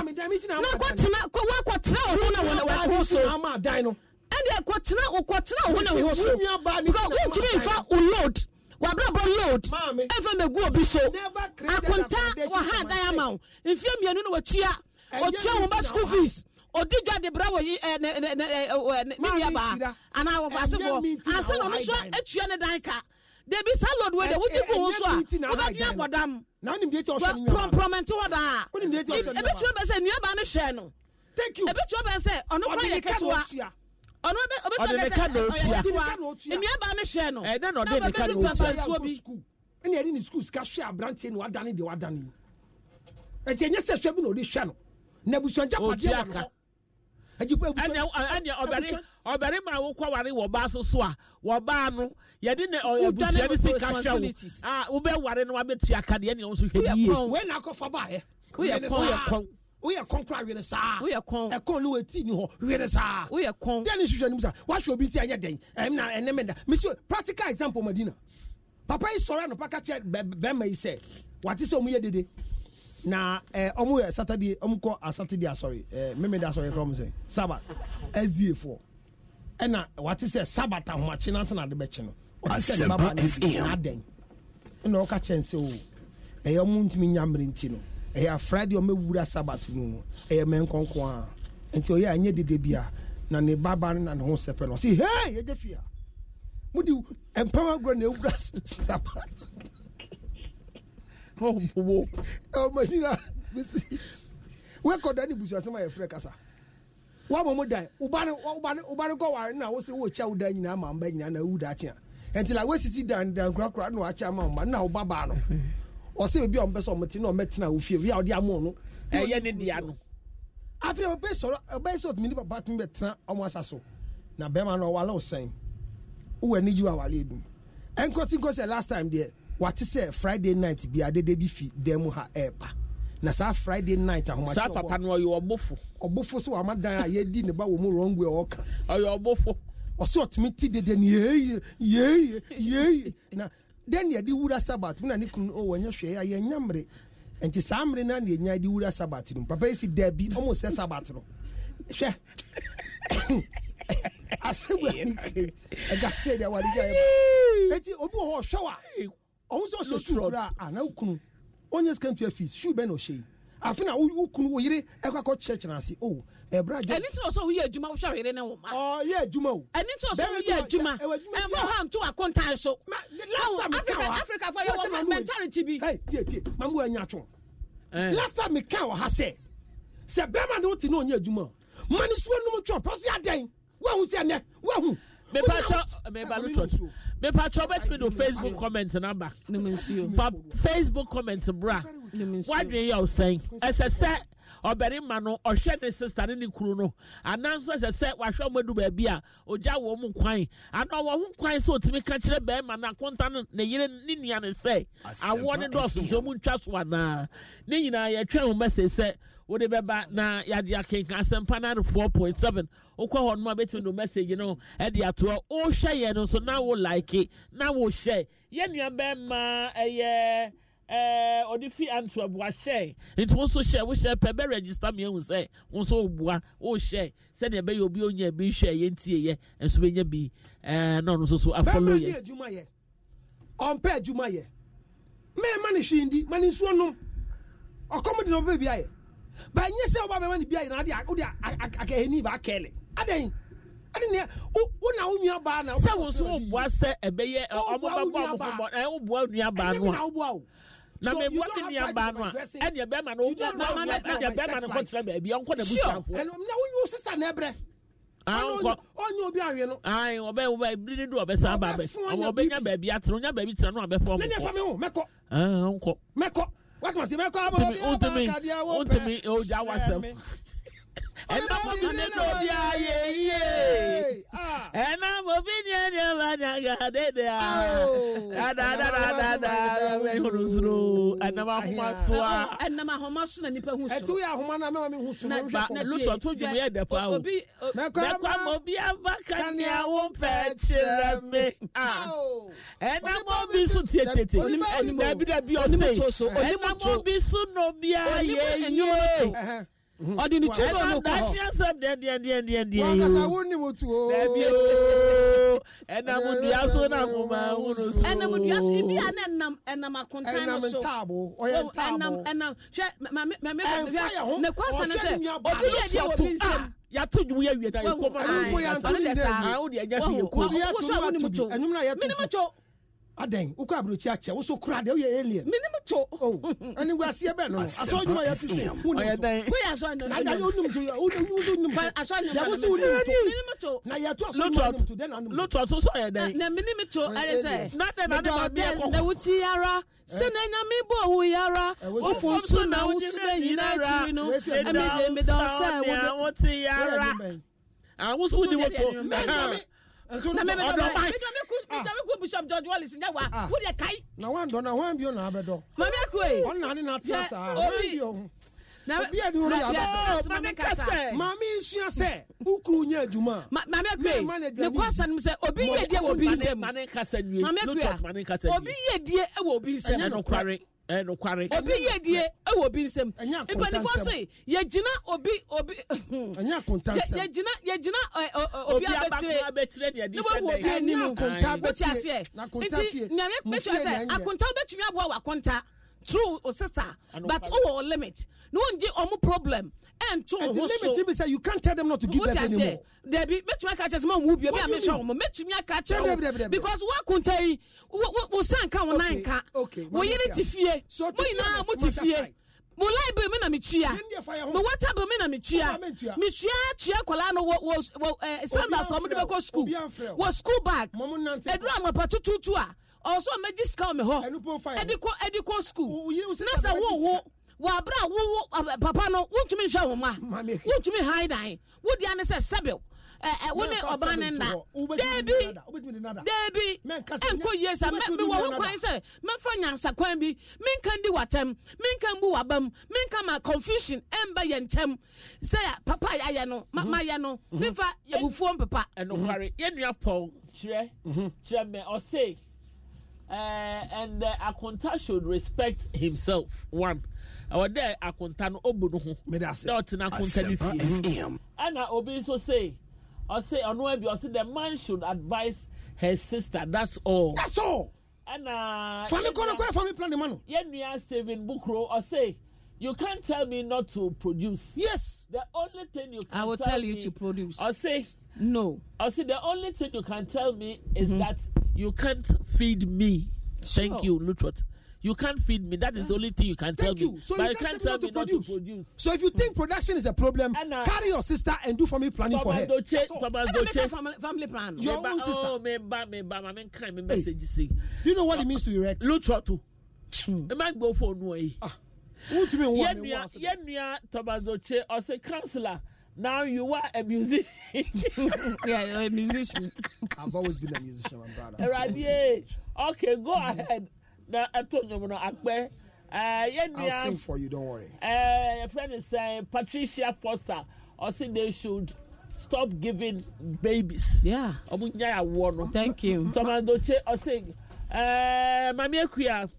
na kɔtena wakɔtena wo ho na wɔko so ɛdeɛ kɔtena wokɔtena wo ho na wo ho so because wontumi mfa wo load wabrabɔ load ɛmfa mɛgu obi so akonta wɔha dan ama wo mfeɛ mmienu no watua ɔtua wo ba school fees odi dwa de bra wɔ yi ɛ eh, ne ne ne ɛ ɛ ne nua baa anaa wɔfɔ asefoɔ ansa na ɔno nso atua ne dan ka debisa load wey dey wotu gu wọn so a wọ́n bẹ dun abọ̀dam pọmpọmẹnti wọ́n daa ebi tí wọ́n bẹ sẹ nuyaba ni sẹ́ẹ̀ no ebi tí wọ́n bẹ sẹ ọ̀nà kọ́ yẹ kẹtùwà ọ̀nà obi tí wọ́n bẹ sẹ ọ̀yẹ kẹtùwà nuyaba ni sẹ́ẹ̀ no n'afọ bẹ eh, bi pẹpẹ nsuo bi. ẹni ẹni ni sukuu sika hwẹ aberanteɛ ni wadani de wadani ɛti ɛnyɛ sɛ hwɛ bi na ɔde hwɛ no na ebusuanja padeɛ wɔ no ɛdi pɛ ebusuanja ɛni ɔbɛri ɔbɛri maa wokɔ wari wɔ baa soso a wɔ baa no yɛde ne abusua ne sika hyɛ wo a ah, wobɛware no wabɛtua ka deɛ neɛ wo nso hwɛ yie wei na akɔfa baeɛ woyɛ kɔn woyɛ kɔn kora wene saa woyɛ kɔn ɛkɔn no wɔti ni hɔ wene saa woyɛ kɔn deɛ ne nhwehwɛ nim sa woahwɛ obi ti anyɛ dɛn ɛm na ɛnɛ mɛ da mesi practical example madina papa yi sɔre anopa ka kyerɛ bɛrima yi sɛ wate sɛ ɔmo yɛ dede na ɔmo yɛ saturday ɔmo kɔ asatade ah, asɔre ah, ɛɛ mmemmeda asɔre kɔm sɛ sabat sda foɔ ɛna wate sɛ sabat ahomakye nansa na ade bɛkye no asɛmpa fm ɛna ɔka kyɛn sɛ o ɛyɛ ɔmo ntumi nya mmiri nti no ɛyɛ afradeɛ ɔmo ewura sabat no mu ɛyɛ mɛ nkɔnkɔn a nti ɔyɛ anyɛ dede bia na ne baba no na ne ho sɛpɛ no ɔsi hee yɛgye fia mo di mpɛm agorɔ na ewura sabat ɔmo ɔmo nyina bisi wɛkɔ da ne busuasɛm a yɛfrɛ kasa wàá mọ̀ mo dan ọba ni ọba ni ọba ni kọ́ wàá ní àwọn sẹ́wọ́ ọ̀kyá ọ̀dà nyinaa màá mbẹ́ nyinaa náà ewu dàá kyẹn nti la wesisi dan dan kurakura na wakyɛ ama ɔma na ɔba baa no ɔsɛ obi a ɔmpɛ sɛ ɔmo te na ɔmɛtena ofie bi a ɔde amu no. ɛyɛ ne dia no. afei ɔbɛ sɔrɔ ɔbɛ sɛ ɔtumi ne papa tumi bɛ tena ɔmo asa so na bɛrima no ɔwale ɔsɛn wowɔ ani gyiwa awale edum nkɔsi nkɔsi last time deɛ wate sɛ friday night bi adede bi fi dan mu ha ɛɛba na saa friday night ahomaso saa papa no ɔyɛ ɔbofo ɔbofo so wama dan a ne ba wɔ mu wrong way ɔɔka ɔsɛ ɔtumi ti dede ni yeye yeye yeye na den di wura sabat mu na ne kunu o oh, wɔnyɛ hwɛ a yɛnya mmere nti saa mmere na ni yɛnya di wura sabat no papa yi si daabi ɔmo sɛ sabat no hwɛ asɛbu ɛni ke ɛga se de awari gya yɛ ba eti obi wɔ hɔ ɔhwɛ ɔmo sɛ ɔhyɛ suu kura a na okunu onye skantu afi suu bɛn na ɔhyɛ yi afei na okunu oyere ɛkɔ akɔ kyerɛkyerɛ ase o. Oh ɛbra jɔ ɛni tí o sɔ o yɛ adwuma wosan yɛrɛ ne wo ma. ɔ yɛ adwuma o. ɛni tí o sɔ o yɛ adwuma ɛfɔ hàn tó akontan so. last time mi kan wa africa fɔ yɛ wɔ mentality bi. ɛɛ tie tie mamu yɛ nyatɔ. last time mi kan wa ha sɛ sɛ bɛrɛma ni o ti n'o yɛ adwuma o mani suwa numu tɔ pɔsi adan wahu sɛ nɛ wahu. mepatɔ mepatɔ mepatɔ bɛtumi do facebook comment namba fa facebook comment bra wadun yɛ ɔsɛn ɛsɛ sɛ. ɔbɛrima no ɔhwɛ ne sista ne ne kuru no ananso ɛsɛ sɛ wahwɛ ɔmo edu baabi a ogya wɔ ɔmo kwan ana ɔwɔ ho kwan sɛ otumi ka kyerɛ bɛrima na akonta no ne yere ne nua ne sɛ awoɔ ne dɔɔso nti ɔmo ntwa so anaa ne nyinaa yɛtwɛn ho mɛsɛ sɛ wode bɛba na yɛade akenka asɛmpa no 4.7 wokɔ hɔ nom a bɛtumi no message no ɛde atoɔ wohwɛ yɛ no nso na wo like na wohyɛ yɛ nnuabɛma ɛyɛ ɔde eh, fi antwerp wahyɛ nti wɔn nso hyɛ wohyɛ pɛ bɛ register mmienu sɛ wɔn nso ɔboa ɔhyɛ sɛdeɛ ɛbɛyɛ obi onyaa bi nhwɛ yɛ ntie yɛ nso bɛ nya bi eh, na ɔno nso so afɔlo yɛ. bɛɛ adwuma yɛ ɔmpɛ adwuma yɛ mɛɛ ma ne hwi ndi ma ne nsuo nom ɔkɔm de na ɔbɛ bi ayɛ bɛɛ nyɛ sɛ ɔba bɛɛ ma ne bi ayɛ na ade ɔde akahɛni ba akɛlɛ adɛn ɛni ni wo na wo nua baa na. sɛ wo nso wo bua sɛ ɛbɛyɛ ɔmo bɛ na mebua ne nuabaa no a ɛneɛ bɛma no wonadeɛ bɛma no kɔtena baabi ɔnkɔ na busuafoɔ ankɔ ɔnyɛ obi awie no ayi ɔbɛ ɔbɛ ebiri ni do ɔbɛ san ba bɛ ɔmɔ ɔbɛ nya baabi atena ɔnya baabi tena no fɔ ɔmɔ kɔ ne nyɛ fami o mɛkɔ ɛɛ ah, nkɔ mɛkɔ wakuma mɛkɔ ɛna papa ne na obi ayɛ yie ɛna obi ni ɛni ɛma nyaga dede a dadadadada sorosoro ɛnam ahoma so a ɛnam ahoma so na nipa hu so ɛtiw yɛ ahoma na mɛma mi hu so na lutɔ to dwuma yɛ dɛpɔ awo mɛkɔ ama obi ava kanea wo pɛ kyerɛ mi ɛnam obi so tie tete dabi dabi ɔsɛ ɛnam obi so na obi ayɛ yie ɔde ne kyiri ɔno kɔ hɔ wakasa wo ni mo tu o ɛnam dua so na nkoma wuro so ɛnam dua so ibi a na ɛnam ɛnam akontan no so ɛnam ntaabo ɔyɛ ntaabo ɛnam ɛnam hwɛ maame maame maame ne kɔ asa ne sɛ obi yɛ deɛ wɔ bi nsɛm yàtò jumu yẹ wiye ta yẹ kó bá yà sáré dẹ sá kusi yàtò ni wà tó bi ẹnumuna yàtò adan wokɔ aburokyi akyɛ woso kura de woyɛ alien menim to oh, ɛne waseɛ bɛ no asɔ nnwuma yɛ fi so wonimtoyɛwosɛ aso so sɛ ɔyɛ dɛn na menim to ɛne sɛ woti ara eh. sɛ na nyame bɔ wo yi ara eh, wofu so na wo so bɛ nyina akyiri no ɛmede medɔ sɛ wote ara woso wode woto mɛmɛmɛmɛmɛmɛmɛmɛmɛmɛmɛmɛmɛmɛmɛmɛ ah. bishop george wallace ɲɛ wa o de ka ɲi. na wa dɔn na wa bi o na bɛ dɔn. mami akoye ɔ nani na tiɲɛ sa ɔ bi o obi yɛ di wolo yaba maame kasɛ maame nsia sɛ ukuru nye juma. maame kpe ne kɔ sanu sɛ obi yɛ die wɔ obi nsɛm maame kpe obi yɛ die wɔ obi nsɛm. ɛnyɛ nɔkwari ɛnukwari. Eh, obi yɛ die ɛwɔ obi nsam mpanimfoɔ so yɛgyina obi obi yɛgyina yɛgyina eh, obi abɛtire ne bɛ wɔ obi anim wotu aseɛ nti nyame bɛtwa sɛ akonta bɛtumi aboa wɔ akonta through o sister but ɔwɔ o limit ne wɔn di ɔmo problem. and to and the limit say you can't tell them not to give that anymore debi metu aka catch some wo bia me am show mo metu me aka catch because wo kunta yi wo san ka wo nan ka wo yiri ti fie mo ina mo ti fie mo library me na me tua mo water bill me na me tua me tua tua kwala no wo wo sandals o mo de ko school wo school bag edura eh, mo pa tututu a also me discount me ho ediko ediko school oh, na sa wo wo wɔ abira wowo eh, eh, papa no wuntumi nhwɛ wɔn ma wuntumi han dan wudi ani sɛ sɛbiw ɛɛ eh, wo ne ɔbaa ne nna deebi deebi ɛnko yie sa mɛ mi wɔ ho kwan sɛ mɛfa nyansa kwan bi mi nkan di watɛm mi nkan bu wabam mi nkan ma confusion ɛnba yɛ ntɛm sɛ papa ayɛ no ma mhm. ayɛ no mi mhm. nfa yabufuo mpapa. ɛnukwari yɛn nua pɔw kyerɛ mhm. kyerɛ mɛ Uh, and uh, eh, Akonta should respect himself. One, our eh, there Akonta no obu no Not in Akonta ni fie. And Obi so say, I say Onwe bi, I say the man should advise his sister. That's all. That's all. And uh, family kono kono family plan the manu. man. Yenua Stephen Bukro, I say. You can't tell me not to produce. Yes. The only thing you can I will tell, tell you me, to produce. I say no. I oh, see, the only thing you can tell me is mm-hmm. that you can't feed me. Sure. Thank you, Lutrot. You can't feed me. That is the only thing you can Thank tell you. me. So but you, you can't, tell, tell me, not, to not, to produce. So if you think hmm. production is a problem, and, uh, carry your sister and do family planning for her. Doche, so, Family, family plan. Your me own sister. Oh, me ba, me ba, me kind of message hey. see. Do you know what uh, it means to erect? Lutrot. It might go for no way. Ah. What do you mean? Yenua, Yenua, Thomas Doche, or say counselor. Now you are a musician. yeah, you're a musician. I've always been a musician, my brother. Right, yeah. Okay, go mm-hmm. ahead. Now, I told you, no, Akbe. Eh, I'll sing for you, don't worry. Uh, your friend is uh, Patricia Foster. I think they should stop giving babies. Yeah. Thank you. Tomandoche, I think, uh, eh, Mami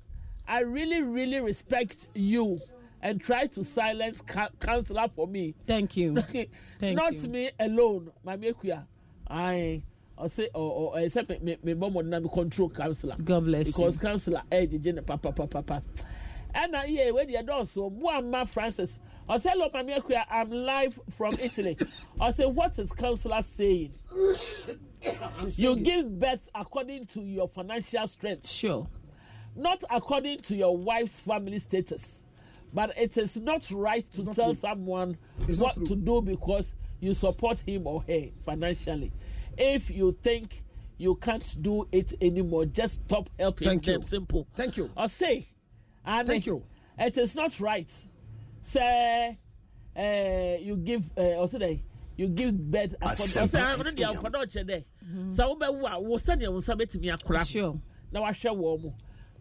I really, really respect you. and try to silence ca- counselor for me. Thank you. Thank Not you. me alone. My mekuya. I I say or, except me me, mom would not control counselor. God bless because you. Because counselor eh the gene papa papa papa. And now yeah when the done, so Muamma Francis. I say hello my mekuya I'm live from Italy. I say what is counselor saying? you give birth according to your financial strength. Sure. Not according to your wife's family status. But it is not right to not tell true. someone it's what to do because you support him or her financially. If you think you can't do it anymore, just stop helping Thank them. You. Simple. Thank you. Or say, and Thank you. It is not right. Say, uh, you give, uh, or say, you give bed. according to sɛ wobɛwo a wo I wo nsa you. akora na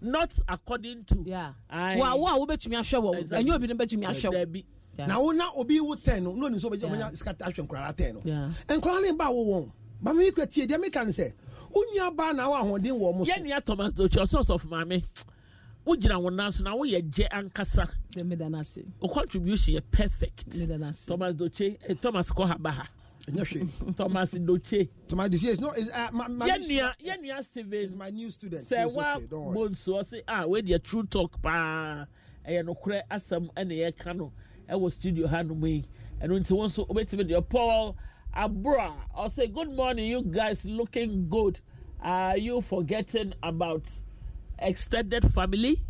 not according to. wà wọ́n àwọn bẹ́tùmí ahwẹ́ wọ̀ ẹ̀yìn obìnrin bẹ́tùmí ahwẹ́ wọ̀. na wọn na obi wo ten no n'oni nso bɛgye ɔmanya sika ahwɛ nkwaraa ten no nkwaraa ne ba wo wɔn maame yi kura tie deɛ mi ka ne sɛ onua ba na awa ahoɔden wɔ ɔmo so. yɛn nua thomas dochi ɔsɔsɔfo maame wogyina wo nan so na woyɛ gye ankasa wo contribution yɛ perfect thomas dochi eh, thomas kɔha ba ha. ɛnyɛ hwee thomas doche thomas doche is no is uh, my, my yɛnua yɛnua steven is my new student sɛ wa bonso Say ah, wadi a true talk paa ɛyɛ nokorɛ asɛm ɛna yɛka no ɛwɔ studio ha nom yi ɛno nti wɔn nso obetumi deɛ paul abura say good morning you guys looking good are you forgetting about extended family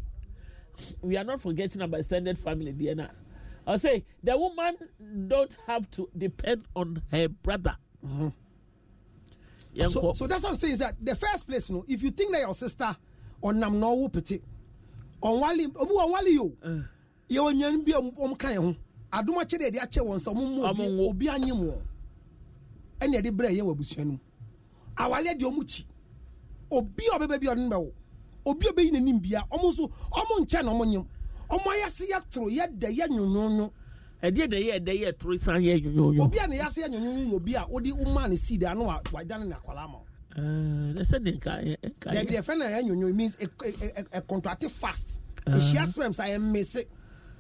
we are not forgetting about extended family deɛ na. I say the woman don't have to depend on her brother. Mm-hmm. so, so, that's what I'm saying is that the first place, you know, if you think that your sister or nam no wo on wali obu on wali yo eh. ye onyan bi om kan ho adoma che de ache mu obi obi anyem ene de bre ye awale diomuchi omuchi obi obebe bi on be wo obi obeyi nanim bia omo so omo nche ɔmo ayase yɛ toro yɛ dɛ yɛ nyonyono. ɛdeɛ dɛ yɛ dɛ yɛ toro san yɛ nyonyono. obi a ne yase yɛ nyonyono yɛ obi a odi uma ne seed ano a wadan ne akwadaa ma. ɛsɛ de nka nka. dɛbi ɛfɛ na yɛ nyonyono means ɛkɔntrate e, e, e, fast ehyia sperms a yɛ mmese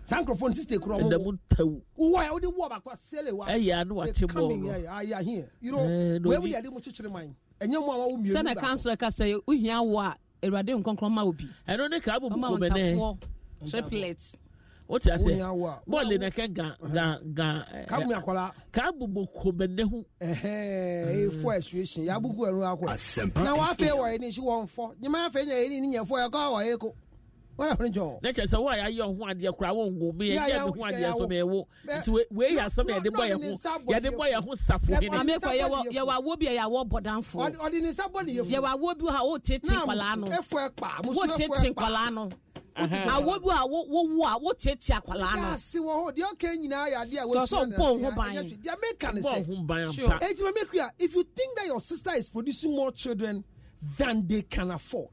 saa nkurɔfoɔ ne sisi ekura ɔmo. ɛdɛmu tɛw. wɔ yɛ odi wɔ baako a sele wa. ɛyɛ anu wa kye bɔ ɔlɔ. ɛyɛ ahiɛ yoro wɛmu de ɛdi mu kyikyiri man ɛnyɛ mu a wawu mienu baako. sɛnɛ kansilɛ kasa yɛ uhinya a awurade nkɔnkɔn ma obi. ɛno ne kaa bɔ buku mɛnɛ. ɔma wɔn tafoɔ triplets o ti ase bɔɔli na kɛ gan gan gan. kabu akɔla. k'a bubu kobɛnɛ ho. ɛhɛɛ efo ɛsuesun yabugu ɛnu akɔ. na wa fɛ wɔ ye ni si wɔn fɔ ɲama fɛ ɲɛ ye ni ni ɲɛ fɔ ye k'a wɔ ye ko wọ́n yà jọ. ne kyerɛ sɛ wo a yà yɛ ɔho kura wo ngu mi yɛ yɛ mi ho adeɛ mi yɛ wo nti wei yɛ asɛm yɛde bɔ yɛ ho yɛde bɔ yɛ ho safo hini. maame kɔ yɛ wɔ yɛ awo bi yɛ wɔ bɔdanfo. ɔdi ni nsa bɔ ni yɛ fo. yɛ wɔ awo bi ha o tete nkɔla ano. efo ɛkpa muso efo ɛkpa. o tete nkɔla ano. awobi a wowu a wotiatia akwalaa no ase wɔ hɔ deɛ ɔka nyinaa yɛ adeɛ a wɔsɔ mpɔ ho ban deɛ meka ne sɛ enti ma make a if you think that your sister is producing more children than they can afford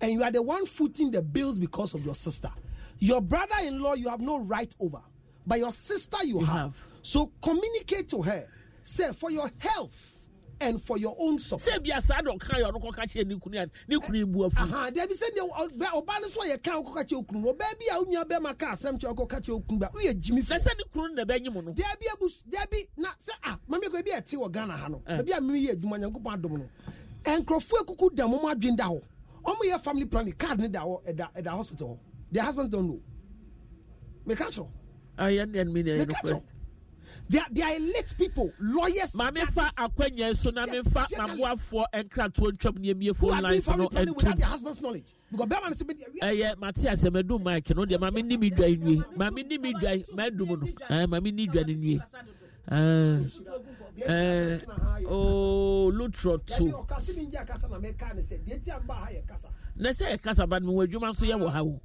and you are the one footing the bills because of your sister your brother-in-law you have no right over but your sister you, you have. have so communicate to her say for your health and for your own support. sẹbi asaadọ kan yọ ọdún kọkà kyerẹ ní kunu ní kunu ibu afu. dẹbi sẹbi ọba ni sọ yẹ kan kọkà kyerẹ okunu ọba bi a onuya bẹẹ ma ká asẹm kyerẹ ọkọ kyerẹ okunu bá o yẹ jimi fún. sẹsẹ ni kunu na bẹ nyi mu no. dẹbi ebusu dẹbi na sẹ a ah, mami ekọ ebi ẹti wọ ghana ha no eh. ebi a mi yẹ edwuma nyanko pọn adum no nkurɔfoɔ ekuku da mɔmɔ adwin da hɔ ɔmo yɛ family planning card ni da hɔ ɛda ɛda hospital hɔ their husband don know mɛ ká ayé ẹni ẹni mi ni ẹni kúrẹ́. mɛ ká kyerɛ They are, they are elite people, lawyers. Mame fa akwanya so na me fa maboafoɔ nkratoɔ ntwam nneɛmie phone lines no ɛntum. without their husband's knowledge. Because bɛrima ni sɛ ɛyɛ mate asɛ madu Mike no deɛ maame ni mi dwa nwie maame ni mi dwa madu eh no ni dwa ni lutro tu. na sɛ ɛkasa bad no mu adwuma nso yɛ wɔ ha o.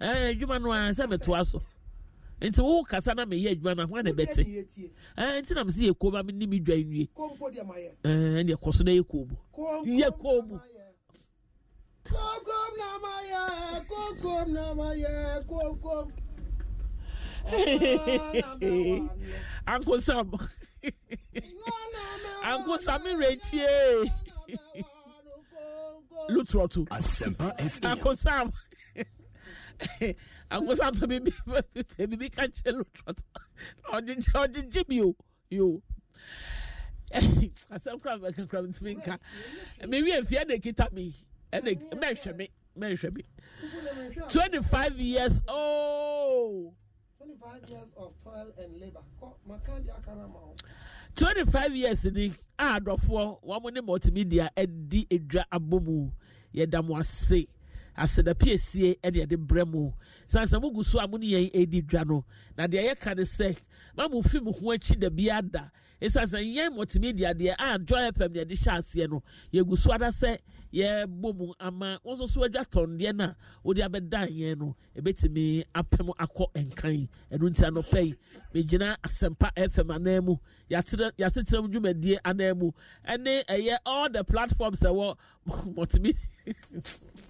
adwuma no a sɛ metoa so nti wo kasa na meyɛ adwuma no ho ana ɛbɛte nti nam sɛ yɛ koo ma ne me dwa nwie ɛne ɛkɔ eh, so na yɛ koo mu yɛ koo mu Uncle Sam, Uncle Sammy Rachie, Lutrotu, Uncle Sam akosa atɔ bibi bibi ka kyerɛ lotɔtɔ ɔgyegye ɔgyegye bi o yo asɛm kora kakra ntumi nka mewi efi ɛna ekita mi ɛna mɛhwɛ mi mɛhwɛ mi twenty five years Twenty-five years of toil and labor. twenty five years ni a adɔfoɔ wɔn ne multimedia ɛdi edwa abɔ mu yɛda mu ase asedapiesie ɛde ɛde brɛ mu sansan mu gu so a mu ne yɛn ɛdi dwa no na deɛ yɛka ne sɛ ma mo fi mo ho akyi dabi ada esansan yɛn multimedia deɛ a joy fm deɛ de hyɛ aseɛ no yɛgu so ada sɛ yɛbɔ mu ama wɔn nso so adwa tɔndeɛ no a wɔde abɛda yɛn no ebetumi apɛm akɔ nkan ɛnu nti anɔpɛ yi megyina asɛmpa fm anan mu yɛasetena mu dwumadie anan mu ɛne ɛyɛ all the platforms ɛwɔ multimedia.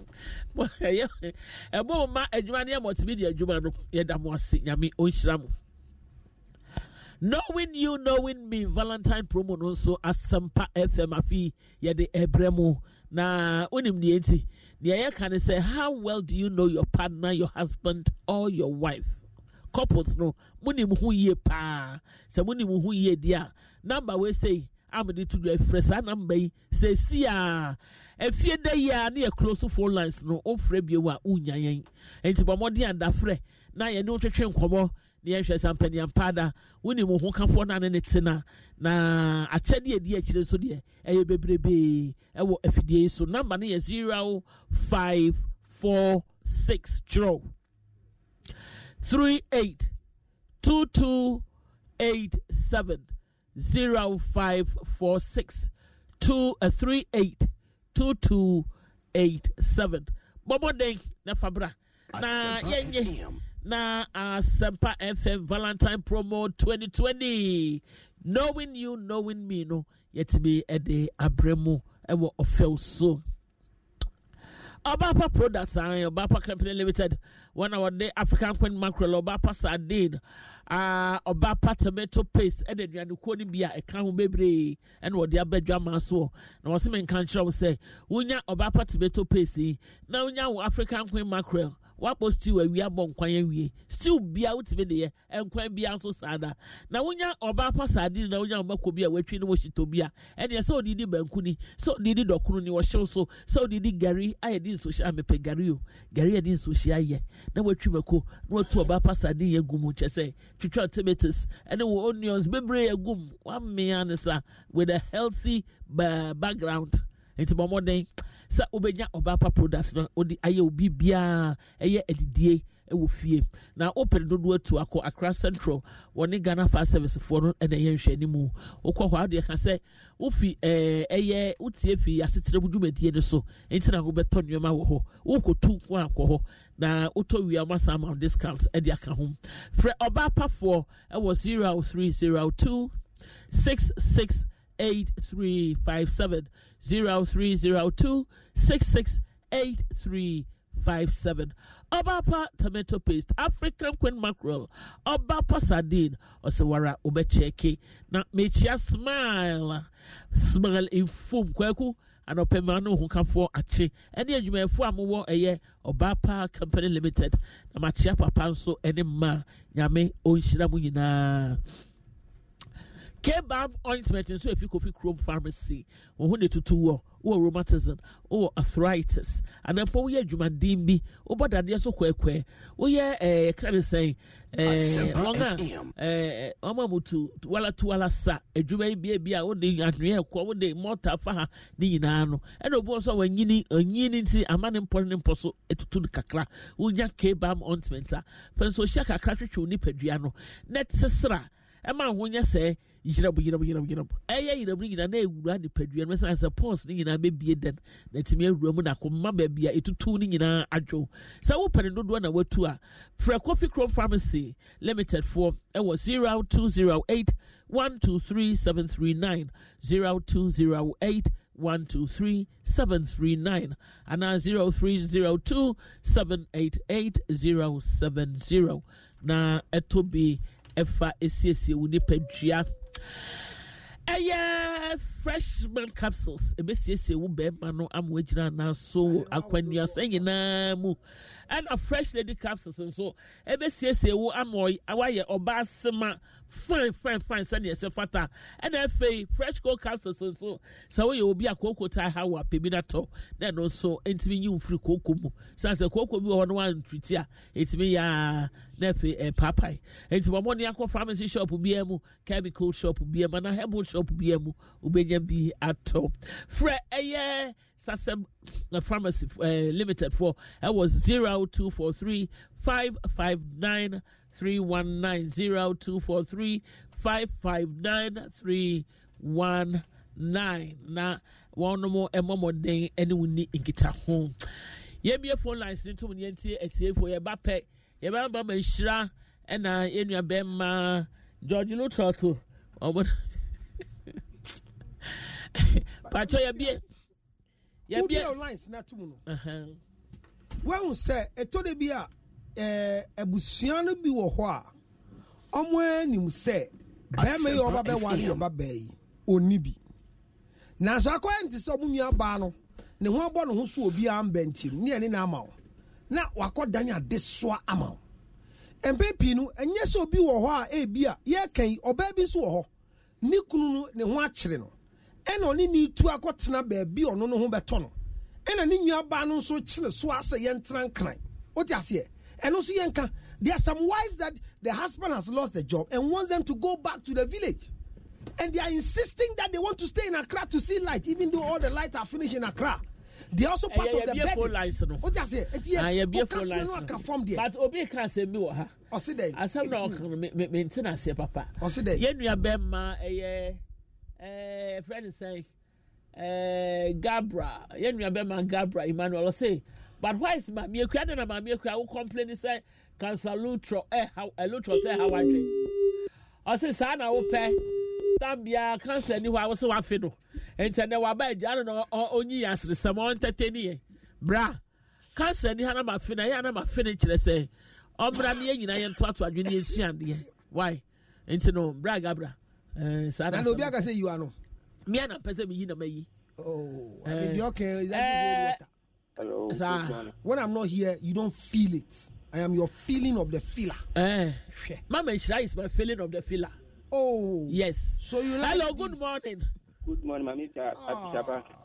ɛbɔ ma adwuma no yɛ multimedia adwuma no yɛda mo ase nyame ɔnhyira mo knowing you knowing me valentine promo no nso asɛmpa fm afei yɛde ɛbrɛ mu na wonim deɛ nti deɛ yɛka ne sɛ how well do you know your partner your husband or your wife couples no monim ho yie paa sɛ monim ho yie deɛ a number wei sei amede to do ɛfrɛ saa namba yi sɛ esi a efie da yi a ne yɛ close phone lines no ofrɛ bio a unya yɛn nti bɔ mmɔden adafrɛ na yɛne wo twetwe nkɔmɔ ne yɛhwɛ sɛ mpanyinam paada wone mo ho kafoɔ no ane ne tena na akyɛdeɛ di akyire nso deɛ ɛyɛ bebrebee ɛwɔ afidie yi so namba no yɛ zero five four six twerɛw three eight two two eight seven. 0546 two, uh, 38 2287. Bobo Day, Nefabra. Na yenye na Asempa FM Valentine promo 2020. Knowing you, knowing me, no. Yet be a day abremu. Ewo ofel so. Obapa Products and uh, Obapa Company Limited, one of the African Queen Mackerel, Obapa Sardine, uh, Obapa Tomato Paste, and then you can be a can baby, and what the other drama so. Now, what's in country, I will say, Wunya Obapa Tomato Paste, now, African Queen Mackerel wabɔ stew awie abɔ nkwan awie stew bia wotumi de yɛ nkwan bia nso saa da na wonya ɔbaa pa saade na wonya ɔmako bi a watwi ne wɔhyitɔ bi a ɛdeɛ sɛ ɔde di banku ni sɛ ɔde di dɔkono ni wɔhyew so sɛ ɔde di gari ayɛ di nsuhyɛ amepɛ gari o gari yɛ di nsuhyɛ ayɛ na watwi mako na watu ɔbaa pa saade yɛ gum kyɛ sɛ twitwa tomatoes ɛne wɔ onions bebree yɛ gum wamea ne sa with a healthy background nti bɔ mmɔden sɛ wobɛnya ɔbaapa products no wode ayɛ obi biara ɛyɛ adidie ɛwɔ fie na wopɛne dodoɔ atu akɔ akra central wɔne ghana fire servicefoɔ no ɛna ɛyɛ nhwɛne mu wokɔ hɔ adeɛ ka sɛ wofi ɛyɛ wotie fi asetena mu dwumadie no so ɛnti na wobɛtɔ nneɛma wɔ hɔ wokɔtu nko akɔ hɔ na wotɔ wie ama saa ma discount ɛde aka ho frɛ ɔbaapafoɔ ɛwɔ 030 66 8357 Obapa tomato paste, African queen mackerel, Obapa sardine, Osawara ubecheki. Na mechia smile, smile in fum kweku, and opemano who come for achi. Any of you may form a year, Obapa Company Limited, na machia papanso, any ma, yame, oishiramu oh, yina. kebab ointment nso efi kofi kurom pharmacy wɔn ho na etutu wɔ wɔ rheumatism wɔ arthritis anamfo woyɛ adwumaden bi wobɔ dadeɛ so kwɛkwɛ woyɛ ɛɛ eh, ɛka sɛn ɛɛ eh, wɔn a ɛɛ eh, wɔn a motu wala tuwala sa adwuma yi bie bie a wode anwea kɔ wode mɔta fa ha ne nyinaa no ɛna obi nso a wɔnyini ɔnyini nti ama ne mpɔ ne mpɔ so etutu no kakra wonya kebab ointment a fɛn so hyɛ kakra twitwi nipadua no na tesra ɛma ahonya sɛɛ. yira bo yira bo yira bo yira bo ɛyɛ yira bo nyinaa na ewura nipadua no ɛsan sɛ pɔs ne nyinaa bɛbie dan na ɛtumi ewura mu na akoma baabi a etutu ne nyinaa adwo sɛ wopɛ ne dodoɔ na watu a frɛ kofi krom pharmacy limited foɔ ɛwɔ zero two zero eight one two three seven three nine zero two zero eight. 123739 anaa 0302788070 na ɛtɔ bi ɛfa esiesie wo nipadua ɛyɛ fresh freshman capsules ɛbɛsiesie wo bɛrima no na so anaso akwannuasa nyinaa mu ɛna fresh lady capsules nso ɛbɛsiesie wo ama wayɛ ɔbaa sema fine fine fine sɛdeɛ ɛsɛ fata ɛna afei fresh cold capsules nso sɛ woyɛ obi a kooko taa ha wa apɛbi no atɔ na ɛno nso ntumi nyi wo firi kooko mu san sɛ kooko bi wɔ hɔ no wantwiti a ɛtumi yɛa na afei ɛpaapae eh, nti wɔmɔ ne akɔ pharmacy shop biara mu chemical shop biara mu anaa herbal shop biara mu wobɛnya bi atɔ frɛ ɛyɛ Sasem uh, Pharmacy uh, Limited for that was 0243 559 319 0243 559 319 na wɔn mo ɛmɔ mɔden ɛne wɔn ni nkita ho yɛn a phone line. lines ne tom yɛn ti atiefoɔ yɛba pɛ yɛba and ma nhyira ɛna yɛn nua bɛrima george lutɔto ɔmo patro yɛ bie wobia lines no atom no woahu sɛ ɛtɔ da bi a abusua no bi wɔ hɔ a ɔmo anim sɛ bɛrima yi ɔba bɛware yɛ ɔba baa yi ɔni bi nanso akɔyɛ nte sɛ ɔmo nua baa no ne ho abɔ ne ho so obiara mbɛnti mu neɛ ne na ama wo na wakɔ dan adesoa ama wo mpɛn pii no ɛnyɛ sɛ obi wɔ hɔ a ebi a yɛka yi ɔbaa bi nso wɔ hɔ ne kunu no ne ho akyere no ɛna ɔne ne tu akɔtena baabi ɔno no ho bɛtɔ no ɛna ne nuabaa no nso kyerɛ so a sɛ yɛntena nkran wote aseɛ ɛno nso yɛnka there are some wives that the husband has lost the job and wants them to go back to the village and they are insisting that they want to stay in Accra to see light even though all the lights are finished in Accra they are also eh, part of the bed wote aseɛ ɛti yɛ okasoro no aka fam deɛ but obi ka asɛm bi wɔ ha ɔsi dɛ asɛm na ɔkan no mentena aseɛ papa ɔsi de. yɛn nua bɛɛ ma ɛyɛ. ɛfrɛ ne sɛn gabra yɛn nua ma gabra emmanuel ɔsɛ but why is maame de na maame ekua awo complain sɛ cancer lutro ha saa na tambia cancer ni hɔ a na ɔnyi yasirisɛm ɔntɛtɛ ni yɛ eh. bra cancer ni ha ma fe eh, na yɛ na ma fe ne kyerɛ sɛ ɔbra yɛ nti bra gabra. Eh, na obi aka sɛ yiwa no sɛ oh, eh, eh. When I'm not here, you don't feel it. I am your feeling of the feeler. Mama Ishra is my feeling of the feeler. Oh. Yes. So you like Hello, good morning. Good morning, Mami.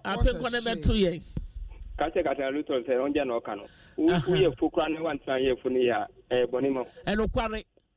Apẹ kọ́nẹ́ bẹ tú years. Kásẹ̀ kásẹ̀ Luton sẹ̀ ọ́njẹ́ náà kànú. Wúyẹ̀ fún kúránì wà ní sàn yẹ̀ fún ni san ni bọ̀ ní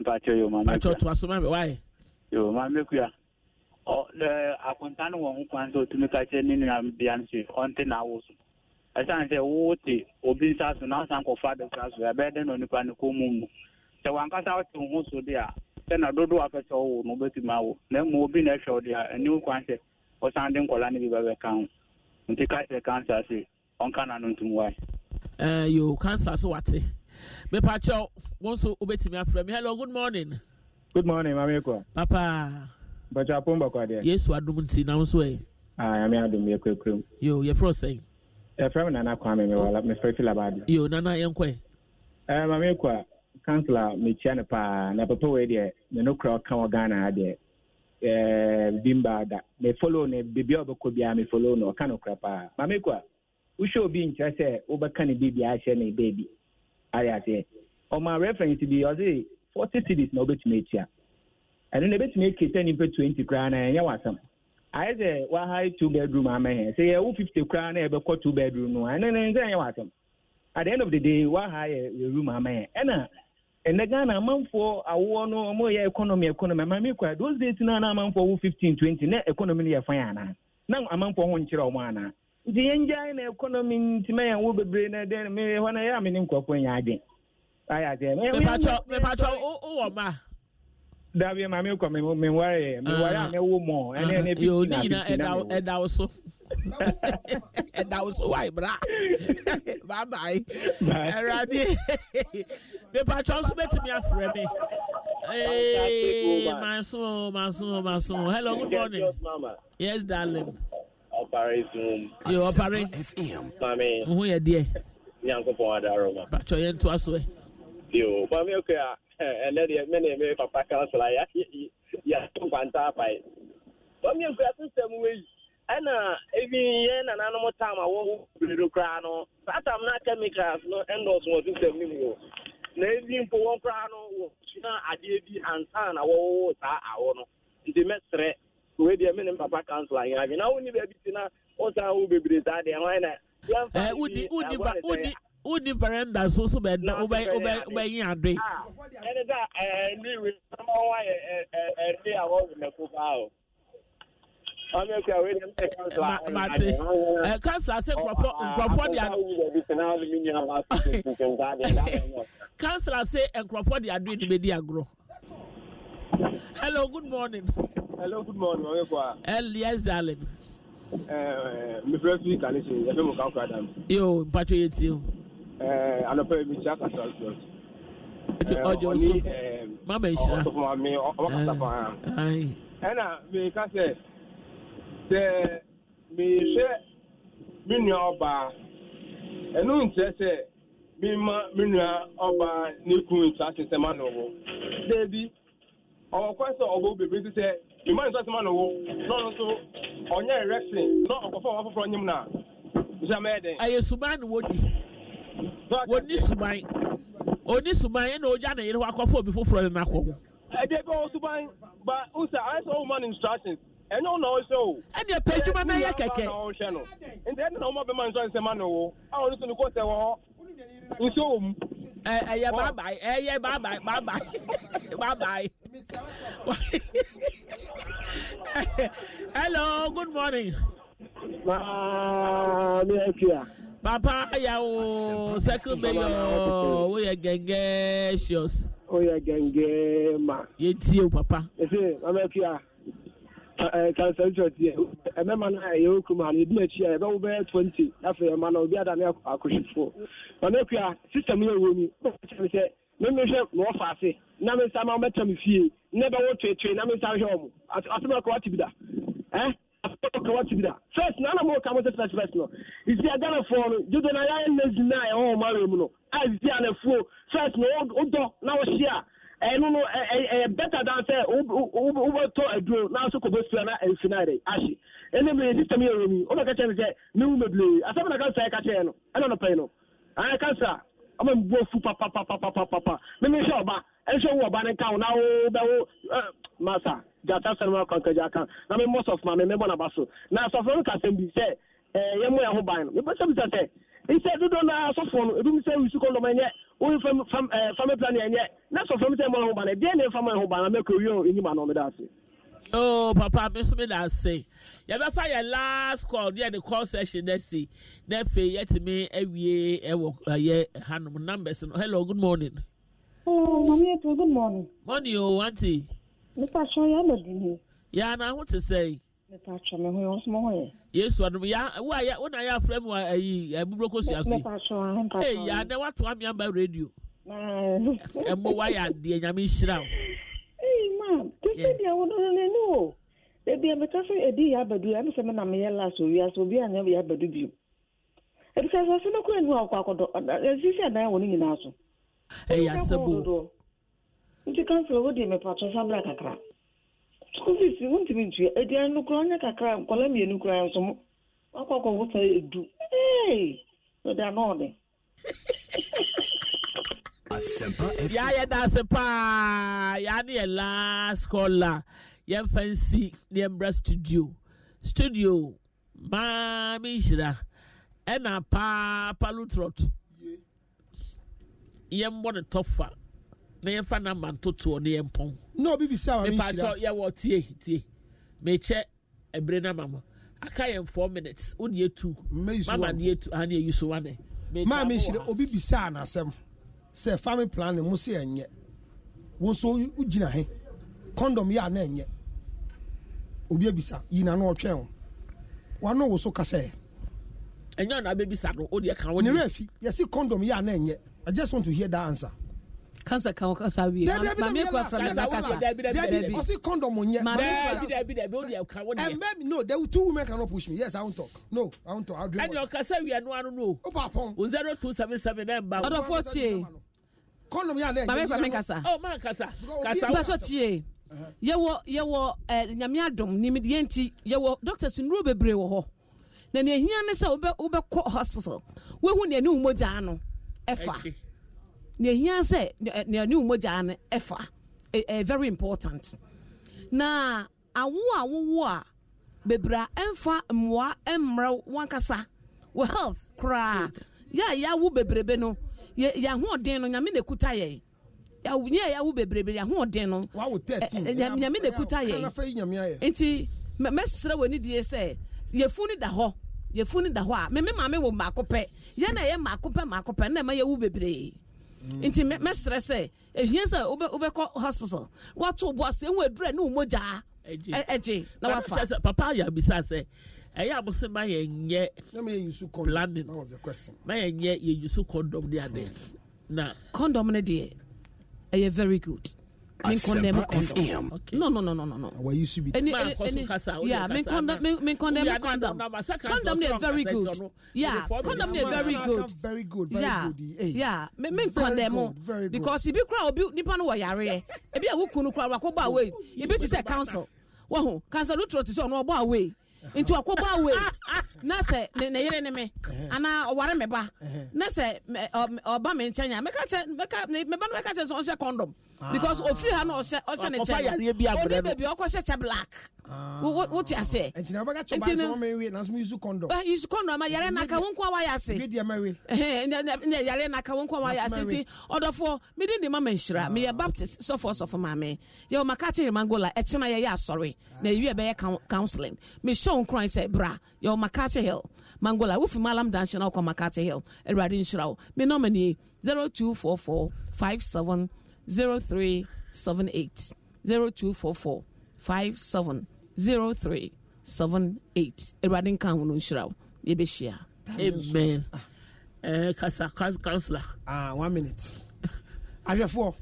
mpakyɛ yɛ ɔma mekuya mpakyɛ ɔtuma so why yɛ ɔma mekuya ɔ ɛɛ akunta no wɔn kwan sɛ otumi kakyɛ ne nua bia no sɛ ɔnte na awo so ɛsan sɛ wote obi nsa so na asan kɔfa de kura so ɛbɛyɛ dɛ na onipa ne kɔn mu mu sɛ wankasa wote wo ho so de a sɛ na dodo apɛ sɛ ɔwo na obetumi awo na emu obi na ɛhwɛ ɔde a ɛni kwan sɛ ɔsan de e nkɔla ne bi bɛbɛka ho nti kakyɛ kansa se ɔnka na no ntum wae. Eh, ɛɛ yo kansa so te. mepa kyɛw nso wobɛtumi afrɛ me hello good morning good morning maame papa mpakyɛ yesu adom nti nam so ɛ ame adom yo yɛfrɛ sɛn yɛfrɛ me nana kwame mewɔ mefrɛ fi yo nana yɛnkɔ ɛ maame kɔ a mekyia no paa na papa wei deɛ ɔka wɔ ghana deɛ ah, eh, bimba da no ɔka paa kɔ a wohwɛ obi nkyerɛ sɛ wobɛka ne ayɛ aseɛ ɔma reference bi ɔse forty cities na ɔbɛtumi atua ɛno na ɛbɛtumi akita nipa twenty koraa na ɛnyɛ w'asɛm ayɛ sɛ wahae two bedroom ama sɛ yɛwo fifty koraa na yɛbɛkɔ two bedroom no ɛno no enye ɛnyɛ w'asɛm at the end of the day wahae yɛ room ɛna ghana amanfoɔ awoɔ no ɔmo yɛ economy economy ama kora those days na na amanfoɔ wo fifteen twenty na economy no yɛ fine ana na amanfoɔ ho nkyerɛ ɔmo ana nti yɛngyae na economy nti mɛyɛ wo bebree na dɛn me hɔ no ɛyɛ a mene nkɔfoɔ nyɛ adwen ayɛ adeɛ mepatɔ wowɔ ma dabi ma mi kɔ mi mi wari mi ah. wari a mi wo mɔ ɛni ah, ɛni bi na bi ti na mi wo. ɛdaw so ɛdaw so wa ibra bye bye ɛwurade mipatwa nso bɛ ti mi afrɛ mi ee masun masun masun hello good morning yes darling. ɔpare zoom. yɛ ɔpare. maame. ohun yɛ deɛ. nyankopɔn adaro ma. bàtɔ yɛn to aso yɛ. yoo maame oke a ɛnɛ deɛ mɛ ne mɛ papa kansala ya yɛ to nkwanta apa ya. maame oke a system yi, ɛna ebi yɛn nananom tam a wɔwɔ bebree koraa no saa tam na chemicals uh, no ɛndɔs wɔ system no mu oh, o na ebi mpo wɔn koraa no wɔ sua adeɛ bi ansa na wɔwɔ saa ahụ. no nti mɛsrɛ. wei deɛ mene papa council anyɛ adwe na wonni baabi ti na wosan wo bebree saa deɛ hwan na wodi wodi wodi veranda so so bɛ wobɛyi ade ɛne sɛ ɛne wei sama ho sɛ nkurɔfoɔ de kansila sɛ nkurɔfoɔ de adoe no bɛdi agorɔ Hello, good morning. Hello, good morning. Ọ̀rẹ́ kwa. Hell yes, darling. Mi fẹ́ fi kàní ṣe ẹgbẹ́ mu kan kura dànù. Yóò mpàtó yé tí o. Anọpẹ́ mi ti àkàtà ọ̀sán. Ọjọ́ oṣù. Má bẹ̀ ṣá. Ọ̀sọ̀ fún wa mi, ọwọ́ kàtà fún wa. Ẹ̀nà mi ká sẹ̀, sẹ̀ mi ṣe mi nua ọba, ẹnu n tẹ́ sẹ̀ mi ma mi nua ọba ní kun ìtàkìtẹ̀ máa nọ̀ wọ. Débi ọkwẹsọ ọgbọ bèbè ti sẹ ìmọ ìsọ ti ma nà owó n'ọnù tó ọnyẹ rẹsìn náà ọkọfọ wọn fọfọrọ nyim na ìsàmẹ ẹdẹ. ẹyẹ suban ni wodi woni suban oni suban ẹna ọjà na yẹrẹ wa akọfọ obi foforọ ni n'akọ. ẹdí ẹgbẹ́ wọn suban ba usa ayẹsẹ ọwọ́ man instructions ẹni ọ̀nà ọ̀ṣẹ́ o. ẹni ẹ pẹ juma náà yẹ kẹkẹ. ẹni ẹni náà ọmọ máa ń sọ ẹsẹ máa nà owó àwọn oníṣòwò ni kò sẹ wọ́n nṣẹ́ òun. ẹ ẹ yẹ bye bye ẹ yẹ bye bye bye bye bye bye. hello good morning. maa mi ẹ fi à. papa yàwó second mayor ó yẹ gẹ́gẹ́ ṣíọ́s. ó yẹ gẹ́gẹ́ ma. Oh, yé oh, tí o papa. èsì mama ẹ fi à kansa ntọ tiẹ mmarima no a ɛyɛ okurum ha no ebi akyi a yɛbɛwo bɛyɛ twenty afei ɛma no obi adane akɔhwefoɔ ɔno akua system yɛ wɔ mu ɔbɛkyerɛ sɛ memehwɛ na wɔfa ase na me nsa ma wɔbɛta me fie na ɛbɛwo toetoe na me nsa hwɛ wɔ mo asɛm aka wate bi da aka wate bi da first na ana mɔka mo sɛ first first no ɛsi aghanafoɔ no gyodo na yɛayɛ lazi no a ɛwɔ wɔ mawerɛ mu no azia anafuo first na wodɔ na wɔhye a ɛno no ɛyɛ better than sɛ wobɛtɔ aduro na so kɔbɛ sua na ɛmfi no adɛ ahye ɛne mmerɛ system yɛ wɔ mu wobɛka kyerɛ me sɛ mewu meblei asɛm na kansa ɛka kyerɛ no ɛna nɔpɛi no ɛka sa ama mbu afu papapapapapa meme hyɛ ɔba ɛnhyɛ wo ɔba ne ka wo na wo bɛwo eh, masa gyata sɛ no ma kwanka gya ka na memmɔ sɔfo ma me mebɔ naba so na sɔfo no ka sɛm bi sɛ eh, yɛmmɔ yɛ ho ban no mebɛsɛ bisa sɛ nsɛ dodo na asɔfoɔ no ɛdum sɛ wisu kɔndɔm ɛnyɛ woyi family plan ɛnyɛ na sɔfo no sɛ mmɔ ho ban no deɛ ne mfa mɔ ho ban na mɛkɔ wie ɛnyima no ɔmeda ase oh papa mi nso mi na ase yɛbɛfa yɛ last call deɛ ne call session na si na afei yɛtumi awie ɛwɔ e ɛyɛ e e hanom numbers no hello good morning. Oh, mami eto good morning. morning o aunty. nípa aṣọ ya lọ di mi. yà á n'ahò ti sẹ́yìn. nípa aṣọ mi hàn ọsùn mọ́ yẹn. yesu ọdún yà á wọ́n ya wọ́n àyà fúlẹ́ mu ẹ̀yìn ẹ̀búburú kò sí àṣọ yìí. nípa aṣọ yẹn nípa aṣọ yẹn. ẹ yà á dẹ́ wàá tó àmì àbá rédíò. ẹ̀mú wáyà adìẹ nyàmé nhyira o. sɛ deɛ no ni o ebi mɛka sɛ ɛdi yɛ abadu yɛ amesɛ mena meyɛ las obi anyɛ yɛ abadu bio ebisa sɛ sɛ mɛkɔ ani a ɔkɔ akɔdɔ ɛsisi adan wɔ no nyinaa so ɛyɛ asɛbo nti kansel wo deɛ mepatɔ sa mmra kakra school fees wontumi ntua aduane no koraa ɔnyɛ kakra nkɔla mmienu nso mo ɛdu ɔde yɛayɛ daase paa yɛa ne yɛ last caller yɛmfa nsi ne yɛmmra studio studio maa e me nhyira ɛna paapa lotrot yɛmmɔ ne tɔfa na yɛmfa namba ntotoɔ ne yɛmpɔn na obi bisa wa me nhyira yɛwɔ tie tie mekyɛ ɛbere no ama mo aka yɛn four minutes wo deɛ tu mama deɛ tu ha ne ɛyi so wa ne maa me nhyira obi bisa anasɛm sɛ family planning mu sɛ ɛnyɛ wo nso wogyina he condom yɛ a na ɛnyɛ obi abisa yina no ɔtwɛn wo wano wo so ka sɛ ɛnyɛ na abɛbisa no wodeɛ ka wone werɛ afi yɛse condom yɛ a na i just want to hear that answer kansa kan o kasa wi maame kɔ fura mi nasasa dabi ɔsi kɔndɔmu n yɛ maame kɔ fura mi ɛnbɛ mi no there two women cannot push me yes i won talk no i won talk i will do it. ɛni ɔkasa wi ɛnu anu no o zero two seven seven ɛ ba. ɔdɔ fɔ tie kɔndɔm yɛ alɛ. baba ifa mi kasa. ɔ maa kasa kasa. baso tie yɛwɔ yɛwɔ ɛɛ nyamia dɔm nimidiɛ nti yɛwɔ doctors nnuro bebree wɔ hɔ na nea hia ne sɛ wobɛ wobɛkɔ hospital wohu nea ne wo ano. no ɛfa nea hia sɛ nea ne wo mogyaa no ɛfa ɛyɛ very important na awo a wowo a bebree a ɛmfa mmoa ɛmmerɛ wankasa wɔ health koraa yɛ a yɛawo bebrebe no yɛahoɔden no nyame na ɛkuta yɛn nyɛ yɛawo bebrebe yɛahoɔden no nyame na ɛkuta yɛn nti mɛsrɛ wɔ nidie sɛ yɛfu no da hɔ yɛfu no da hɔ a meme maame wɔ mmaako pɛ yɛn na ɛyɛ mmaako pɛ mmaako pɛ na ɛma yɛwu bebree nti mɛsrɛ sɛ ehia sɛ wobɛkɔ hospital wato boa so ehu adura ne wo mogyaa ɛgye na wafa papa yɛ abisa sɛ ɛyɛ abo sɛ ma yɛn nyɛ planning ma yɛn nyɛ yɛn condom ne adeɛ na. condom ne deɛ ɛyɛ very good. Me condemn condom. No, no, no, no, no, no. Why you should be? Any, any, any, yeah, me condemn, me, me condemn, me Condom is very good. Yeah, condom is very good. Very good. Yeah, yeah. Me, me Because if you cry, if you nipa no wayare, if you awu kunu cry, wakoba away. If you say council, wahu council utro tisi ono abo away nti wakɔbɔ awe na sɛ ne yere ne me anaa ɔware me ba na sɛ ɔba me nkyɛn a meka kyɛ meka me ba meka kyɛ sɛ ɔhyɛ condom ah. because ofiri ha na ɔhyɛ ɔhyɛ ne kyɛ ɔbi baabi ɔkɔ hyɛ kyɛ black ah. wote ase nti na ɔbɛka kyɛ ɔbaa sɛ ɔmɛ wie nanso mi yusu condom ɛ yusu condom ama yare naka wɔn kɔn wayɛ ase bi diɛ ma wie ɛhɛn yare naka wɔn kɔn wayɛ ase nti ɔdɔfoɔ mi di ne ma ma nhyira ah. mi yɛ baptist sɔfo sɔfo maame yɛ ɔma kaate rimangola ɛkyɛn na yɛ yɛ asɔre na ewie bɛyɛ counseling mi hyɛ nkran sɛ bra yɛ ɔma kaate makate hill mangola wofi malam danhye na wokɔ makate hill awurade nhyira wo me nɔma nie 0244 57 0378 0244 57 0378 awurade nka ho no nhyira wo yɛbɛhyia amen uh, kasa councilor ah uh, one minute ahwɛfoɔ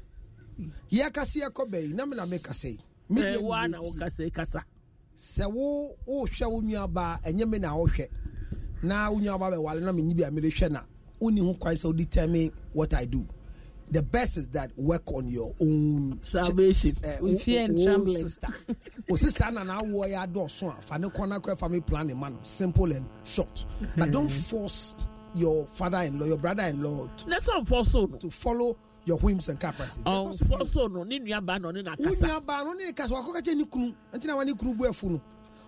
yɛkase yɛkɔ bɛyi na mena mekasei eh, medeɛ na wokasei kasa sɛ wo wohwɛ wo nuaba a ɛnyɛ me na wohwɛ na wo nuaba bɛwale na menyi bi a merehwɛ na wonni ho kwan sɛ wodetermine what i do the best is that work on your own salvation uh, with fear and trembling sister o sister na na wo ya do so a fa ne kona kwa family planning man simple and short but don't hmm. force your father-in-law your brother-in-law to, let's not force to follow your whims and capacities. ɔnfɔ so no ne nuaba na ɔne na kasa. wo nuaba no ne kasa wakɔ kakyɛ ne kunu nti na wa ne kunu bu ɛfunu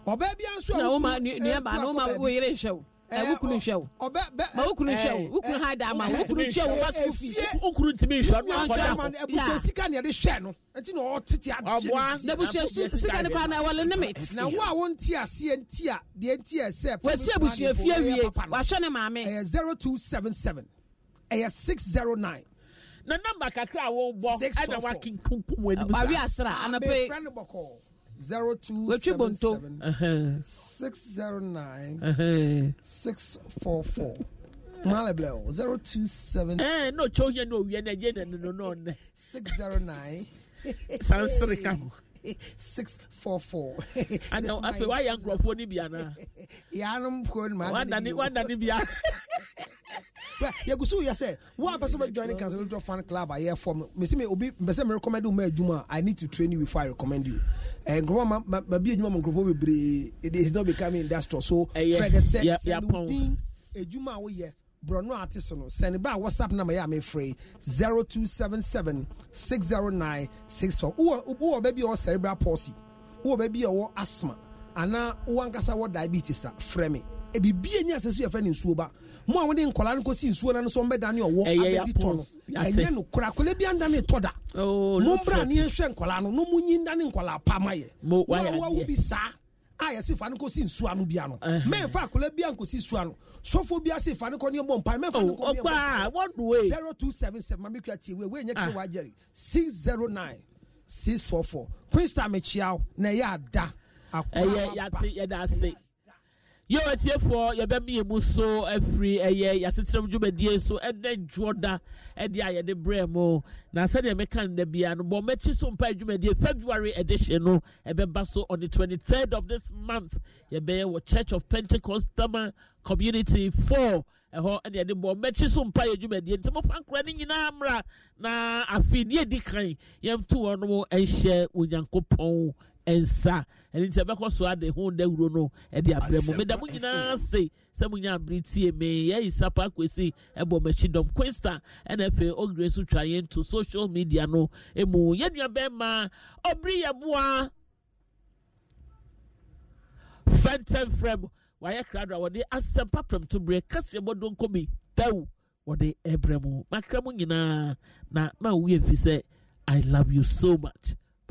ɔbaa bi aso a. na eh, o eh, eh, ma nuaba no o ma o yɛrɛ nhyɛw. ẹ wukunu nhyɛ wo O. wukunu nhyɛ wo wukunu ha da O. wukunu nhyɛ wo ba school fees wukunu O. nhyɛ ɔno anhyɛ wo ya ebusua sika ni ɛde hyɛ no nti na ɔtete adeɛ ɔboa na ebusua sika ni kwan na ɛwɔ limit na wo a wo nti aseɛ nti a deɛ nti a ɛsɛ wasi ebusua fie wie wahyɛ ne maame ɛyɛ zero two seven seven ɛyɛ six zero nine. na namba kakra a wɔbɔ ɛna wakenkunkum w'anim saa wawe asra ah, anapɛ zero two seven seven six zero nine six four four. Malabel zero two seven. Eh, no, chow no, we are not yet. No, no, no. Six zero nine. Sounds 644 ano afei woayɛ i no bi anaa yɛanom kuro no mawadane bia yɛgu so yɛ sɛ woampɛ sɛ wobɛjoine cancelatory fan club I yɛfɔ mesi me obi mpɛ sɛ merecommend wo ma adwuma I need to train you before i recommend you And nkurɔfoɔ mabi adwuma ma nkurɔfoɔ be. it is not becoming industrial so frɛ eh, de Yeah, yeah. wodin adwuma a woyɛ Bruno ate so no sɛne ba a whatsapp number yɛ a mefrɛ 0277 609 64 wowɔ baabi a ɔwɔ cerebral palsy wowɔ baabi a ɔwɔ asthma anaa wowɔ ankasa wɔ diabetes a frɛ me ebibie e eh, oh, ni asɛ so yɛfrɛ ne nsuo ba mo a wɔde nkɔla no kɔsi nsuo no no so ɔmbɛda ne ɔwɔ abɛdi tɔ no ɛnyɛ no kora akɔla bi anda ne tɔ da mombra ne yɛhwɛ nkɔla no na munyi nda ne nkɔla pa ma yɛ na wawo bi saa a yɛsi fa ne ko si nsua no bia no mɛnfa akɔla bia nko si nsua no sɔfo bia si fa ne kɔ ne bɔ mpa mɛnfa ne kɔ ne bɔ mpa zero two seven seven maame kura tie wei wei nye kiri ah. wa jɛri six zero nine six four four queenstown mekyiaw na ɛyɛ ada akɔla ba ɛyɛ yate yɛda ase. yɛ ɔtiefoɔ yɛbɛmie mu so afiri ɛyɛ yɛaseterɛm dwumadie so ɛnɛ dwoɔ da ɛde a yɛde brɛ mu na sɛdeɛ meka nda bia no bɔ mɛkyi so mpa adwumadie february edition no ɛbɛba eh, so on the 23rd of this month yɛbɛyɛ wɔ church of pentecost tama community 4 ɛhɔ ɛne yɛde bɔ mɛkyi so mpa yɛ dwumadie nti mofa nkora no nyinaa mmra na afei ne ɛdi kan yɛmto hɔ nom ɛnhyɛ onyankopɔn nsa ɛne nti ɛbɛkɔ so ade ho dawuro no ɛde abrɛ mu meda mo nyinaa se sɛ monya abere tie me yɛyi sapa kwesi ɛbɔ m'akyi dɔm quinsta ɛna afei ɔgre so twa yɛn to social media no mu yɛnua bɛrima ɔbere yɛboa fɛntɛn frɛm wayɛ krado a wɔde asɛm papram to berɛ kaseɛ bɔdɔ nkɔmi pɛw wɔde ɛbrɛ mu makra mo nyinaa na na woyɛ fi sɛ i love you so much